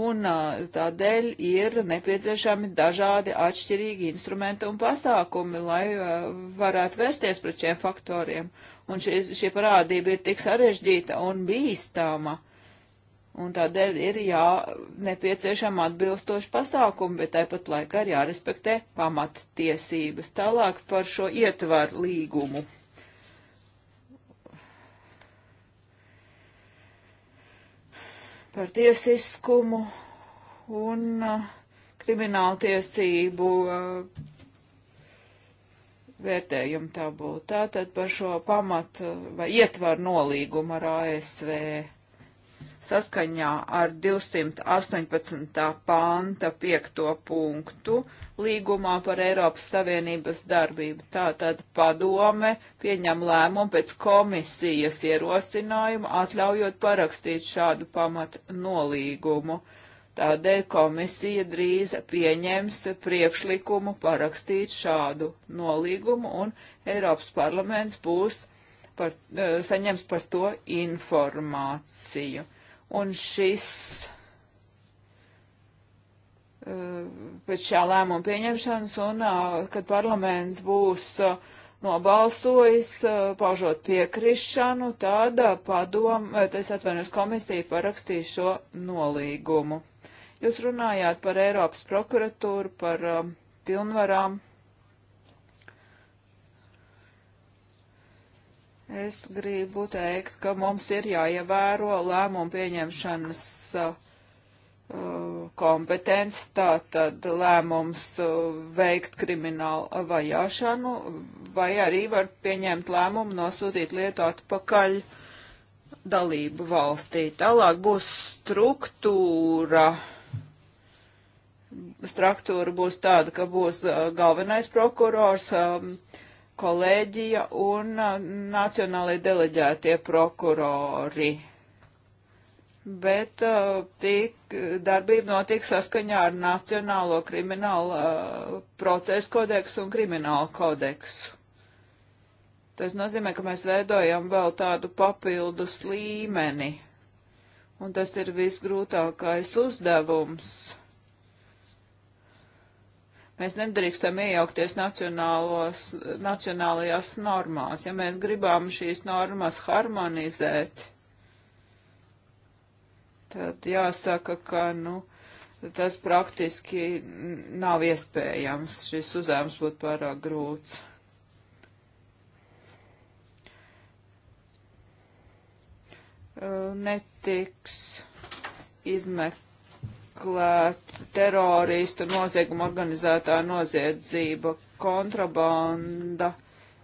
Un tādēļ ir nepieciešami dažādi atšķirīgi instrumenti un pasākumi, lai varētu vērsties pret šiem faktoriem. Un šie, šie parādība ir tik sarežģīta un bīstama. Un tādēļ ir jā, nepieciešama atbilstoši pasākumi, bet tāpat laikā ir jārespektē pamattiesības. Tālāk par šo ietvaru līgumu. par tiesiskumu un uh, krimināltiesību uh, vērtējumu tabulu. Tātad par šo pamatu uh, vai ietvaru nolīgumu ar ASV. Saskaņā ar 218. panta 5. punktu līgumā par Eiropas Savienības darbību. Tātad padome pieņem lēmumu pēc komisijas ierosinājuma, atļaujot parakstīt šādu pamat nolīgumu. Tādēļ komisija drīz pieņems priekšlikumu parakstīt šādu nolīgumu, un Eiropas parlaments būs par, eh, saņems par to informāciju un šis eh, pēc šā lēmuma pieņemšanas un, eh, kad parlaments būs eh, nobalsojis, paužot piekrišanu, tad padom, es atvainojos komisiju parakstīs šo nolīgumu. Jūs runājāt par Eiropas prokuratūru, par pilnvarām. Um, Es gribu teikt, ka mums ir jāievēro lēmumu pieņemšanas uh, kompetences, tātad lēmums uh, veikt kriminālu vajāšanu, vai arī var pieņemt lēmumu nosūtīt lietu atpakaļ dalību valstī. Tālāk būs struktūra. Struktūra būs tāda, ka būs uh, galvenais prokurors. Um, kolēģija un nacionālai deleģētie prokurori. Bet tik, darbība notiek saskaņā ar Nacionālo kriminālu uh, procesu kodeksu un kriminālu kodeksu. Tas nozīmē, ka mēs veidojam vēl tādu papildus līmeni, un tas ir visgrūtākais uzdevums Mēs nedrīkstam iejaukties nacionālajās normās. Ja mēs gribam šīs normas harmonizēt, tad jāsaka, ka, nu, tas praktiski nav iespējams. Šis uzdevums būtu pārāk grūts. netiks izmekt izmeklēt teroristu noziegumu organizētā noziedzība, kontrabanda.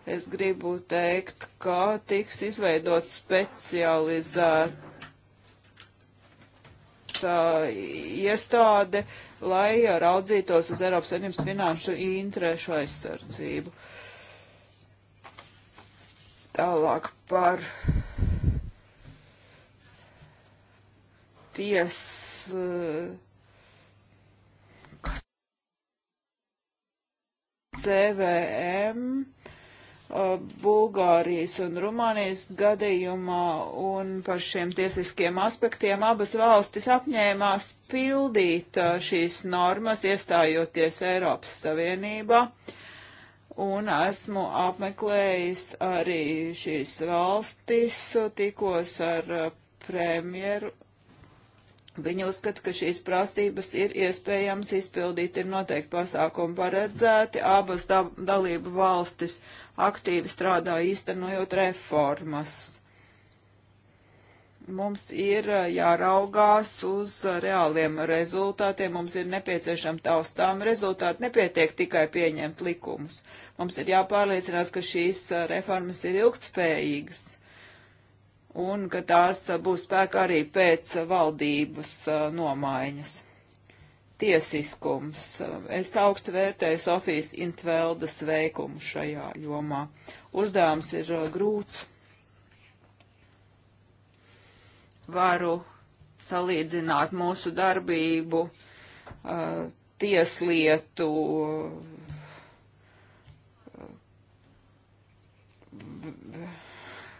Es gribu teikt, ka tiks izveidot specializēta iestāde, lai raudzītos uz Eiropas Savienības finanšu interešu aizsardzību. Tālāk par ties, CVM uh, Bulgārijas un Rumānijas gadījumā un par šiem tiesiskiem aspektiem abas valstis apņēmās pildīt uh, šīs normas, iestājoties Eiropas Savienībā un esmu apmeklējis arī šīs valstis, tikos ar uh, premjeru Viņi uzskata, ka šīs prasības ir iespējams izpildīt, ir noteikti pasākumi paredzēti, abas da dalību valstis aktīvi strādā īstenojot reformas. Mums ir eh, jāraugās uz eh, reāliem rezultātiem, mums ir nepieciešama taustām rezultāti, nepietiek tikai pieņemt likumus. Mums ir jāpārliecinās, ka šīs eh, reformas ir ilgtspējīgas un ka tās būs spēkā arī pēc valdības nomaiņas. Tiesiskums. Es augstu vērtēju Sofijas Intveldas veikumu šajā jomā. Uzdevums ir grūts. Varu salīdzināt mūsu darbību tieslietu uh,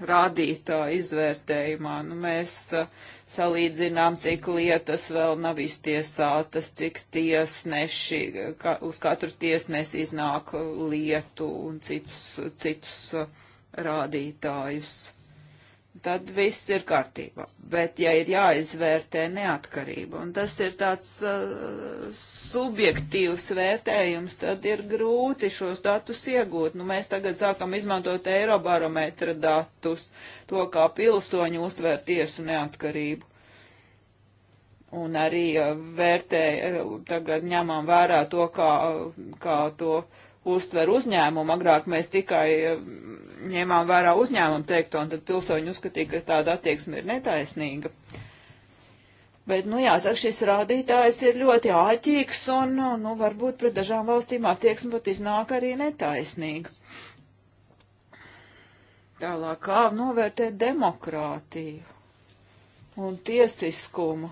rādītāju izvērtējumā. Nu, mēs uh, salīdzinām, cik lietas vēl nav iztiesātas, cik tiesneši, ka, uz katru tiesnesi iznāk lietu un citus, citus uh, rādītājus tad viss ir kārtībā. Bet, ja ir jāizvērtē neatkarība, un tas ir tāds uh, subjektīvs vērtējums, tad ir grūti šos datus iegūt. Nu, mēs tagad sākam izmantot eirobarometra datus, to kā pilsoņu uztver tiesu neatkarību. Un arī uh, vērtē, uh, tagad ņemam vērā to, kā, uh, kā to uh, uztver uzņēmumu. Agrāk mēs tikai eh, ņēmām vērā uzņēmumu teikto, un tad pilsoņi uzskatīja, ka tāda attieksme ir netaisnīga. Bet, nu, jāsaka, šis rādītājs ir ļoti āķīgs, un, nu, nu, varbūt pret dažām valstīm attieksme pat iznāk arī netaisnīga. Tālāk, kā novērtēt demokrātiju un tiesiskumu?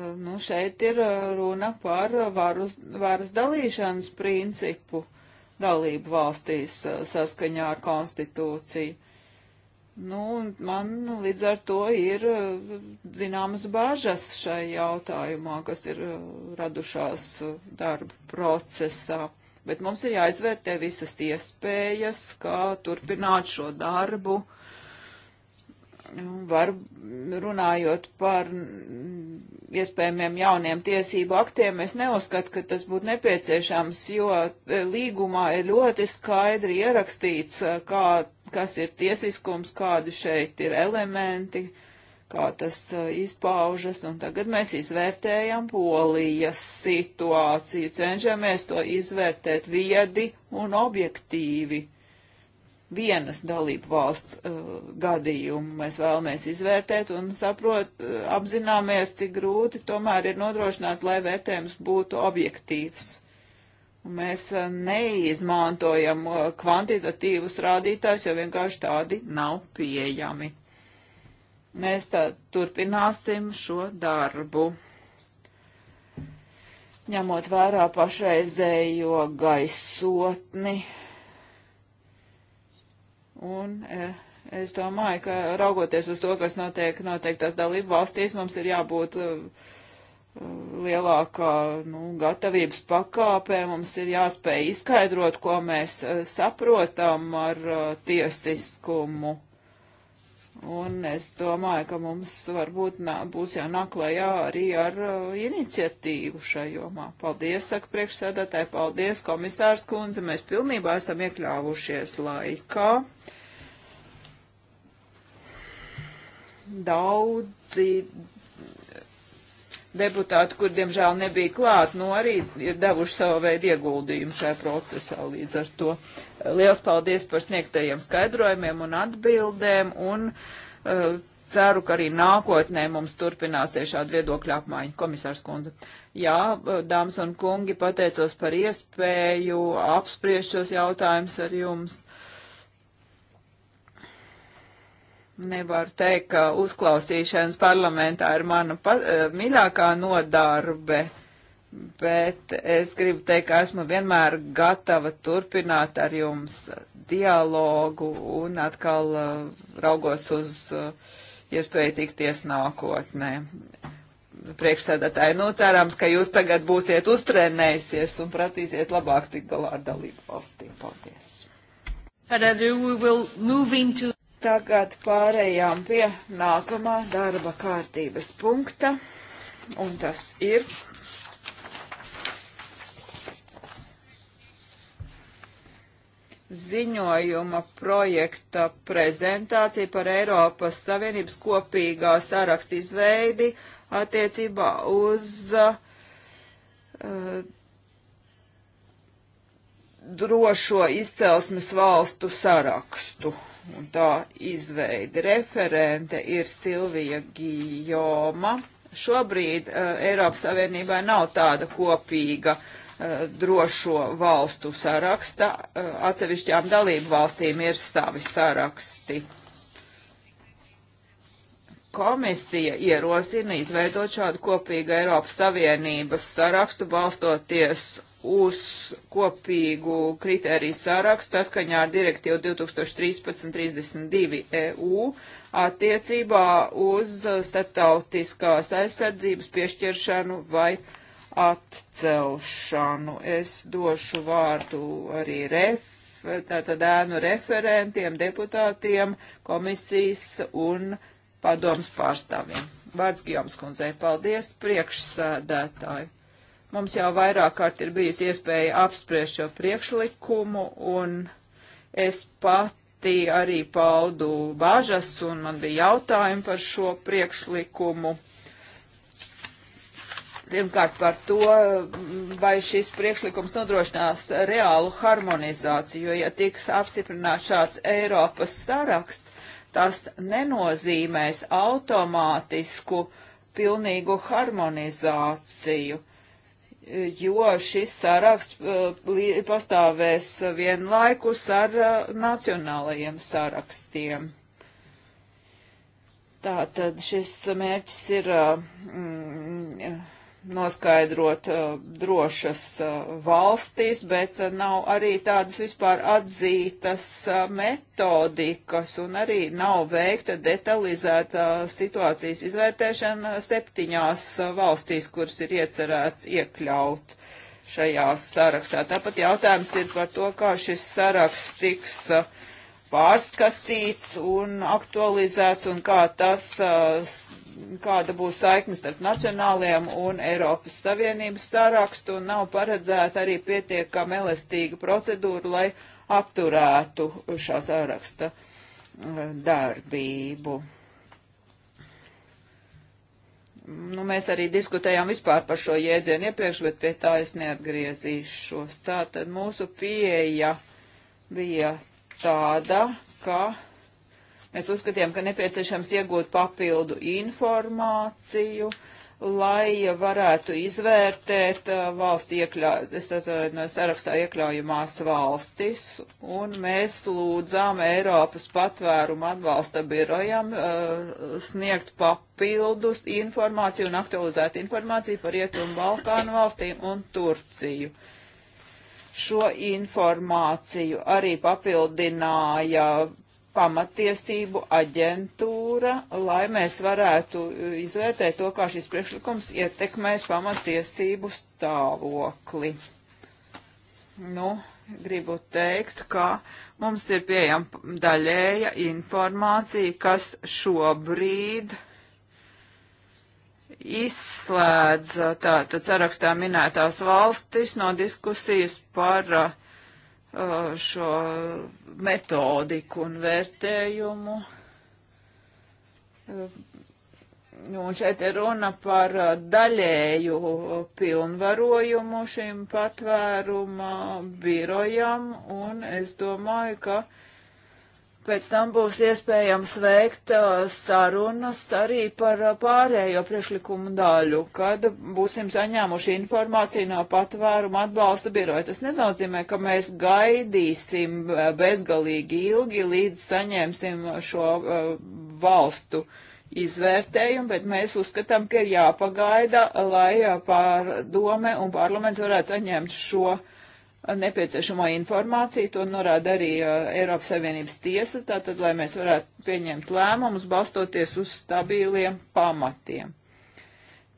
nu, šeit ir eh, runa par varu, varas dalīšanas principu dalību valstīs eh, saskaņā ar konstitūciju. Nu, man līdz ar to ir eh, zināmas bāžas šai jautājumā, kas ir radušās darba procesā. Bet mums ir jāizvērtē visas iespējas, kā turpināt šo darbu uh, Nu, var runājot par iespējamiem jauniem tiesību aktiem, es neuzskatu, ka tas būtu nepieciešams, jo e, līgumā ir ļoti skaidri ierakstīts, e, kā, kas ir tiesiskums, kādi šeit ir elementi, kā tas e, izpaužas, un tagad mēs izvērtējam polijas situāciju, cenšamies to izvērtēt viedi un objektīvi vienas dalību valsts uh, gadījumu mēs vēlamies izvērtēt un saprot, uh, apzināmies, cik grūti tomēr ir nodrošināt, lai vērtējums būtu objektīvs. Un mēs uh, neizmantojam uh, kvantitatīvus rādītājus, jo vienkārši tādi nav pieejami. Mēs tā, turpināsim šo darbu. Ņemot vērā pašreizējo gaisotni, uh, Un e, es domāju, ka raugoties uz to, kas notiek noteiktās dalību valstīs, mums ir jābūt e, e, lielākā nu, gatavības pakāpē, mums ir jāspēj izskaidrot, ko mēs saprotam ar tiesiskumu. Un es domāju, ka mums varbūt nā, būs jānāk klajā arī ar uh, iniciatīvu šai jomā. Paldies, saka priekšsēdētāji, paldies, komisārs kundze, mēs pilnībā esam iekļāvušies laikā. daudzi deputāti, kur diemžēl nebija klāt, nu arī ir devuši savu veidu ieguldījumu šajā procesā līdz ar to. Eh, liels paldies par sniegtajiem skaidrojumiem un atbildēm un uh, ceru, ka arī nākotnē mums turpināsies šāda viedokļa apmaiņa. Komisārs Kunze. Jā, eh, dāmas un kungi, pateicos par iespēju apspriest šos jautājumus ar jums. Nevar teikt, ka uzklausīšanas parlamentā ir mana pa, eh, mīļākā nodarbe, bet es gribu teikt, ka esmu vienmēr gatava turpināt ar jums dialogu un atkal eh, raugos uz eh, iespēju tikties nākotnē. Priekšsēdētāji, nu cerams, ka jūs tagad būsiet uztrenējusies un pratīsiet labāk tik galā ar dalību valstīm. Paldies! Fararu, we will move into... Tagad pārējām pie nākamā darba kārtības punkta, un tas ir. ziņojuma projekta prezentācija par Eiropas Savienības kopīgā sarakstu izveidi attiecībā uz uh, drošo izcelsmes valstu sarakstu un tā izveidi. Referente ir Silvija Gijoma. Šobrīd uh, Eiropas Savienībai nav tāda kopīga uh, drošo valstu saraksta. Uh, atsevišķām dalību valstīm ir savi saraksti. Komisija ierosina izveidot šādu kopīgu Eiropas Savienības sarakstu balstoties uz kopīgu kritēriju sārakstu saskaņā ar direktīvu 2013-32 EU attiecībā uz starptautiskās aizsardzības piešķiršanu vai atcelšanu. Es došu vārdu arī ref, tātad ēnu referentiem, deputātiem, komisijas un padomas pārstāvjiem. Vārds Gijoms kundzei, paldies priekšsēdētāji. Mums jau vairāk kārt ir bijusi iespēja apspriest šo priekšlikumu, un es pati arī paudu bažas, un man bija jautājumi par šo priekšlikumu. Pirmkārt par to, vai šis priekšlikums nodrošinās reālu harmonizāciju, jo, ja tiks apstiprināts šāds Eiropas saraksts, tas nenozīmēs automātisku pilnīgu harmonizāciju jo šis saraksts uh, pastāvēs vienlaikus ar uh, nacionālajiem sarakstiem. Tātad šis mērķis ir uh, mm, noskaidrot uh, drošas uh, valstis, bet uh, nav arī tādas vispār atzītas uh, metodikas un arī nav veikta detalizēta situācijas izvērtēšana septiņās uh, valstīs, kuras ir iecerēts iekļaut šajā sarakstā. Tāpat jautājums ir par to, kā šis saraksts tiks uh, pārskatīts un aktualizēts un kā tas, kāda būs saikne starp nacionālajiem un Eiropas Savienības sārakstu un nav paredzēta arī pietiekam elastīga procedūra, lai apturētu šā sāraksta darbību. Nu, mēs arī diskutējām vispār par šo jēdzienu iepriekš, bet pie tā es neatgriezīšos. Tā tad mūsu pieeja bija tāda, ka mēs uzskatījām, ka nepieciešams iegūt papildu informāciju, lai varētu izvērtēt uh, valsts iekļā, es no sarakstā iekļaujumās valstis, un mēs lūdzām Eiropas patvērumu atbalsta birojam uh, sniegt papildus informāciju un aktualizēt informāciju par Rietumu Balkānu valstīm un Turciju. Uh, šo informāciju arī papildināja pamatiesību aģentūra, lai mēs varētu uh, izvērtēt to, kā šis priekšlikums ietekmēs pamatiesību stāvokli. Nu, gribu teikt, ka mums ir pieejama daļēja informācija, kas šobrīd uh, izslēdza uh, tātad sarakstā minētās valstis no diskusijas par uh, uh, šo metodiku un vērtējumu. Uh, Un šeit ir runa par uh, daļēju pilnvarojumu šim patvēruma birojam, un es domāju, ka pēc tam būs iespējams veikt uh, sarunas arī par uh, pārējo priekšlikumu daļu, kad būsim saņēmuši informāciju no patvērumu atbalsta biroja. Tas nenozīmē, ka mēs gaidīsim uh, bezgalīgi ilgi, līdz saņemsim šo uh, valstu izvērtējumu, bet mēs uzskatām, ka ir jāpagaida, lai uh, pārdome un parlaments varētu saņemt šo uh, nepieciešamo informāciju, to norāda arī uh, Eiropas Savienības tiesa, tātad, lai mēs varētu pieņemt lēmumus, balstoties uz stabiliem pamatiem.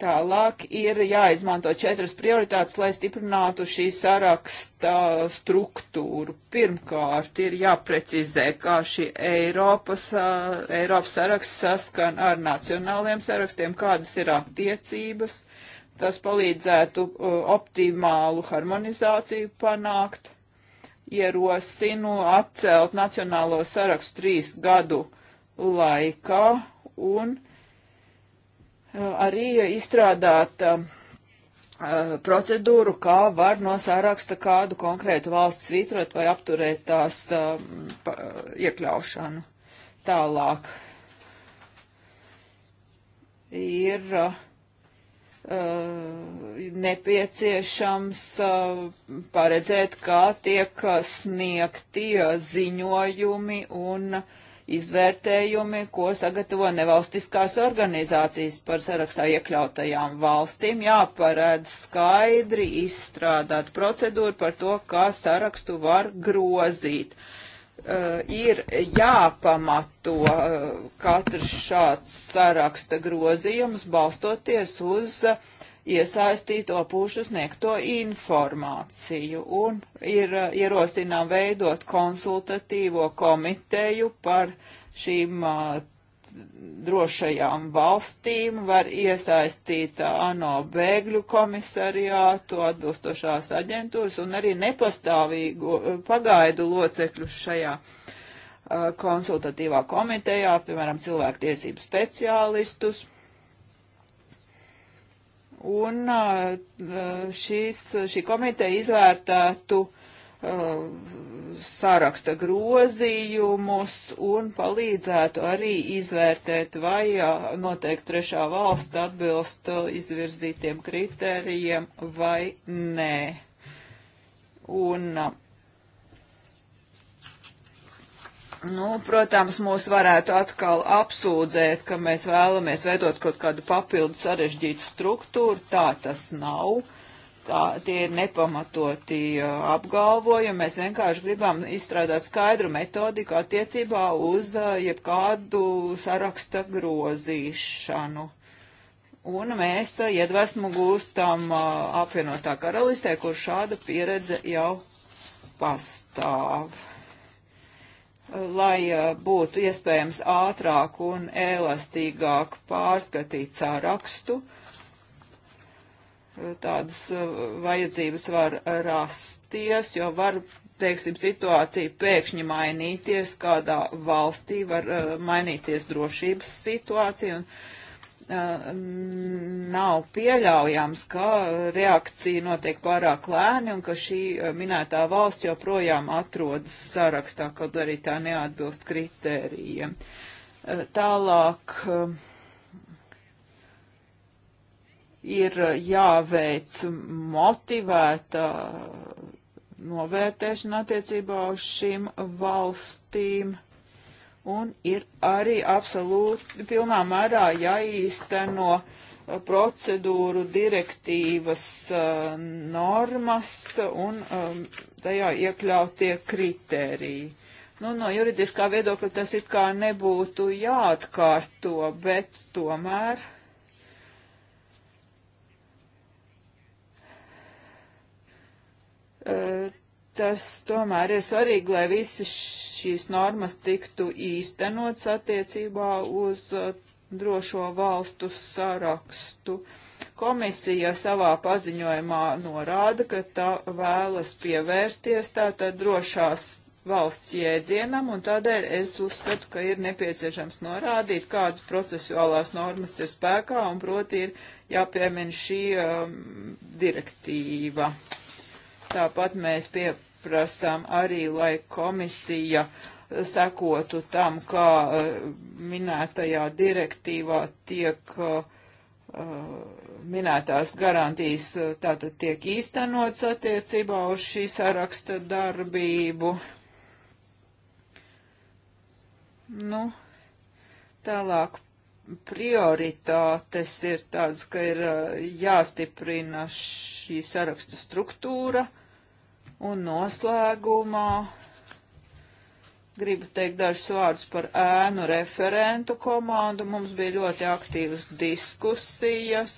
Tālāk ir jāizmanto četras prioritātes, lai stiprinātu šī saraksta struktūru. Pirmkārt, ir jāprecizē, kā šī Eiropas, uh, Eiropas saraksts saskan ar nacionāliem sarakstiem, kādas ir attiecības Tas palīdzētu uh, optimālu harmonizāciju panākt. Ierosinu atcelt nacionālo sarakstu trīs gadu laikā un uh, arī izstrādāt um, uh, procedūru, kā var no sāraksta kādu konkrētu valsts svītrot vai apturēt tās um, iekļaušanu tālāk. Ir uh, Eh, nepieciešams eh, paredzēt, kā tiek sniegti eh, ziņojumi un izvērtējumi, ko sagatavo nevalstiskās organizācijas par sarakstā iekļautajām valstīm, jāparēdz skaidri izstrādāt procedūru par to, kā sarakstu var grozīt. Uh, Eh, ir jāpamato eh, katrs šāds saraksta grozījums balstoties uz eh, iesaistīto pušu sniegto informāciju un ir ierosinām veidot konsultatīvo komiteju par šīm drošajām valstīm, var iesaistīt ANO bēgļu komisariātu, atbilstošās aģentūras un arī nepastāvīgu pagaidu locekļu šajā uh, konsultatīvā komitejā, piemēram, cilvēktiesību speciālistus. Un uh, šīs, šī komiteja izvērtētu uh, sāraksta grozījumus un palīdzētu arī izvērtēt, vai noteikti trešā valsts atbilst izvirzītiem kritērijiem vai nē. Un, nu, protams, mūs varētu atkal apsūdzēt, ka mēs vēlamies veidot kaut kādu papildu sarežģītu struktūru. Tā tas nav. Uh, tā, tie ir nepamatoti uh, apgalvojumi. Mēs vienkārši gribam izstrādāt skaidru metodiku attiecībā uz uh, jebkādu saraksta grozīšanu. Un mēs uh, iedvesmu gūstam apvienotā karalistē, kur šāda pieredze jau pastāv. Lai būtu iespējams ātrāk un elastīgāk pārskatīt sārakstu, uh, tādas eh, vajadzības var rasties, jo var, teiksim, situācija pēkšņi mainīties, kādā valstī var eh, mainīties drošības situācija. Un, eh, Nav pieļaujams, ka reakcija notiek pārāk lēni un ka šī minētā valsts joprojām atrodas sarakstā, kaut arī tā neatbilst kritērijiem. Tālāk. Uh, ir uh, jāveic motivēta novērtēšana attiecībā uz šīm valstīm. Un ir arī absolūti pilnā mērā jāīsteno uh, procedūru direktīvas uh, normas un um, tajā iekļautie kritēriji. Nu, no juridiskā viedokļa tas it kā nebūtu jāatkārto, bet tomēr E, tas tomēr ir svarīgi, lai visas šīs normas tiktu īstenots attiecībā uz e, drošo valstu sarakstu. Komisija savā paziņojumā norāda, ka tā vēlas pievērsties tātad drošās valsts jēdzienam, un tādēļ es uzskatu, ka ir nepieciešams norādīt, kādas procesuālās normas ir spēkā, un proti ir jāpiemina šī um, direktīva. Tāpat mēs pieprasām arī, lai komisija sekotu tam, kā eh, minētajā direktīvā tiek eh, eh, minētās garantijas tātad tiek īstenots attiecībā uz šī saraksta darbību. Nu, tālāk prioritātes ir tādas, ka ir jāstiprina šī sarakstu struktūra. Uh, Un noslēgumā gribu teikt dažus vārdus par ēnu referentu komandu. Mums bija ļoti aktīvas diskusijas.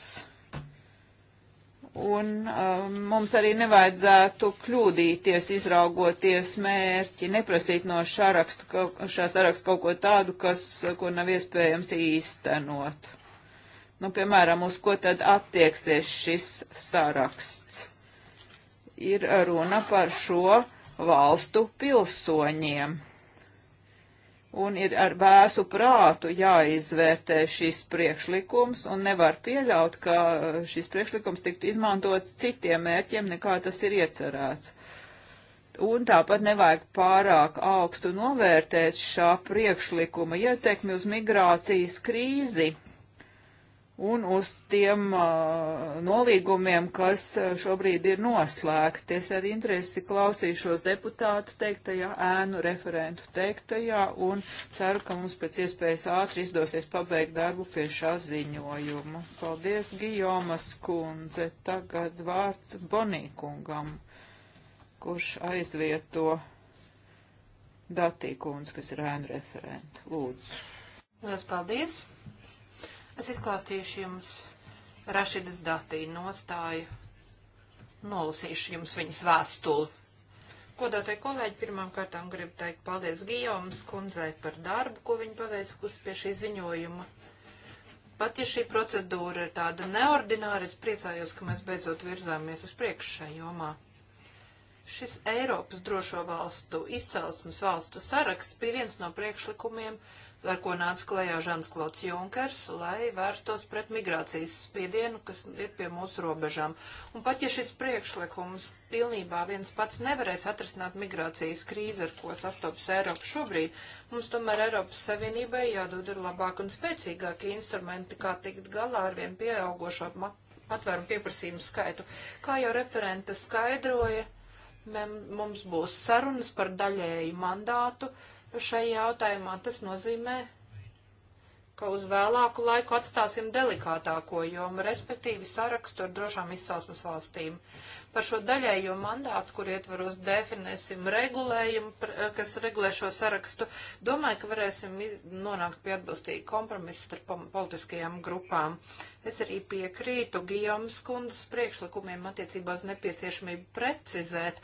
Un um, mums arī nevajadzētu kļūdīties, izraugoties mērķi, neprasīt no šāraksta, šā saraksta kaut ko tādu, kas, ko nav iespējams īstenot. Nu, piemēram, uz ko tad attieksies šis saraksts? ir runa par šo valstu pilsoņiem. Un ir ar vēsu prātu jāizvērtē šis priekšlikums, un nevar pieļaut, ka šis priekšlikums tiktu izmantots citiem mērķiem, nekā tas ir iecerēts. Un tāpat nevajag pārāk augstu novērtēt šā priekšlikuma ietekmi uz migrācijas krīzi un uz tiem uh, nolīgumiem, kas uh, šobrīd ir noslēgti. Es ar interesi klausīšos deputātu teiktajā, ēnu referentu teiktajā un ceru, ka mums pēc iespējas ātri izdosies pabeigt darbu pie šā ziņojuma. Paldies, Gijomas kundze. Tagad vārds Bonīkungam, kurš aizvieto Datīkundz, kas ir ēnu referenta. Lūdzu. Lielas paldies! Es izklāstīšu jums Rašidas datī nostāju, nolasīšu jums viņas vēstuli. Kodātai kolēģi, pirmām kārtām gribu teikt paldies Gijomas kundzei par darbu, ko viņa paveica kus pie šī ziņojuma. Pat ja šī procedūra ir tāda neordināra, es priecājos, ka mēs beidzot virzāmies uz priekšu šajā jomā. Šis Eiropas drošo valstu izcelsmes valstu saraksts bija viens no priekšlikumiem, uh, ar ko nāca klajā Žans Klots Junkers, lai vērstos pret migrācijas spiedienu, kas ir pie mūsu robežām. Un pat ja šis priekšlikums pilnībā viens pats nevarēs atrisināt migrācijas krīzi, ar ko sastopas Eiropa šobrīd, mums tomēr Eiropas Savienībai jādod ir labāk un spēcīgākie instrumenti, kā tikt galā ar vien pieaugošo patvērumu pieprasījumu skaitu. Kā jau referenta skaidroja, mums būs sarunas par daļēju mandātu šajā jautājumā. Tas nozīmē, ka uz vēlāku laiku atstāsim delikātāko jomu, respektīvi sarakstu ar drošām izcelsmes valstīm. Par šo daļējo mandātu, kur ietvaros definēsim regulējumu, kas regulē šo sarakstu, domāju, ka varēsim nonākt pie atbilstīga kompromisa starp politiskajām grupām. Es arī piekrītu Gijomas kundas priekšlikumiem attiecībā uz nepieciešamību precizēt,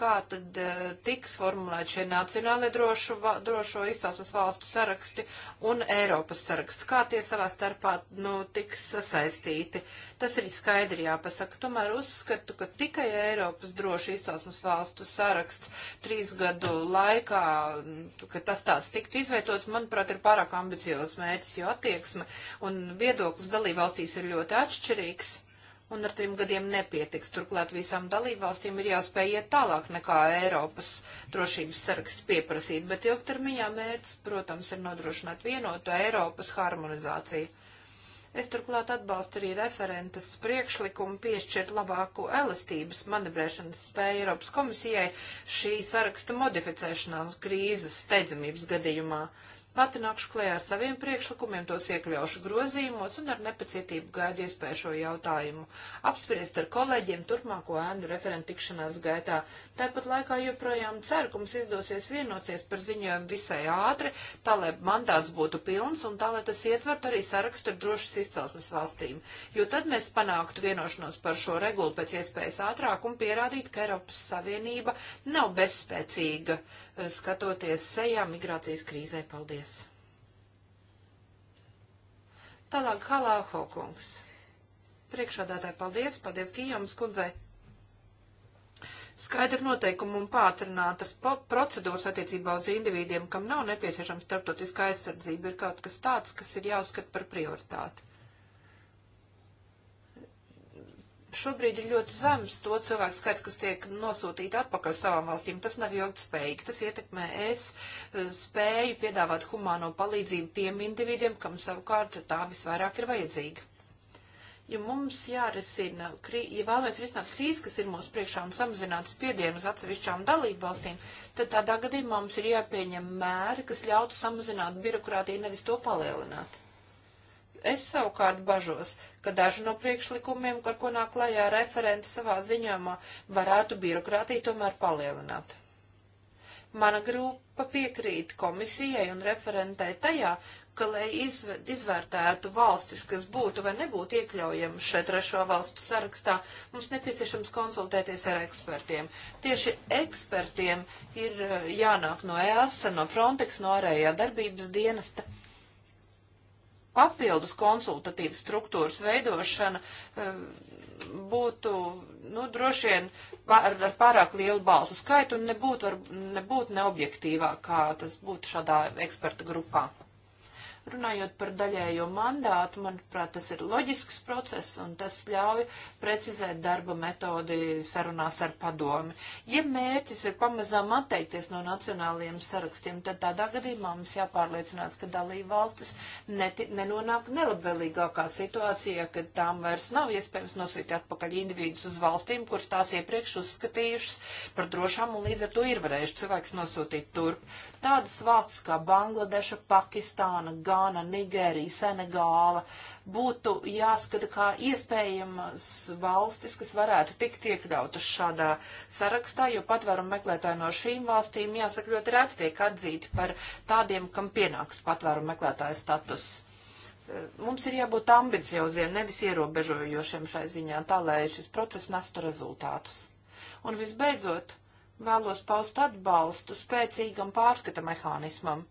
kā tad eh, tiks formulēt šie nacionālie drošu, drošo izcelsmes valstu saraksti un Eiropas saraksts, kā tie savā starpā nu, tiks sasaistīti. Tas ir skaidri jāpasaka. Tomēr uzskatu, ka tikai Eiropas droši izcelsmes valstu saraksts trīs gadu laikā, mm, ka tas tāds tiktu izveidots, manuprāt, ir pārāk ambiciozs mērķis, jo attieksme un viedoklis dalībvalstīs ir ļoti atšķirīgs un ar trim gadiem nepietiks. Turklāt visām dalībvalstīm ir jāspēj iet tālāk nekā Eiropas drošības saraksts pieprasīt, bet ilgtermiņā mērķis, protams, ir nodrošināt vienotu Eiropas harmonizāciju. Es turklāt atbalstu arī referentes priekšlikumu piešķirt labāku elastības manevrēšanas spēju Eiropas komisijai šī saraksta modificēšanās krīzes steidzamības gadījumā. Uh, Pati nākšu klējā ar saviem priekšlikumiem, tos iekļaušu grozījumos un ar nepacietību gaidu iespēju šo jautājumu apspriest ar kolēģiem turpmāko ēnu referentu tikšanās gaitā. Tāpat laikā joprojām ceru, ka mums izdosies vienoties par ziņojumu visai ātri, tā lai mandāts būtu pilns un tā lai tas ietvert arī sarakstu ar drošas izcelsmes valstīm. Jo tad mēs panāktu vienošanos par šo regulu pēc iespējas ātrāk un pierādītu, ka Eiropas Savienība nav bezspēcīga uh, skatoties sejā migrācijas krīzē. Paldies! Tālāk Halāho kungs. Priekšādātāji, paldies, paldies Gijomas kundzei. Skaidra noteikuma un pātrinātas procedūras attiecībā uz individiem, kam nav nepieciešama starptautiskā aizsardzība, ir kaut kas tāds, kas ir jāuzskata par prioritāti. šobrīd ir ļoti zems to cilvēku skaits, kas tiek nosūtīti atpakaļ savām valstīm. Tas nav ilgtspējīgi. Tas ietekmē es eh, spēju piedāvāt humāno palīdzību tiem individiem, kam savukārt tā visvairāk ir vajadzīga. Ja mums jārisina, krī, ja vēlamies risināt krīzi, kas ir mūsu priekšā un samazināt spiedienu uz atsevišķām dalību valstīm, tad tādā gadījumā mums ir jāpieņem mēri, kas ļautu samazināt birokrātiju, nevis to palielināt. Es savukārt bažos, ka daži no priekšlikumiem, ar ko nāk klajā referenti savā ziņojumā, varētu birokrātiju tomēr palielināt. Mana grupa piekrīt komisijai un referentai tajā, ka, lai izv izvērtētu valstis, kas būtu vai nebūtu iekļaujami šeit trešo valstu sarakstā, mums nepieciešams konsultēties ar ekspertiem. Tieši ekspertiem ir eh, jānāk no EASA, no Frontex, no ārējā darbības dienesta. Uh, papildus konsultatīvas struktūras veidošana eh, būtu, nu, droši vien ar, ar pārāk lielu balsu skaitu un nebūtu, var, nebūtu neobjektīvāk, kā tas būtu šādā eksperta grupā. Runājot par daļējo mandātu, manuprāt, tas ir loģisks process un tas ļauj precizēt darba metodi sarunās ar padomi. Ja mērķis ir pamazām atteikties no nacionālajiem sarakstiem, tad tādā gadījumā mums jāpārliecinās, ka dalība valstis nenonāk nelabvēlīgākā situācijā, kad tām vairs nav iespējams nosīt atpakaļ individus uz valstīm, kuras tās iepriekš uzskatījušas par drošām un līdz ar to ir varējuši cilvēks nosūtīt turp. Tādas valsts kā Bangladeša, Pakistāna, Gana, Nigērija, Senegāla būtu jāskata kā iespējamas valstis, kas varētu tikt iekļautas šādā sarakstā, jo patvērumu meklētāji no šīm valstīm, jāsaka, ļoti reti tiek atzīti par tādiem, kam pienāks patvērumu meklētāja status mums ir jābūt ambicioziem, nevis ierobežojošiem šai ziņā, tā lai šis process nestu rezultātus. Un visbeidzot, Vēlos paust atbalstu spēcīgam pārskata mehānismam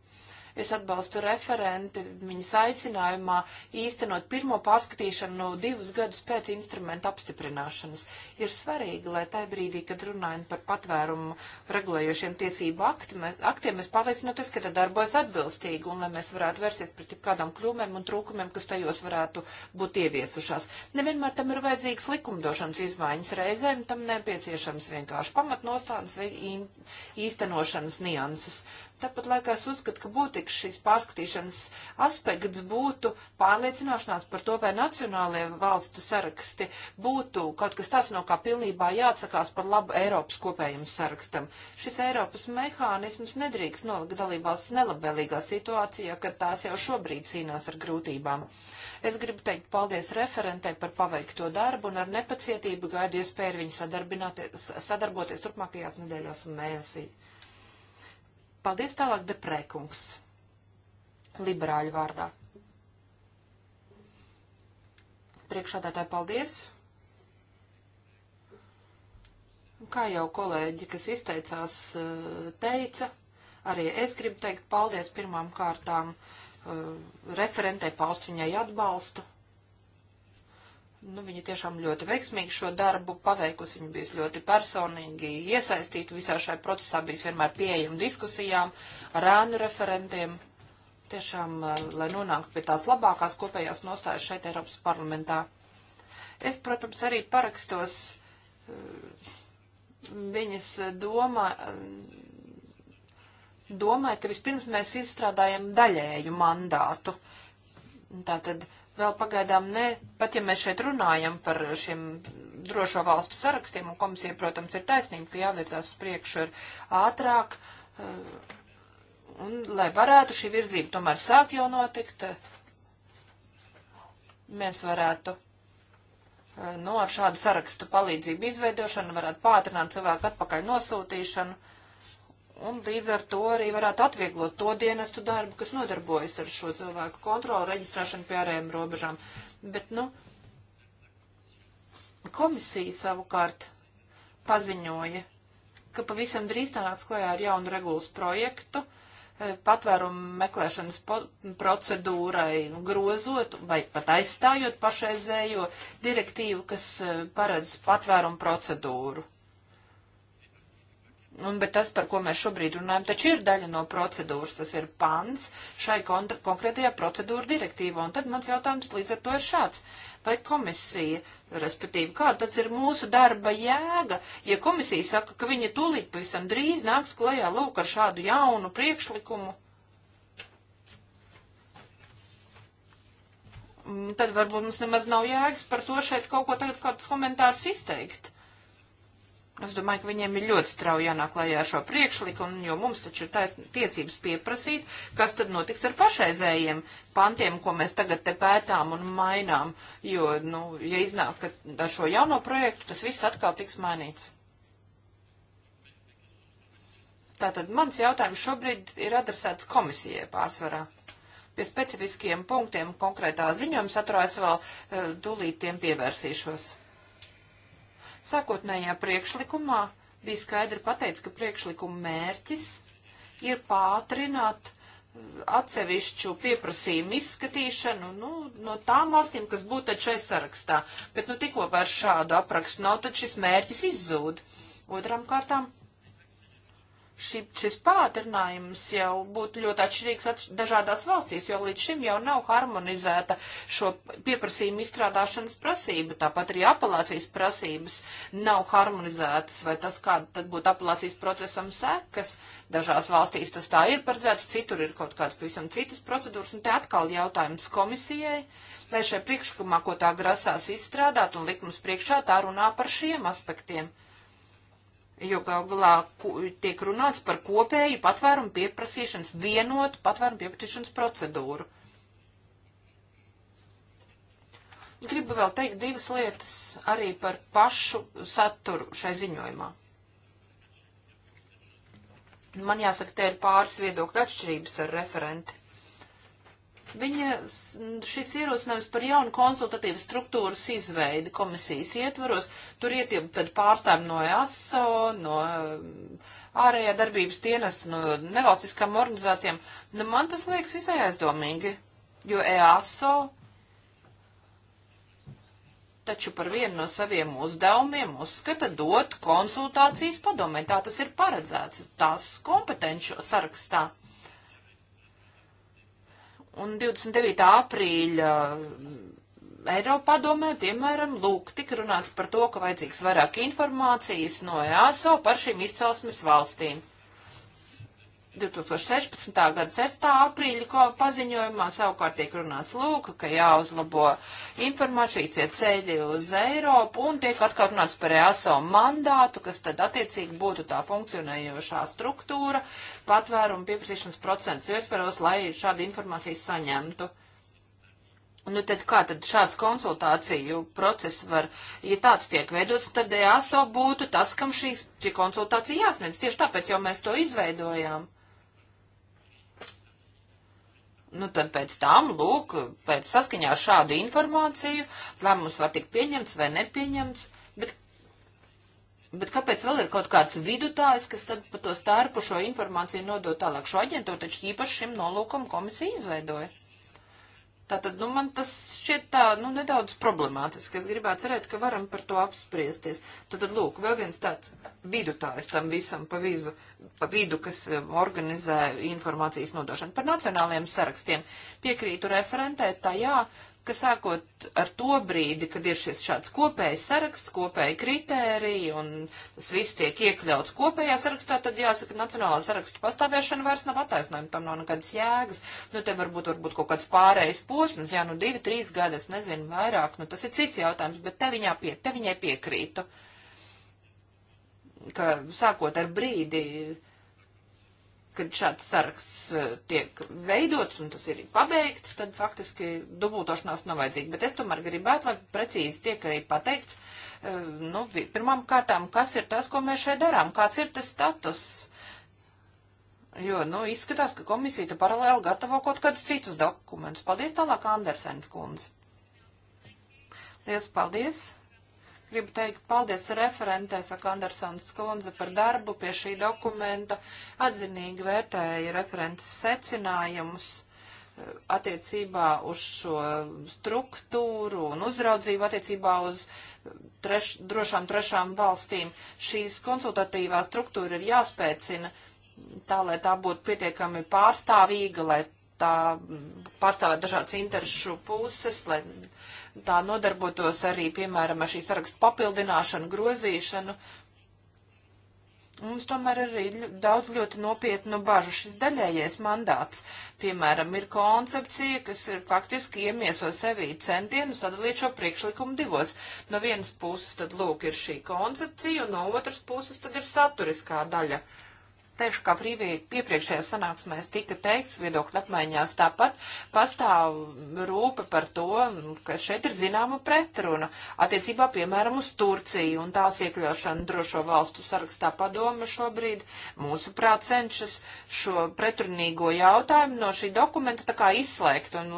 Es atbalstu referenti viņas aicinājumā īstenot pirmo pārskatīšanu no divus gadus pēc instrumenta apstiprināšanas. Ir svarīgi, lai tai brīdī, kad runājam par patvērumu regulējošiem tiesību akti, mē, aktiem, mēs pārliecinoties, ka tā darbojas atbilstīgi un lai mēs varētu vērsties pret kādām kļūmēm un trūkumiem, kas tajos varētu būt ieviesušās. Nevienmēr tam ir vajadzīgas likumdošanas izmaiņas reizēm, tam nepieciešams vienkārši pamatnostādes vai īstenošanas nianses. Tāpat laikā es uzskatu, ka būtīgs šīs pārskatīšanas aspekts būtu pārliecināšanās par to, vai nacionālajie valstu saraksti būtu kaut kas tāds, no kā pilnībā jāatsakās par labu Eiropas kopējiem sarakstam. Šis Eiropas mehānisms nedrīkst nolikt dalībās nelabvēlīgā situācijā, kad tās jau šobrīd cīnās ar grūtībām. Es gribu teikt paldies referentē par paveikto darbu un ar nepacietību gaidu iespēju ar viņu sadarboties turpmākajās nedēļās un mēnesī. Paldies tālāk, Deprēkungs, liberāļu vārdā. Priekšādātāji, paldies! Kā jau kolēģi, kas izteicās, eh, teica, arī es gribu teikt paldies pirmām kārtām eh, referentē paust viņai atbalstu nu, viņa tiešām ļoti veiksmīgi šo darbu paveikusi. Viņa bijusi ļoti personīgi iesaistīta visā šai procesā, bijusi vienmēr pieejama diskusijām ar ēnu referentiem. Tiešām, eh, lai nonāktu pie tās labākās kopējās nostājas šeit Eiropas parlamentā. Es, protams, arī parakstos eh, viņas domā, eh, domāju, ka vispirms mēs izstrādājam daļēju mandātu. Tātad vēl pagaidām ne, pat ja mēs šeit runājam par šiem drošo valstu sarakstiem, un komisija, protams, ir taisnība, ka jāvirzās uz priekšu ar ātrāk, eh, un lai varētu šī virzība tomēr sākt jau notikt, eh, mēs varētu eh, no nu, ar šādu sarakstu palīdzību izveidošanu, varētu pātrināt cilvēku atpakaļ nosūtīšanu Un līdz ar to arī varētu atvieglot to dienestu darbu, kas nodarbojas ar šo cilvēku kontroli, reģistrēšanu pie ārējiem robežām. Bet, nu, komisija savukārt paziņoja, ka pavisam drīz tā nāks klajā ar jaunu regulas projektu, e, patvērumu meklēšanas procedūrai grozot vai pat aizstājot pašreizējo direktīvu, kas e, paredz patvērumu procedūru. Un, bet tas, par ko mēs šobrīd runājam, taču ir daļa no procedūras, tas ir pants šai konkrētajā procedūra direktīvā. Un tad mans jautājums līdz ar to ir šāds. Vai komisija, respektīvi, kāda tad ir mūsu darba jēga, ja komisija saka, ka viņa tūlīt pavisam drīz nāks klajā lūk ar šādu jaunu priekšlikumu? Mm, tad varbūt mums nemaz nav jēgas par to šeit kaut ko tagad kādus komentārus izteikt. Es domāju, ka viņiem ir ļoti strauji jānāk lajā ar šo priekšlikumu, jo mums taču ir tais, tiesības pieprasīt, kas tad notiks ar pašreizējiem pantiem, ko mēs tagad te pētām un mainām, jo, nu, ja iznāk, ka ar šo jauno projektu tas viss atkal tiks mainīts. Tātad mans jautājums šobrīd ir adresēts komisijai pārsvarā. Pie specifiskiem punktiem konkrētā ziņojuma saturā es vēl uh, tūlīt tiem pievērsīšos. Sākotnējā priekšlikumā bija skaidri pateikts, ka priekšlikuma mērķis ir pātrināt uh, atsevišķu pieprasījumu izskatīšanu nu, no tām valstīm, kas būtu taču šai sarakstā. Bet nu tikko vairs šādu aprakstu nav, tad šis mērķis izzūd. Otram kārtām ši, šis pātrinājums jau būtu ļoti atšķirīgs atš dažādās valstīs, jo līdz šim jau nav harmonizēta šo pieprasījumu izstrādāšanas prasība. Tāpat arī apelācijas prasības nav harmonizētas, vai tas, kāda tad būtu apelācijas procesam sekas. Dažās valstīs tas tā ir paredzēts, citur ir kaut kādas pavisam citas procedūras, un te atkal jautājums komisijai, vai šai priekšlikumā, ko tā grasās izstrādāt un likums priekšā, tā runā par šiem aspektiem. Jo gal galā tiek runāts par kopēju patvērumu pieprasīšanas, vienotu patvērumu pieprasīšanas procedūru. Gribu vēl teikt divas lietas arī par pašu saturu šai ziņojumā. Man jāsaka, te ir pāris viedokļu atšķirības ar referenti. Viņa šis ierosinājums par jaunu konsultatīvu struktūras izveidi komisijas ietvaros, tur ietilp tad pārstāvi no ASO, no um, ārējā darbības dienas, no nevalstiskām organizācijām. Nu, man tas liekas visai aizdomīgi, jo EASO taču par vienu no saviem uzdevumiem uzskata dot konsultācijas padomē. Tā tas ir paredzēts tās kompetenču sarakstā. Un 29. aprīļa eh, Eiropadomē, piemēram, lūk, tik runāts par to, ka vajadzīgs vairāk informācijas no EASO par šīm izcelsmes valstīm. 2016. gada 7. aprīļa paziņojumā savukārt tiek runāts lūk, ka jāuzlabo informācija ceļi uz Eiropu un tiek atkal runāts par EASO mandātu, kas tad attiecīgi būtu tā funkcionējošā struktūra patvērumu pieprasīšanas procentus ietveros, lai šādu informāciju saņemtu. Nu, tad kā tad šāds konsultāciju process var, ja tāds tiek veidots, tad EASO būtu tas, kam šīs konsultācija jāsniedz. Tieši tāpēc jau mēs to izveidojām. Nu, tad pēc tam, lūk, pēc saskaņā ar šādu informāciju, lēmums var tikt pieņemts vai nepieņemts, bet, bet kāpēc vēl ir kaut kāds vidutājs, kas tad pa to stārpu šo informāciju nodot tālāk? Šo aģentūru taču īpaši šim nolūkam komisija izveidoja. Tātad, nu, man tas šķiet tā, nu, nedaudz problemātiski. Es gribētu cerēt, ka varam par to apspriesties. Tātad, lūk, vēl viens tāds vidutājs tam visam pa, vizu, pa vidu, kas um, organizē informācijas nodošanu. Par nacionālajiem sarakstiem piekrītu referentē tajā, ka sākot ar to brīdi, kad ir šis šāds kopējs saraksts, kopēji kritēriji un tas viss tiek iekļauts kopējā sarakstā, tad jāsaka, nacionālā sarakstu pastāvēšana vairs nav attaisnojuma, tam nav nekādas jēgas. Nu, te varbūt, varbūt kaut kāds pārējais posms, jā, nu, divi, trīs gadi, es nezinu, vairāk, nu, tas ir cits jautājums, bet te, viņā pie, te viņai piekrītu, ka sākot ar brīdi kad šāds saraksts eh, tiek veidots un tas ir pabeigts, tad faktiski dubultošanās nav vajadzīga. Bet es tomēr gribētu, lai precīzi tiek arī pateikts, eh, nu, pirmām kārtām, kas ir tas, ko mēs šeit darām, kāds ir tas status. Jo, nu, izskatās, ka komisija te paralēli gatavo kaut kādus citus dokumentus. Paldies tālāk, Andersens kundze. Liels paldies! Gribu teikt paldies referentē, saka Andersons Skundze, par darbu pie šī dokumenta. Atzinīgi vērtēja referentes secinājumus eh, attiecībā uz šo struktūru un uzraudzību attiecībā uz eh, treš, drošām trešām valstīm. Šīs konsultatīvā struktūra ir jāspēcina tā, lai tā būtu pietiekami pārstāvīga, lai tā pārstāvētu dažādas interšu puses, lai tā nodarbotos arī, piemēram, ar šī sarakstu papildināšanu, grozīšanu. Mums tomēr ir arī daudz ļoti nopietnu bažu. Šis daļējais mandāts, piemēram, ir koncepcija, kas faktiski iemieso sevī centienu sadalīt šo priekšlikumu divos. No vienas puses tad lūk ir šī koncepcija, un no otras puses tad ir saturiskā daļa. Uh, Tieši kā brīvī piepriekšējā sanāksmēs tika teikts, viedokļu apmaiņās tāpat pastāv rūpe par to, ka šeit ir zināma pretruna attiecībā, piemēram, uz Turciju un tās iekļaušanu drošo valstu sarakstā padoma šobrīd. Mūsuprāt, cenšas šo pretrunīgo jautājumu no šī dokumenta tā kā izslēgt un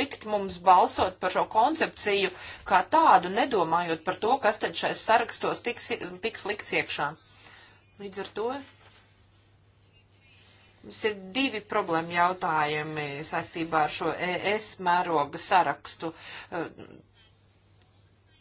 likt mums balsot par šo koncepciju kā tādu, nedomājot par to, kas tad šais sarakstos tiks, tiks likts iekšā. Līdz ar to Mums ir divi problēma jautājumi saistībā ar šo ES mēroga sarakstu eh,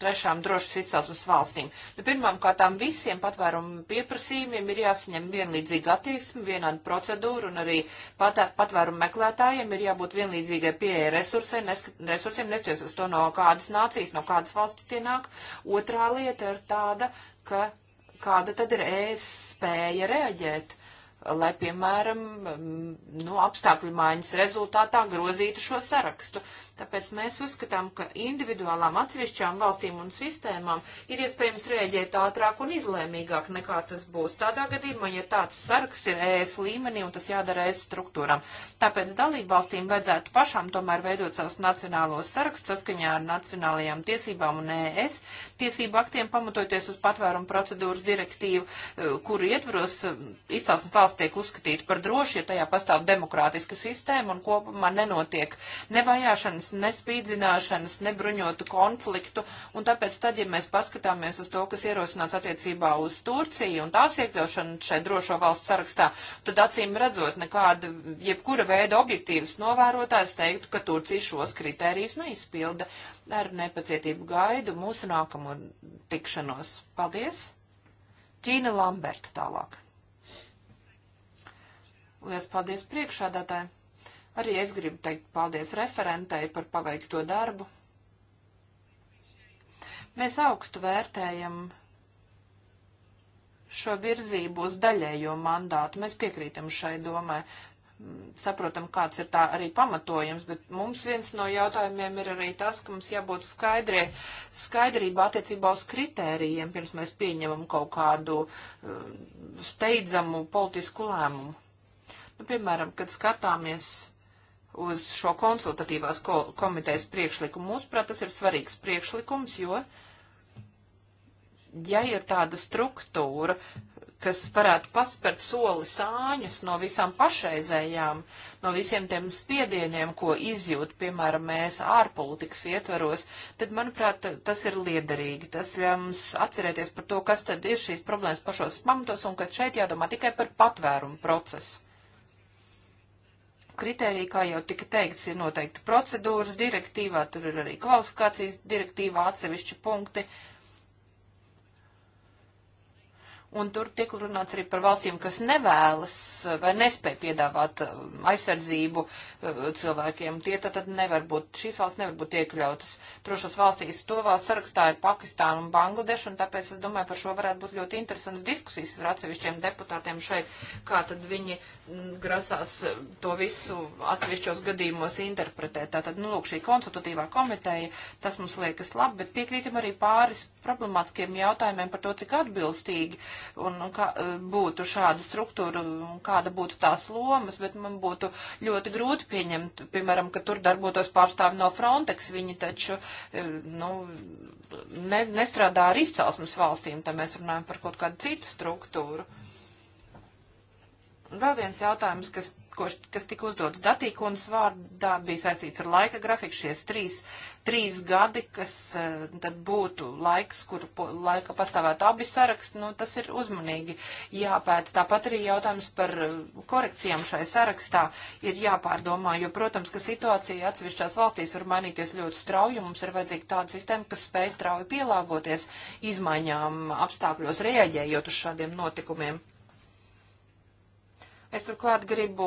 trešām drošas izcelsmes valstīm. Nu, Pirmkārt, visiem patvērumu pieprasījumiem ir jāsaņem vienlīdzīga attieksme, vienāda procedūra, un arī pat, patvērumu meklētājiem ir jābūt vienlīdzīgai pieeja resursiem, resursiem neskatoties uz to, no kādas nācijas, no kādas valstis tie nāk. Otrā lieta ir tāda, ka kāda tad ir ēs e spēja reaģēt lai, piemēram, nu, apstākļu mājas rezultātā grozītu šo sarakstu. Tāpēc mēs uzskatām, ka individuālām atsevišķām valstīm un sistēmām ir iespējams rēģēt ātrāk un izlēmīgāk nekā tas būs tādā gadījumā, ja tāds saraksts ir ES līmenī un tas jādara ES struktūram. Tāpēc dalību valstīm vajadzētu pašām tomēr veidot savus nacionālos sarakstus saskaņā ar nacionālajām tiesībām un ES tiesību aktiem pamatoties uz patvērumu procedūras direktīvu, kuru ietvaros um, izcelsmes valsts valsts tiek uzskatīta par drošu, ja tajā pastāv demokrātiska sistēma un kopumā nenotiek nevajāšanas, nespīdzināšanas, nebruņotu konfliktu. Un tāpēc tad, ja mēs paskatāmies uz to, kas ierosināts attiecībā uz Turciju un tās iekļaušanu šai drošo valsts sarakstā, tad acīm redzot nekāda jebkura veida objektīvas novērotājs teiktu, ka Turcija šos kritērijus neizpilda. Ar nepacietību gaidu mūsu nākamo tikšanos. Paldies! Ķīna Lamberta tālāk. Lielas paldies priekšādātāji! Arī es gribu teikt paldies referentei par paveikto darbu. Mēs augstu vērtējam šo virzību uz daļējo mandātu. Mēs piekrītam šai domai. Saprotam, kāds ir tā arī pamatojums, bet mums viens no jautājumiem ir arī tas, ka mums jābūt skaidrie, skaidrība attiecībā uz kritērijiem, pirms mēs pieņemam kaut kādu um, steidzamu politisku lēmumu. Nu, piemēram, kad skatāmies uz šo konsultatīvās ko komitejas priekšlikumu, mūsuprāt, tas ir svarīgs priekšlikums, jo, ja ir tāda struktūra, kas varētu paspert soli sāņus no visām pašreizējām, no visiem tiem spiedieniem, ko izjūt, piemēram, mēs ārpolitikas ietveros, tad, manuprāt, tas ir liederīgi. Tas ļauj mums atcerēties par to, kas tad ir šīs problēmas pašos pamatos un ka šeit jādomā tikai par patvērumu procesu kritērija, kā jau tika teikts, ir noteikti procedūras direktīvā, tur ir arī kvalifikācijas direktīvā atsevišķi punkti, uh, un tur tiek runāts arī par valstīm, kas nevēlas vai nespēj piedāvāt um, aizsardzību uh, cilvēkiem. Tie tad, tad nevar būt, šīs valsts nevar būt iekļautas. Trošās valstīs to valsts sarakstā ir Pakistāna un Bangladeša, un tāpēc es domāju, par šo varētu būt ļoti interesants diskusijas ar atsevišķiem deputātiem šeit, kā tad viņi mm, grasās uh, to visu atsevišķos gadījumos interpretēt. Tātad, nu, lūk, šī konsultatīvā komiteja, tas mums liekas labi, bet piekrītam arī pāris problemātiskiem jautājumiem par to, cik atbilstīgi un kā, e, būtu šāda struktūra un kāda būtu tās lomas, bet man būtu ļoti grūti pieņemt, piemēram, ka tur darbotos pārstāvi no Frontex, viņi taču e, nu, ne, nestrādā ar izcelsmes valstīm, tad mēs runājam par kaut kādu citu struktūru. Vēl viens jautājums, kas, ko, kas tika uzdots datīkundas vārdā, bija saistīts ar laika grafiku, šies trīs, trīs gadi, kas eh, tad būtu laiks, kur po, laika pastāvētu abi saraksti, nu tas ir uzmanīgi jāpēta. Tāpat arī jautājums par eh, korekcijām šai sarakstā ir jāpārdomā, jo, protams, ka situācija atsevišķās valstīs var mainīties ļoti strauji, mums ir vajadzīga tāda sistēma, kas spēj strauji pielāgoties izmaiņām apstākļos, reaģējot uz šādiem notikumiem. Es turklāt gribu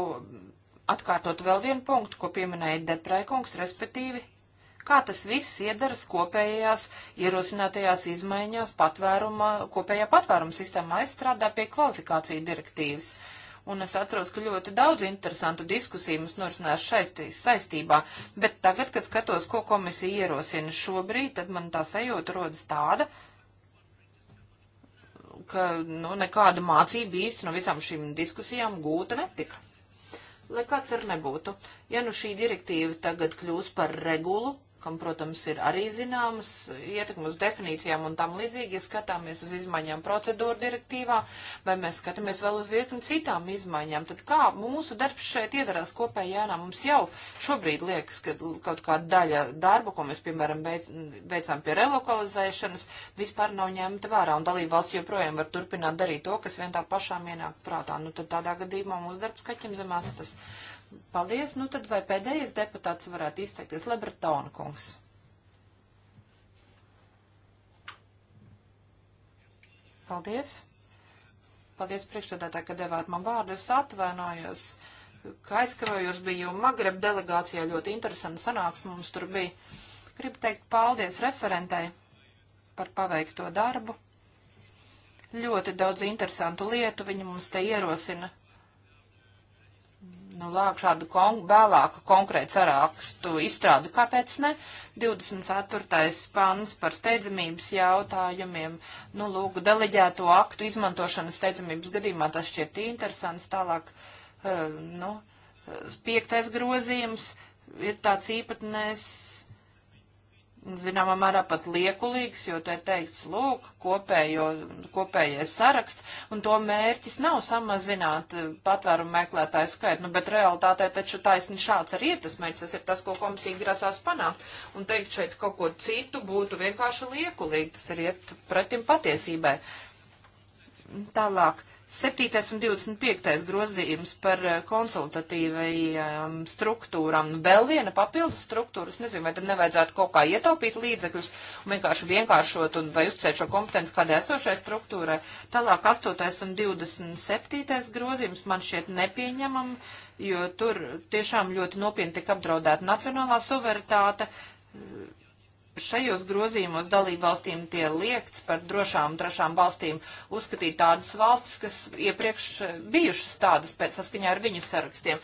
atkārtot vēl vienu punktu, ko pieminēja Deprēkungs, respektīvi, kā tas viss iedaras kopējās ierosinātajās izmaiņās patvēruma, kopējā patvēruma sistēmā. Es strādāju pie kvalifikāciju direktīvas. Un es atceros, ka ļoti daudz interesantu diskusiju mums norisinās saistībā, bet tagad, kad skatos, ko komisija ierosina šobrīd, tad man tā sajūta rodas tāda, ka nu, nekāda mācība īsti no visām šīm diskusijām gūta netika. Lai kāds ar nebūtu, ja nu šī direktīva tagad kļūs par regulu, kam, protams, ir arī zināmas ietekmes uz definīcijām un tam līdzīgi, ja skatāmies uz izmaiņām procedūra direktīvā, vai mēs skatāmies vēl uz virkni citām izmaiņām, tad kā mūsu darbs šeit iedarās kopējānā? Mums jau šobrīd liekas, ka kaut kāda daļa darba, ko mēs, piemēram, veic, veicām pie relokalizēšanas, vispār nav ņemta vērā, un dalība valsts joprojām var turpināt darīt to, kas vien tā pašām ienāk prātā. Nu, tad tādā gadījumā mūsu darbs kaķim zemās tas Paldies. Nu tad vai pēdējais deputāts varētu izteikties? Lebretona kungs. Paldies. Paldies priekšsēdētāji, ka devāt man vārdu. Es atvainojos, ka aizkavējos biju Magreb delegācijā. Ļoti interesanti sanāks mums tur bija. Gribu teikt paldies referentei par paveikto darbu. Ļoti daudz interesantu lietu viņa mums te ierosina nu, lāk šādu kon vēlāku konkrētu sarakstu izstrādu. Kāpēc ne? 24. pants par steidzamības jautājumiem, nu, lūk, deleģēto aktu izmantošanu steidzamības gadījumā, tas šķiet interesants. Tālāk, eh, nu, piektais grozījums ir tāds īpatnēs zināmā mērā pat liekulīgs, jo te teikts, lūk, kopējo, kopējais saraksts, un to mērķis nav samazināt eh, patvērumu meklētāju skaitu, nu, bet realitātē taču taisni šāds arī ir tas mērķis, tas ir tas, ko komisija grasās panākt, un teikt šeit kaut ko citu būtu vienkārši liekulīgi, tas ir iet pretim patiesībai. Tālāk 7. un 25. grozījums par eh, konsultatīvajām struktūrām. Nu, vēl viena papildus struktūra. Es nezinu, vai tad nevajadzētu kaut kā ietaupīt līdzekļus un vienkārši vienkāršot un vai uzcēt šo kompetenci kādai esošai struktūrai. Tālāk 8. un 27. grozījums man šķiet nepieņemam, jo tur tiešām ļoti nopietni tik apdraudēta nacionālā suverenitāte šajos grozījumos dalībvalstīm tie liekts par drošām trešām valstīm uzskatīt tādas valstis, kas iepriekš bijušas tādas pēc saskaņā ar viņu sarakstiem.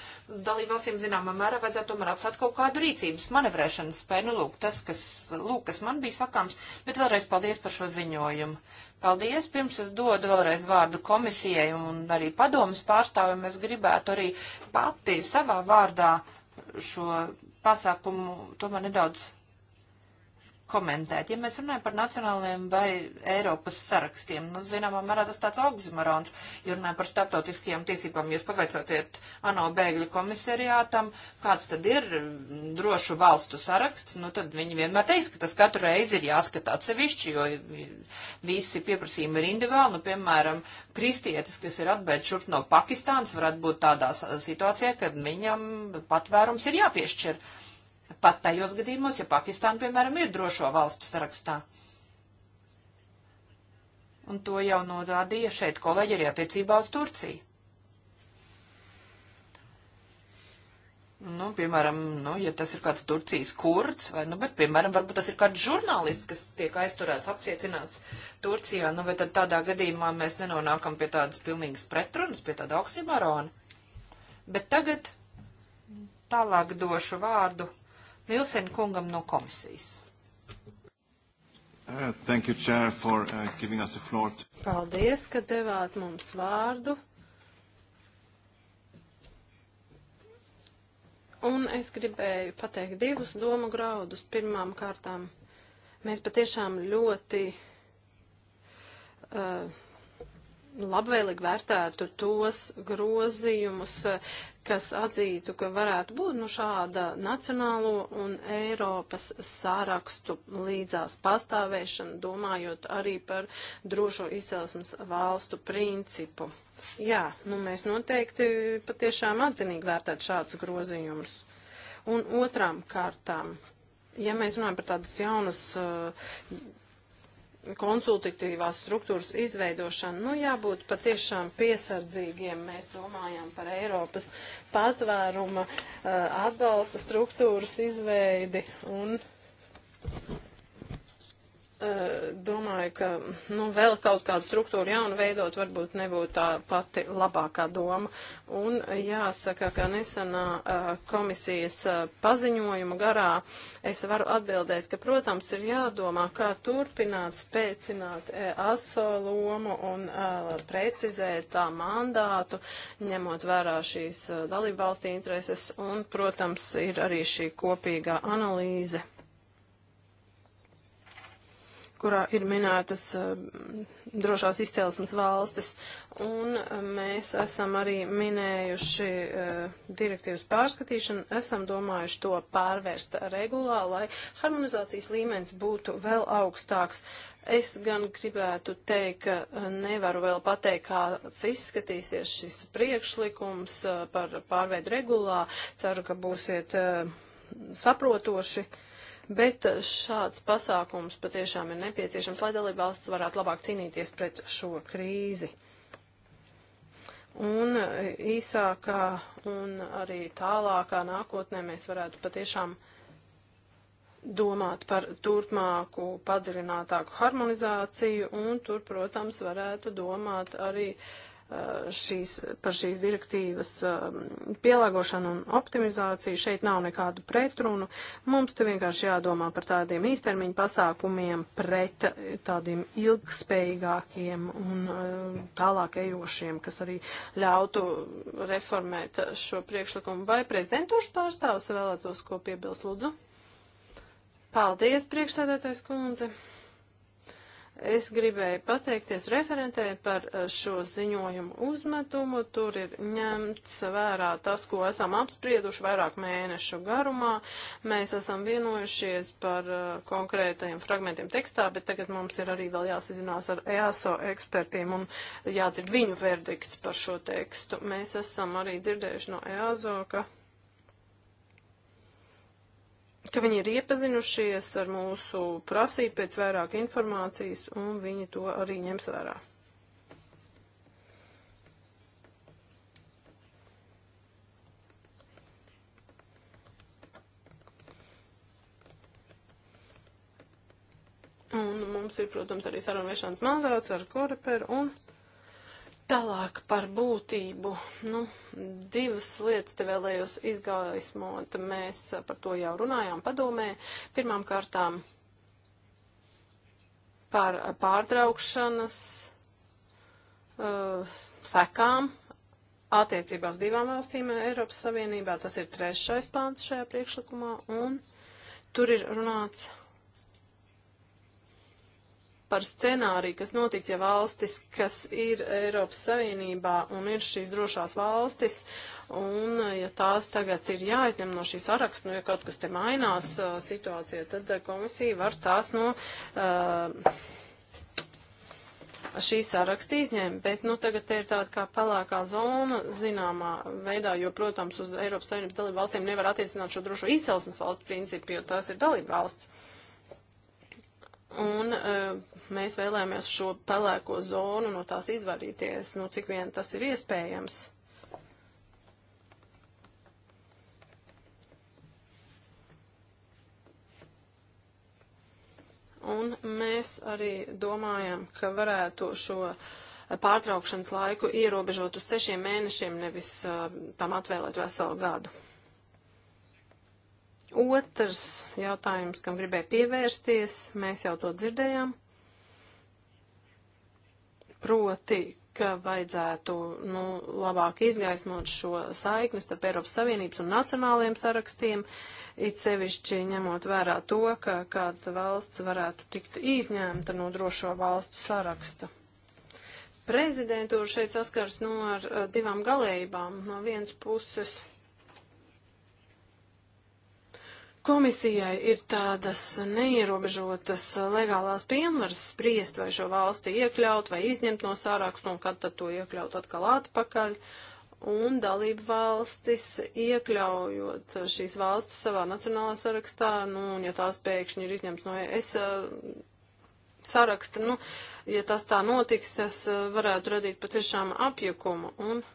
Dalībvalstīm zināmā mērā vajadzētu tomēr atstāt kaut kādu rīcības manevrēšanas spēju. Nu, lūk, tas, kas, lūk, kas man bija sakāms, bet vēlreiz paldies par šo ziņojumu. Paldies! Pirms es dodu vēlreiz vārdu komisijai un arī padomas pārstāvim, es gribētu arī pati savā vārdā šo pasākumu tomēr nedaudz komentēt. Ja mēs runājam par nacionāliem vai Eiropas sarakstiem, nu, zināmā mērā tas tāds augzimarons, ja runājam par starptautiskajām tiesībām, jūs paveicotiet ANO bēgļu komisariātam, kāds tad ir drošu valstu saraksts, nu, tad viņi vienmēr teiks, ka tas katru reizi ir jāskatā atsevišķi, jo visi pieprasījumi ir individuāli, nu, piemēram, kristietis, kas ir atbēdz šurp no Pakistānas, varētu būt tādā situācijā, kad viņam patvērums ir jāpiešķir. Pat tajos gadījumos, ja Pakistāna, piemēram, ir drošo valstu sarakstā. Un to jau norādīja šeit kolēģi arī attiecībā uz Turciju. Nu, piemēram, nu, ja tas ir kāds Turcijas kurds, vai, nu, bet, piemēram, varbūt tas ir kāds žurnālists, kas tiek aizturēts, apcietināts Turcijā, nu, vai tad tādā gadījumā mēs nenonākam pie tādas pilnīgas pretrunas, pie tāda oksimorona. Bet tagad tālāk došu vārdu Vilsen kungam no komisijas. Uh, thank you, Chair, for uh, giving us the floor. Paldies, ka devāt mums vārdu. Un es gribēju pateikt divus domu graudus. Pirmām kārtām mēs patiešām ļoti uh, labvēlīgi vērtētu tos grozījumus, kas atzītu, ka varētu būt nu, šāda nacionālo un Eiropas sārakstu līdzās pastāvēšana, domājot arī par drošo izcelsmes valstu principu. Jā, nu, mēs noteikti patiešām atzinīgi vērtētu šādus grozījumus. Un otrām kārtām, ja mēs runājam par tādas jaunas uh, konsultatīvās struktūras izveidošanu. Nu, jābūt patiešām piesardzīgiem. Mēs domājām par Eiropas patvēruma eh, atbalsta struktūras izveidi un domāju, ka nu, vēl kaut kādu struktūru jaunu veidot varbūt nebūtu tā pati labākā doma. Un jāsaka, ka nesenā komisijas paziņojuma garā es varu atbildēt, ka, protams, ir jādomā, kā turpināt spēcināt ASO lomu un precizēt tā mandātu, ņemot vērā šīs dalībvalstī intereses. Un, protams, ir arī šī kopīgā analīze kurā ir minētas eh, drošās izcelsmes valstis. Un eh, mēs esam arī minējuši eh, direktīvas pārskatīšanu, esam domājuši to pārvērst regulā, lai harmonizācijas līmenis būtu vēl augstāks. Es gan gribētu teikt, ka nevaru vēl pateikt, kāds izskatīsies šis priekšlikums par pārveidu regulā. Ceru, ka būsiet saprotoši. Uh, bet šāds pasākums patiešām ir nepieciešams, lai dalībvalsts varētu labāk cīnīties pret šo krīzi. Un īsākā un arī tālākā nākotnē mēs varētu patiešām domāt par turpmāku padziļinātāku harmonizāciju, un tur, protams, varētu domāt arī uh, Eh, šīs, par šīs direktīvas eh, pielāgošanu un optimizāciju. Šeit nav nekādu pretrunu. Mums te vienkārši jādomā par tādiem īstermiņu pasākumiem pret tādiem ilgspējīgākiem un eh, tālāk ejošiem, kas arī ļautu reformēt šo priekšlikumu. Vai prezidentūras pārstāvs vēlētos ko piebilst, lūdzu? Paldies, priekšsēdētājs kundze. Es gribēju pateikties referentēji par eh, šo ziņojumu uzmetumu. Tur ir ņemts vērā tas, ko esam apsprieduši vairāk mēnešu garumā. Mēs esam vienojušies par eh, konkrētajiem fragmentiem tekstā, bet tagad mums ir arī vēl jāsazinās ar EASO ekspertiem un jādzird viņu verdikts par šo tekstu. Mēs esam arī dzirdējuši no EASO, ka ka viņi ir iepazinušies ar mūsu prasību pēc vairāk informācijas, un viņi to arī ņems vērā. Un mums ir, protams, arī sarunvešanas mandāts ar Koreperu un. Tālāk par būtību. Nu, divas lietas te vēlējos izgaismot. Mēs par to jau runājām padomē. Pirmām kārtām par pārtraukšanas uh, sekām attiecībā uz divām valstīm Eiropas Savienībā. Tas ir trešais pāns šajā priekšlikumā. Un tur ir runāts. Uh, par scenāriju, kas notiks, ja valstis, kas ir Eiropas Savienībā un ir šīs drošās valstis, un ja tās tagad ir jāizņem no šīs saraksta, nu, ja kaut kas te mainās uh, situācija, tad uh, komisija var tās no. Nu, uh, šī saraksta izņēma, bet nu, tagad te ir tāda kā pelēkā zona zināmā veidā, jo, protams, uz Eiropas Savienības dalību valstīm nevar attiecināt šo drošo izcelsmes valstu principu, jo tās ir dalību valsts. Uh, Un uh, mēs vēlējāmies šo pelēko zonu no tās izvairīties, no nu, cik vien tas ir iespējams. Un mēs arī domājam, ka varētu šo uh, pārtraukšanas laiku ierobežot uz sešiem mēnešiem, nevis uh, tam atvēlēt veselu gadu. Otrs jautājums, kam gribēju pievērsties, mēs jau to dzirdējām, proti, ka vajadzētu nu, labāk izgaismot šo saikni starp Eiropas Savienības un nacionāliem sarakstiem, it sevišķi ņemot vērā to, ka kāda valsts varētu tikt izņemta no drošo valstu saraksta. Prezidentūra šeit saskars nu, ar divām galējībām. No vienas puses Komisijai ir tādas neierobežotas legālās pilnvaras spriest, vai šo valsti iekļaut, vai izņemt no sārakstu, un kad tad to iekļaut atkal atpakaļ. Un dalību valstis iekļaujot šīs valstis savā nacionālā sarakstā, nu, un ja tās pēkšņi ir izņemts no ES uh, saraksta, nu, ja tas tā notiks, tas uh, varētu radīt patiešām apjukumu. Un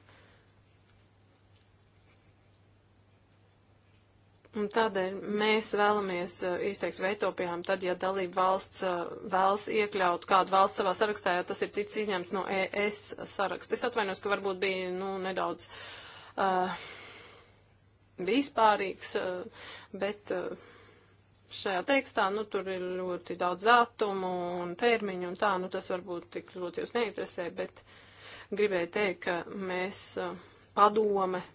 Un tādēļ mēs vēlamies uh, izteikt veto pieejam tad, ja dalība valsts uh, vēlas iekļaut kādu valsts savā sarakstā, ja tas ir ticis izņemts no ES saraksta. Es atvainos, ka varbūt bija nu, nedaudz uh, vispārīgs, uh, bet uh, šajā tekstā nu, tur ir ļoti daudz datumu un termiņu un tā, nu, tas varbūt tik ļoti jūs neinteresē, bet gribēju teikt, ka mēs uh, padome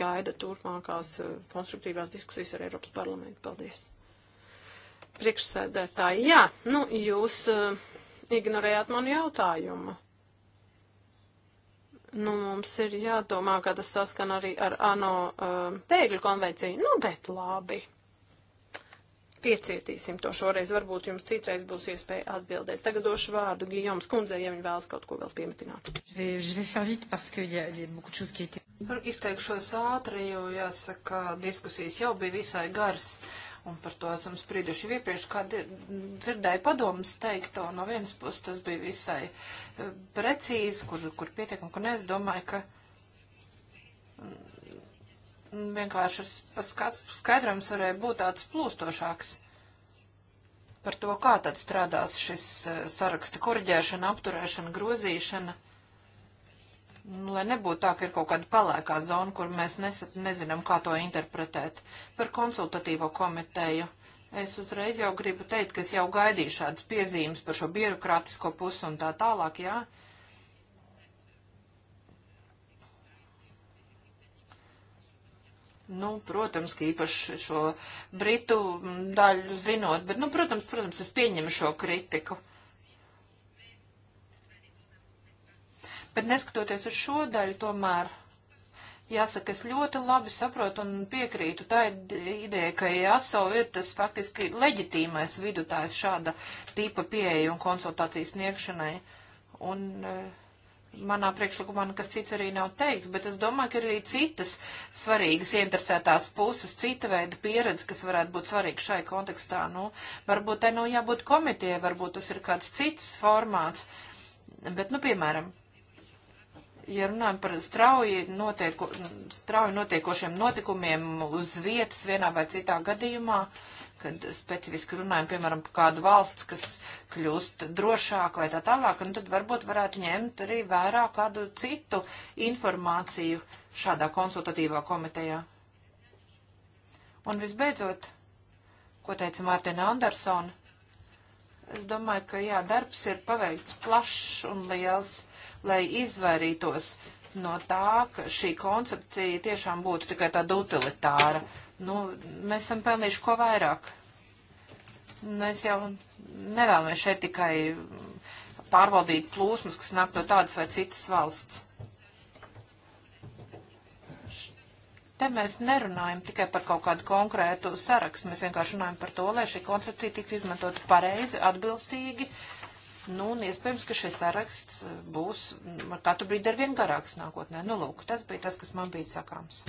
gaida turpmākās eh, konstruktīvās diskusijas ar Eiropas parlamentu. Paldies. Priekšsēdētāji, jā, nu, jūs uh, ignorējāt manu jautājumu. Nu, mums ir jādomā, ka tas saskan arī ar ANO uh, bēgļu konvenciju. Nu, bet labi. Piecietīsim to šoreiz, varbūt jums citreiz būs iespēja atbildēt. Tagad došu vārdu Gijoms kundzei, ja viņa vēlas kaut ko vēl piemetināt. Izteikšos ātri, jo jāsaka, diskusijas jau bija visai garas un par to esam sprieduši iepriekš, kad dzirdēju padomus teikto, no vienas puses tas bija visai eh, precīzi, kur, kur pietiekam, kur ne, es domāju, ka vienkārši skaidrojums varēja būt tāds plūstošāks par to, kā tad strādās šis eh, saraksta korģēšana, apturēšana, grozīšana. Nu, lai nebūtu tā, ka ir kaut kāda palēkā zona, kur mēs nesat, nezinām, kā to interpretēt. Par konsultatīvo komiteju es uzreiz jau gribu teikt, ka es jau gaidīju šādas piezīmes par šo birokrātisko pusi un tā tālāk, jā. Ja? Nu, protams, ka īpaši šo britu daļu zinot, bet, nu, protams, protams, es pieņemu šo kritiku. Bet neskatoties uz šo daļu, tomēr jāsaka, es ļoti labi saprotu un piekrītu tā ideja, ka ASO ir tas faktiski leģitīmais vidutājs šāda tīpa pieeja un konsultācijas sniegšanai. Un, uh, manā priekšlikumā nekas cits arī nav teiks, bet es domāju, ka ir arī citas svarīgas interesētās puses, cita veida pieredze, kas varētu būt svarīga šai kontekstā. Nu, varbūt tai nav jābūt komitē, varbūt tas ir kāds cits formāts, bet, nu, piemēram, ja runājam par strauji, notieko, strauji notiekošiem notikumiem uz vietas vienā vai citā gadījumā, uh, kad specifiski runājam, piemēram, par kādu valsts, kas kļūst drošāk vai tā tālāk, un tad varbūt varētu ņemt arī vērā kādu citu informāciju šādā konsultatīvā komitejā. Un visbeidzot, ko teica Mārtiņa Andersona, es domāju, ka jā, darbs ir paveikts plašs un liels, lai izvairītos no tā, ka šī koncepcija tiešām būtu tikai tāda utilitāra Nu, mēs esam pelnījuši ko vairāk. Mēs jau nevēlamies šeit tikai pārvaldīt plūsmas, kas nāk no tādas vai citas valsts. Te mēs nerunājam tikai par kaut kādu konkrētu sarakstu, mēs vienkārši runājam par to, lai šī koncepcija tiktu izmantota pareizi, atbilstīgi. Nu, un iespējams, ka šis saraksts būs katru brīdi ar vien garāks nākotnē. Nu, lūk, tas bija tas, kas man bija sakāms.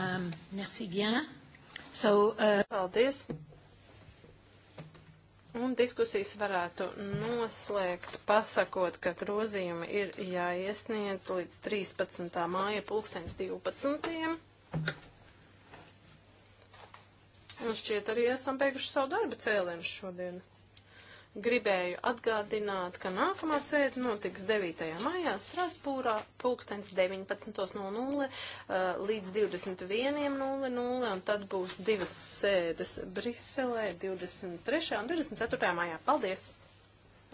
Um, merci bien. So, uh... Paldies! Un diskusijas varētu noslēgt, pasakot, ka grozījumi ir jāiesniedz līdz 13. māja pulkstens 12. Un šķiet arī esam beiguši savu darba cēlienu šodien gribēju atgādināt, ka nākamā sēde notiks 9. maijā Strasbūrā, pulkstens 19.00 uh, līdz 21.00, un tad būs divas sēdes Briselē 23. un 24. maijā. Paldies!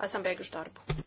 Esam beiguši darbu.